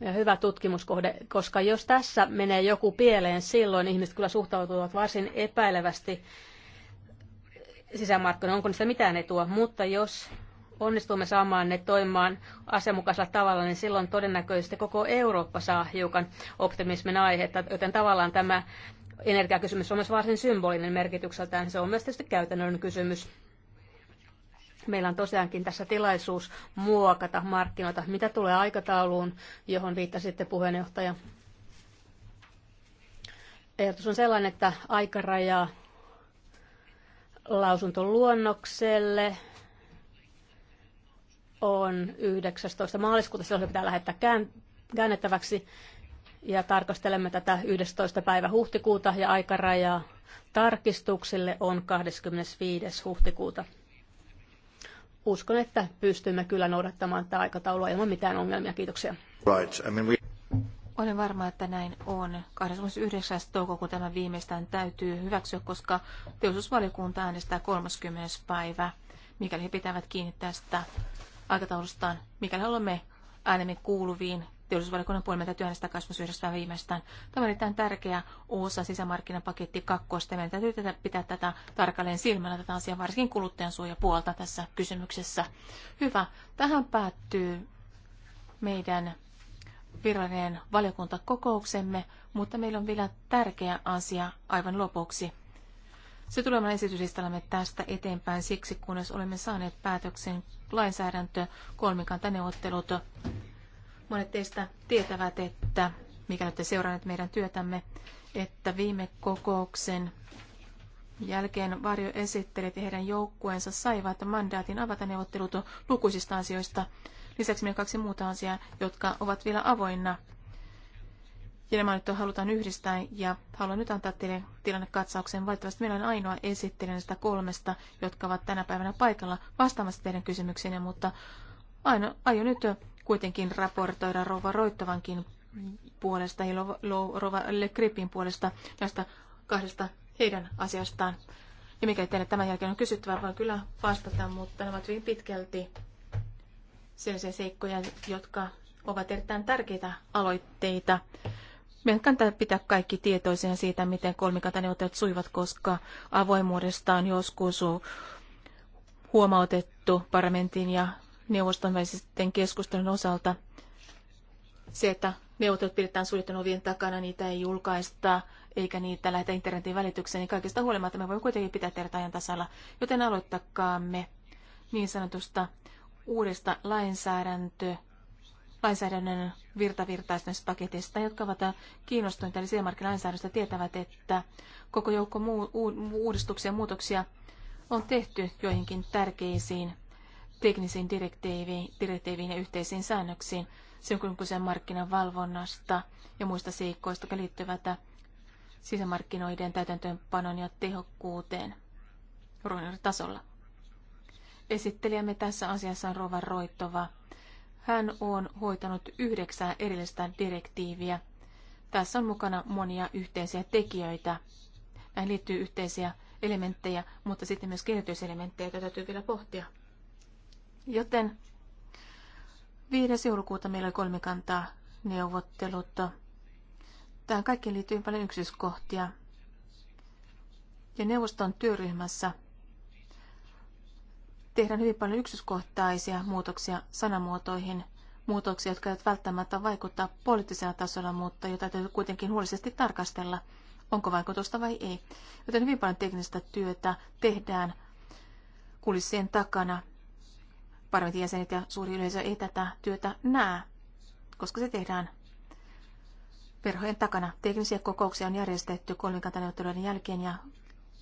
ja hyvä tutkimuskohde, koska jos tässä menee joku pieleen, silloin ihmiset kyllä suhtautuvat varsin epäilevästi sisämarkkinoille, onko niistä mitään etua, mutta jos onnistumme saamaan ne toimimaan asianmukaisella tavalla, niin silloin todennäköisesti koko Eurooppa saa hiukan optimismin aihetta, joten tavallaan tämä energiakysymys on myös varsin symbolinen merkitykseltään, se on myös tietysti käytännön kysymys Meillä on tosiaankin tässä tilaisuus muokata markkinoita. Mitä tulee aikatauluun, johon viittasitte puheenjohtaja? Ehdotus on sellainen, että aikaraja lausuntoluonnokselle on 19. maaliskuuta. Silloin se pitää lähettää käännettäväksi ja tarkastelemme tätä 11. päivä huhtikuuta ja aikaraja tarkistuksille on 25. huhtikuuta uskon, että pystymme kyllä noudattamaan tätä aikataulua ilman mitään ongelmia. Kiitoksia. Right. I mean we... Olen varma, että näin on. 29. toukokuun tämä viimeistään täytyy hyväksyä, koska teollisuusvaliokunta äänestää 30. päivä, mikäli he pitävät kiinni tästä aikataulustaan, mikäli haluamme äänemme kuuluviin teollisuusvaliokunnan puolella täytyy äänestää kasvusyhdestä viimeistään. Tämä on erittäin tärkeä osa sisämarkkinapaketti kakkosta. Meidän täytyy tätä, pitää tätä tarkalleen silmällä tätä asiaa, varsinkin suojapuolta tässä kysymyksessä. Hyvä. Tähän päättyy meidän virallinen valiokuntakokouksemme, mutta meillä on vielä tärkeä asia aivan lopuksi. Se tulee olemaan esityslistallamme tästä eteenpäin siksi, kunnes olemme saaneet päätöksen lainsäädäntö kolmikantaneuvottelut Monet teistä tietävät, että mikä olette seuranneet meidän työtämme, että viime kokouksen jälkeen varjoesittelijät ja heidän joukkueensa saivat mandaatin avata neuvottelut lukuisista asioista. Lisäksi meillä kaksi muuta asiaa, jotka ovat vielä avoinna. Ja nämä nyt halutaan yhdistää ja haluan nyt antaa teille tilannekatsauksen. Valitettavasti meillä on ainoa esittelijä näistä kolmesta, jotka ovat tänä päivänä paikalla vastaamassa teidän kysymyksiinne, mutta aion nyt kuitenkin raportoida Rova roittavankin puolesta ja Rova Le puolesta näistä kahdesta heidän asiastaan. Ja mikä teille tämän jälkeen on kysyttävää, voi kyllä vastata, mutta ne ovat hyvin pitkälti sellaisia seikkoja, jotka ovat erittäin tärkeitä aloitteita. Meidän kannattaa pitää kaikki tietoisia siitä, miten kolmikantaneuvottelut suivat, koska avoimuudesta on joskus huomautettu parlamentin ja neuvoston välisten keskustelun osalta. Se, että neuvottelut pidetään suljettujen ovien takana, niitä ei julkaista eikä niitä lähetä internetin välitykseen, niin kaikesta huolimatta me voimme kuitenkin pitää teidät ajan tasalla. Joten aloittakaamme niin sanotusta uudesta lainsäädäntö, lainsäädännön virtavirtaisesta paketista, jotka ovat kiinnostuneita, eli sijamarkkinalainsäädännöstä tietävät, että koko joukko muu, uudistuksia ja muutoksia on tehty joihinkin tärkeisiin teknisiin direktiiviin, direktiiviin ja yhteisiin säännöksiin, silloin kun kyse markkinavalvonnasta ja muista seikkoista, jotka liittyvät sisämarkkinoiden täytäntöönpanon ja tehokkuuteen tasolla. Esittelijämme tässä asiassa on Rova Roittova. Hän on hoitanut yhdeksää erillistä direktiiviä. Tässä on mukana monia yhteisiä tekijöitä. Näihin liittyy yhteisiä elementtejä, mutta sitten myös erityiselementtejä, joita täytyy vielä pohtia. Joten 5. joulukuuta meillä oli kolmikantaa neuvottelut. Tähän kaikkiin liittyy paljon yksityiskohtia. Ja neuvoston työryhmässä tehdään hyvin paljon yksityiskohtaisia muutoksia sanamuotoihin, muutoksia, jotka eivät välttämättä vaikuttaa poliittisella tasolla, mutta joita täytyy kuitenkin huolellisesti tarkastella, onko vaikutusta vai ei. Joten hyvin paljon teknistä työtä tehdään kulissien takana parlamentin jäsenet ja suuri yleisö ei tätä työtä näe, koska se tehdään perhojen takana. Teknisiä kokouksia on järjestetty kolmikantaneuvottelujen jälkeen ja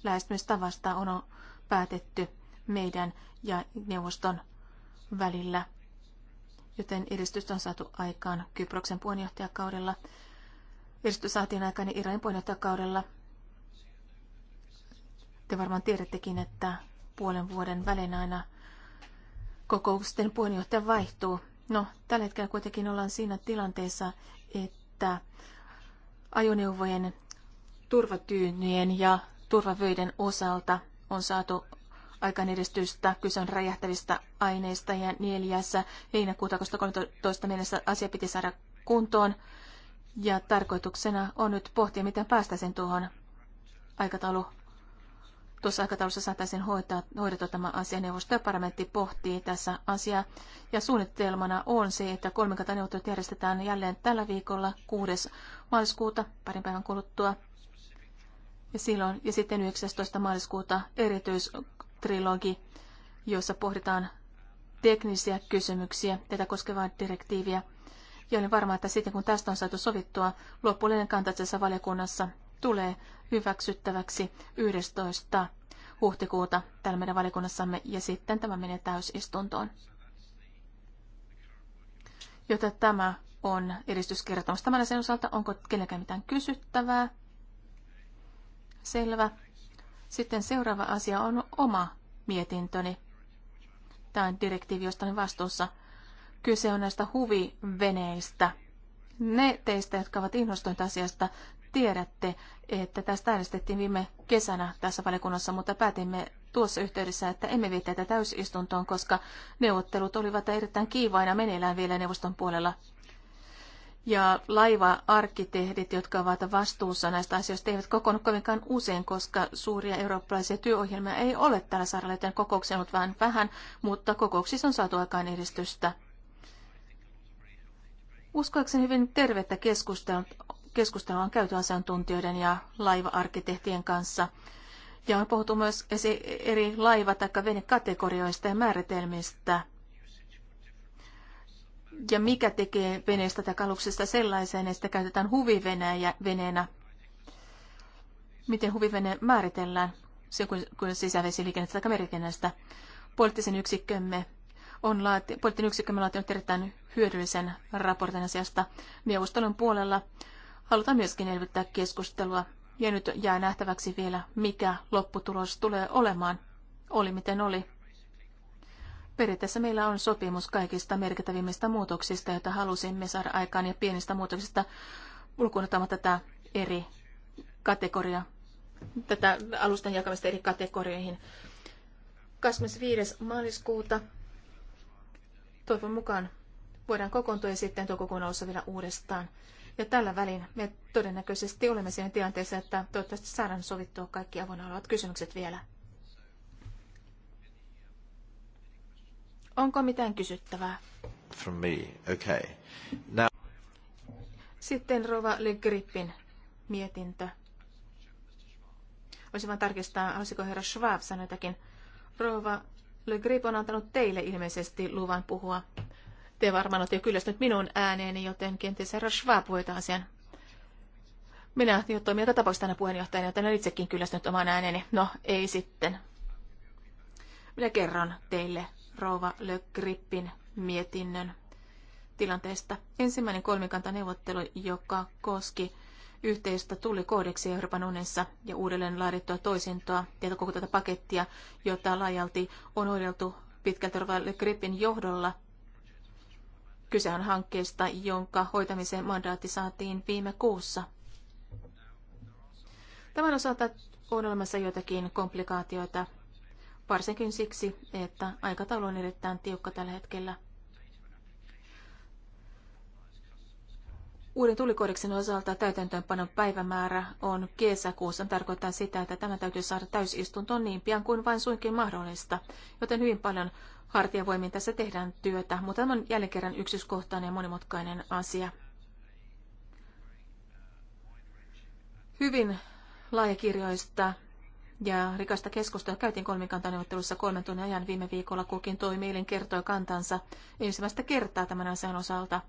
lähestymistavasta on päätetty meidän ja neuvoston välillä, joten edistystä on saatu aikaan Kyproksen puheenjohtajakaudella. Edistys saatiin aikaan Iranin puheenjohtajakaudella. Te varmaan tiedättekin, että puolen vuoden välein aina – kokousten puheenjohtaja vaihtuu. No, tällä hetkellä kuitenkin ollaan siinä tilanteessa, että ajoneuvojen turvatyynyjen ja turvavöiden osalta on saatu aikaan edistystä. Kyse on räjähtävistä aineista ja neljässä heinäkuuta 2013 mennessä asia piti saada kuntoon. Ja tarkoituksena on nyt pohtia, miten päästäisiin tuohon aikataulu tuossa aikataulussa saataisiin hoitaa, hoidettua tämä asia. Neuvosto ja parlamentti pohtii tässä asiaa. Ja suunnitelmana on se, että kolmikantaneuvottelut järjestetään jälleen tällä viikolla 6. maaliskuuta, parin päivän kuluttua. Ja, silloin, ja sitten 19. maaliskuuta erityistrilogi, jossa pohditaan teknisiä kysymyksiä, tätä koskevaa direktiiviä. Ja olen varma, että sitten kun tästä on saatu sovittua, loppullinen kanta tässä valiokunnassa tulee hyväksyttäväksi 11. huhtikuuta täällä meidän valikunnassamme ja sitten tämä menee täysistuntoon. Joten tämä on edistyskertomus tämän sen osalta. Onko kenelläkään mitään kysyttävää? Selvä. Sitten seuraava asia on oma mietintöni. Tämä on direktiivi, josta olen vastuussa. Kyse on näistä huviveneistä. Ne teistä, jotka ovat innostuneet asiasta, tiedätte, että tästä äänestettiin viime kesänä tässä valiokunnassa, mutta päätimme tuossa yhteydessä, että emme vie tätä täysistuntoon, koska neuvottelut olivat erittäin kiivaina meneillään vielä neuvoston puolella. Ja laiva-arkkitehdit, jotka ovat vastuussa näistä asioista, eivät kokoonnut kovinkaan usein, koska suuria eurooppalaisia työohjelmia ei ole tällä saralla, joten kokouksia on vain vähän, mutta kokouksissa on saatu aikaan edistystä. Uskoakseni hyvin tervettä keskustelua keskustelua on käyty asiantuntijoiden ja laiva-arkkitehtien kanssa. Ja on puhuttu myös eri laiva- tai venekategorioista ja määritelmistä. Ja mikä tekee veneestä tai kaluksesta sellaiseen, että käytetään huviveneenä? Miten huvivene määritellään? Se kun, kun sisävesiliikennettä tai merikennästä. Poliittisen yksikkömme on laati, poliittinen yksikkömme on laatinut erittäin hyödyllisen raportin asiasta neuvostelun puolella halutaan myöskin elvyttää keskustelua. Ja nyt jää nähtäväksi vielä, mikä lopputulos tulee olemaan. Oli miten oli. Periaatteessa meillä on sopimus kaikista merkittävimmistä muutoksista, joita halusimme saada aikaan, ja pienistä muutoksista ulkuunottamatta tätä eri kategoriaa, tätä alustan jakamista eri kategorioihin. 25. maaliskuuta toivon mukaan voidaan kokoontua ja sitten toukokuun alussa vielä uudestaan. Ja tällä välin me todennäköisesti olemme siinä tilanteessa, että toivottavasti saadaan sovittua kaikki avoinna olevat kysymykset vielä. Onko mitään kysyttävää? From me, okay. Now... Sitten Rova Le Grippin mietintö. Voisin vain tarkistaa, olisiko herra Schwab sanoi jotakin. Rova Le Grip on antanut teille ilmeisesti luvan puhua te varmaan olette jo kyllästynyt minun ääneeni, joten kenties herra Schwab hoitaa asian. Minä jo toimin joka tapauksessa tänä puheenjohtajana, joten olen itsekin kyllästynyt oman ääneni. No, ei sitten. Minä kerron teille rouva Le Grippin mietinnön tilanteesta. Ensimmäinen kolmikantaneuvottelu, joka koski yhteistä kohdeksi Euroopan unessa ja uudelleen laadittua toisintoa tieto tätä pakettia, jota laajalti on hoideltu pitkälti Rova Le Grippin johdolla – Kyse on hankkeesta, jonka hoitamiseen mandaatti saatiin viime kuussa. Tämän osalta on olemassa joitakin komplikaatioita, varsinkin siksi, että aikataulu on erittäin tiukka tällä hetkellä. Uuden tulikodeksen osalta täytäntöönpanon päivämäärä on kesäkuussa. Tarkoittaa sitä, että tämä täytyy saada täysistuntoon niin pian kuin vain suinkin mahdollista, joten hyvin paljon hartiavoimin tässä tehdään työtä, mutta tämä on jälleen kerran yksityiskohtainen ja monimutkainen asia. Hyvin laajakirjoista ja rikasta keskustelua käytiin kolmikantaneuvottelussa kolmen tunnin ajan viime viikolla. Kukin toimielin kertoi kantansa ensimmäistä kertaa tämän asian osalta.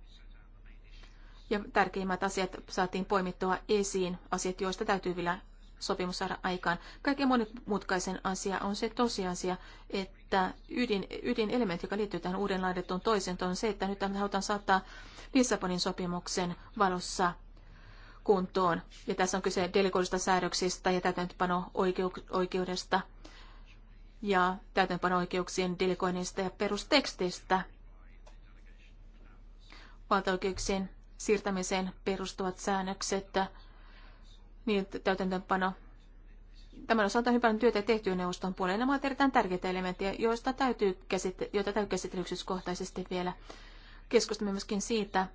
Ja tärkeimmät asiat saatiin poimittua esiin, asiat joista täytyy vielä sopimus saada aikaan. Kaiken monimutkaisen asia on se tosiasia, että ydin, ydinelementti, joka liittyy tähän uuden laadettuun toisen, on se, että nyt halutaan saattaa Lissabonin sopimuksen valossa kuntoon. Ja tässä on kyse delegoidusta säädöksistä ja täytäntöpano oikeudesta ja täytäntöpano-oikeuksien delegoinnista ja perustekstistä. Valtaoikeuksien siirtämiseen perustuvat säännökset niin täytäntöönpano. Tämän osalta hyvän työtä tehtyä neuvoston puolella. Nämä ovat erittäin tärkeitä elementtejä, joista täytyy käsite- joita täytyy käsitellä yksityiskohtaisesti vielä. Keskustelemme myöskin siitä,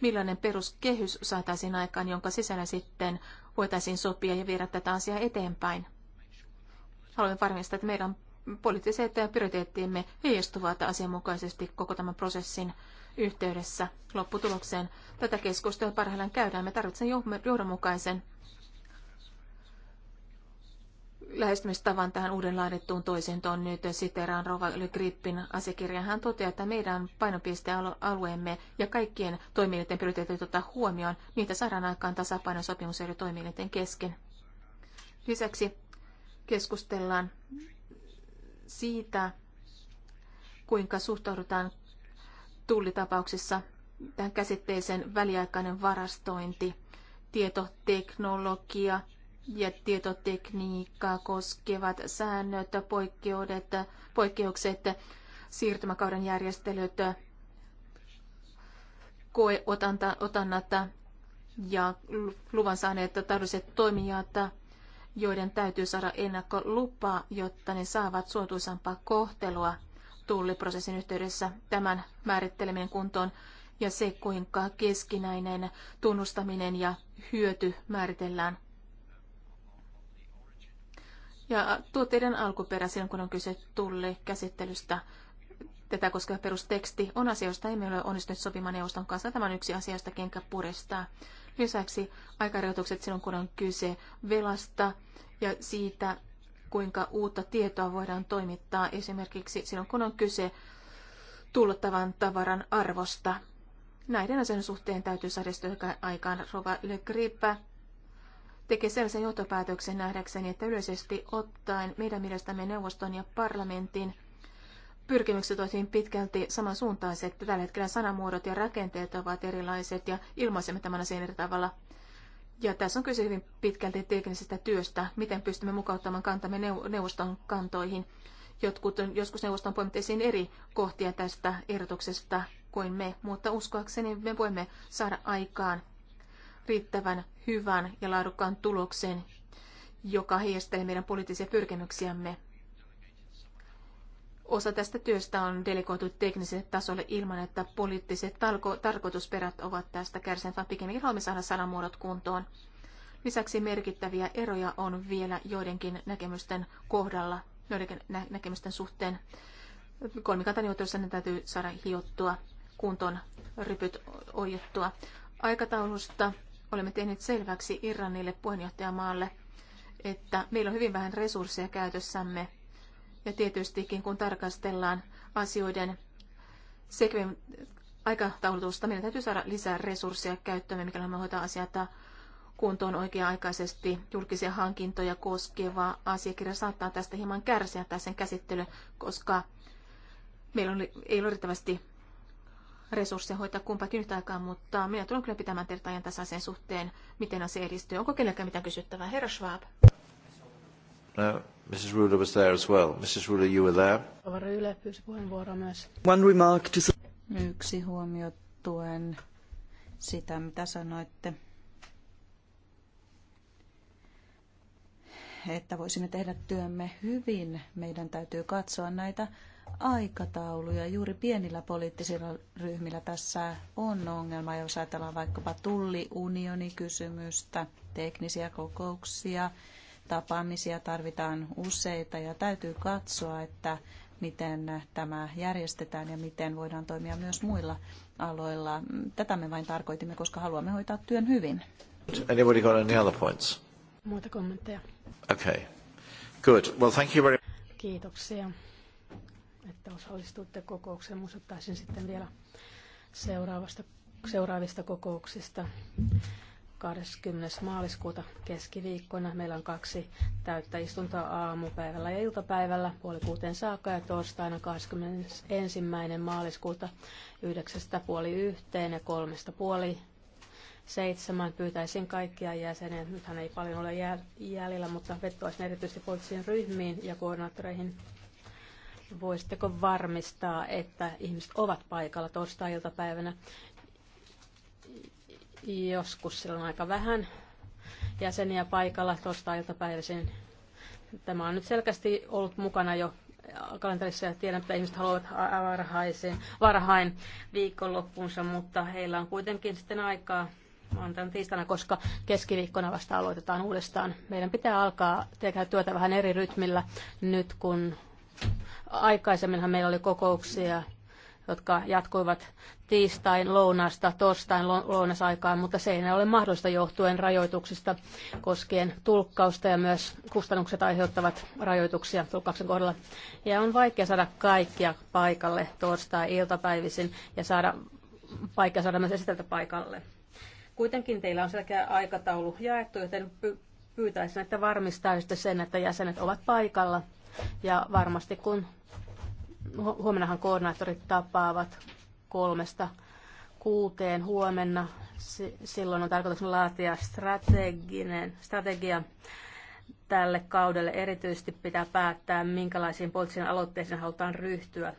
millainen peruskehys saataisiin aikaan, jonka sisällä sitten voitaisiin sopia ja viedä tätä asiaa eteenpäin. Haluamme varmistaa, että meidän poliittiset prioriteettimme heijastuvat asianmukaisesti koko tämän prosessin yhteydessä lopputulokseen. Tätä keskustelua parhaillaan käydään. Me tarvitsemme johdonmukaisen lähestymistavan tähän uuden laadittuun toisintoon nyt siteraan Rova Grippin asiakirjan. Hän toteaa, että meidän painopistealueemme ja kaikkien toimijoiden prioriteetit ottaa huomioon, niitä saadaan aikaan tasapainosopimus eri toimijoiden kesken. Lisäksi keskustellaan siitä, kuinka suhtaudutaan tullitapauksissa tähän käsitteeseen väliaikainen varastointi, tietoteknologia, ja tietotekniikkaa koskevat säännöt, poikkeudet, poikkeukset, siirtymäkauden järjestelyt, koeotannat ja luvan saaneet tarvitset toimijat, joiden täytyy saada ennakkolupa, jotta ne saavat suotuisampaa kohtelua tulliprosessin yhteydessä tämän määritteleminen kuntoon ja se, kuinka keskinäinen tunnustaminen ja hyöty määritellään ja tuotteiden alkuperä silloin, kun on kyse käsittelystä, Tätä koskeva perusteksti on asioista, ei me ole onnistunut sopimaan neuvoston kanssa. Tämä on yksi asioista, kenkä purestaa. Lisäksi aikarajoitukset silloin, kun on kyse velasta ja siitä, kuinka uutta tietoa voidaan toimittaa esimerkiksi silloin, kun on kyse tullottavan tavaran arvosta. Näiden asioiden suhteen täytyy saada aikaan Rova Le Grippe tekee sellaisen johtopäätöksen nähdäkseni, että yleisesti ottaen meidän mielestämme neuvoston ja parlamentin pyrkimykset ovat hyvin pitkälti samansuuntaiset. Tällä hetkellä sanamuodot ja rakenteet ovat erilaiset ja ilmaisemme tämän asian eri tavalla. Ja tässä on kyse hyvin pitkälti teknisestä työstä, miten pystymme mukauttamaan kantamme neuvoston kantoihin. Jotkut, joskus neuvosto on esiin eri kohtia tästä ehdotuksesta kuin me, mutta uskoakseni me voimme saada aikaan riittävän hyvän ja laadukkaan tuloksen, joka heijastelee meidän poliittisia pyrkimyksiämme. Osa tästä työstä on delegoitu tekniselle tasolle ilman, että poliittiset talko- tarkoitusperät ovat tästä kärsineet, vaan pikemminkin haluamme saada sanamuodot kuntoon. Lisäksi merkittäviä eroja on vielä joidenkin näkemysten kohdalla, joidenkin nä- näkemysten suhteen. Kolmikantaneuvottelussa ne täytyy saada hiottua kuntoon, rypyt oiottua. Aikataulusta olemme tehneet selväksi Irlannille puheenjohtajamaalle, että meillä on hyvin vähän resursseja käytössämme. Ja tietystikin kun tarkastellaan asioiden sekven aikataulutusta, meidän täytyy saada lisää resursseja käyttöön, mikä me hoitaa asiat kuntoon oikea-aikaisesti. Julkisia hankintoja koskeva asiakirja saattaa tästä hieman kärsiä tai sen käsittely, koska meillä on, ei ole riittävästi resursseja hoitaa kumpakin yhtä aikaa, mutta minä tulen kyllä pitämään teitä ajan tasaisen suhteen, miten asia edistyy. Onko kenelläkään mitään kysyttävää? Herra Schwab. No, Mrs. Ruder was there as well. Mrs. Ruder, you were there. Yle pyysi puheenvuoroa myös. One remark to... Yksi huomio tuen sitä, mitä sanoitte. Että voisimme tehdä työmme hyvin, meidän täytyy katsoa näitä aikatauluja. Juuri pienillä poliittisilla ryhmillä tässä on ongelma, jos ajatellaan vaikkapa tulliunionikysymystä, teknisiä kokouksia, tapaamisia tarvitaan useita ja täytyy katsoa, että miten tämä järjestetään ja miten voidaan toimia myös muilla aloilla. Tätä me vain tarkoitimme, koska haluamme hoitaa työn hyvin. Anybody got any other points? Muita kommentteja. Okay. Good. Well, thank you very... Kiitoksia että osallistutte kokoukseen. Muistuttaisin sitten vielä seuraavasta, seuraavista kokouksista. 20. maaliskuuta keskiviikkona. Meillä on kaksi täyttä istuntoa aamupäivällä ja iltapäivällä puoli kuuteen saakka ja torstaina 21. maaliskuuta yhdeksästä puoli yhteen ja kolmesta puoli seitsemän. Pyytäisin kaikkia jäseniä, nythän ei paljon ole jäljellä, mutta vetoaisin erityisesti poliittisiin ryhmiin ja koordinaattoreihin Voisitteko varmistaa, että ihmiset ovat paikalla torstai-iltapäivänä? Joskus siellä on aika vähän jäseniä paikalla torstai-iltapäivisin. Tämä on nyt selkeästi ollut mukana jo kalenterissa ja tiedän, että ihmiset haluavat varhaisen, varhain viikonloppuunsa, mutta heillä on kuitenkin sitten aikaa maanantaina tiistaina, koska keskiviikkona vasta aloitetaan uudestaan. Meidän pitää alkaa tehdä työtä vähän eri rytmillä nyt, kun Aikaisemminhan meillä oli kokouksia, jotka jatkuivat tiistain lounasta torstain lounasaikaan, mutta se ei ole mahdollista johtuen rajoituksista koskien tulkkausta ja myös kustannukset aiheuttavat rajoituksia tulkkauksen kohdalla. Ja on vaikea saada kaikkia paikalle torstai-iltapäivisin ja saada, vaikea saada myös esiteltä paikalle. Kuitenkin teillä on selkeä aikataulu jaettu, joten pyytäisin, että varmistaisitte sen, että jäsenet ovat paikalla ja varmasti kun huomennahan koordinaattorit tapaavat kolmesta kuuteen huomenna, silloin on tarkoitus laatia strateginen, strategia tälle kaudelle. Erityisesti pitää päättää, minkälaisiin poliittisiin aloitteisiin halutaan ryhtyä.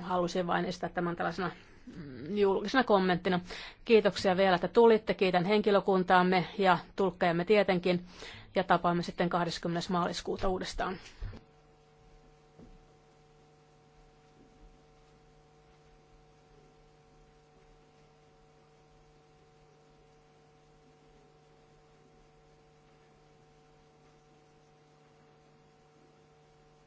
Halusin vain estää tämän tällaisena mm, julkisena kommenttina. Kiitoksia vielä, että tulitte. Kiitän henkilökuntaamme ja tulkkejamme tietenkin ja tapaamme sitten 20. maaliskuuta uudestaan.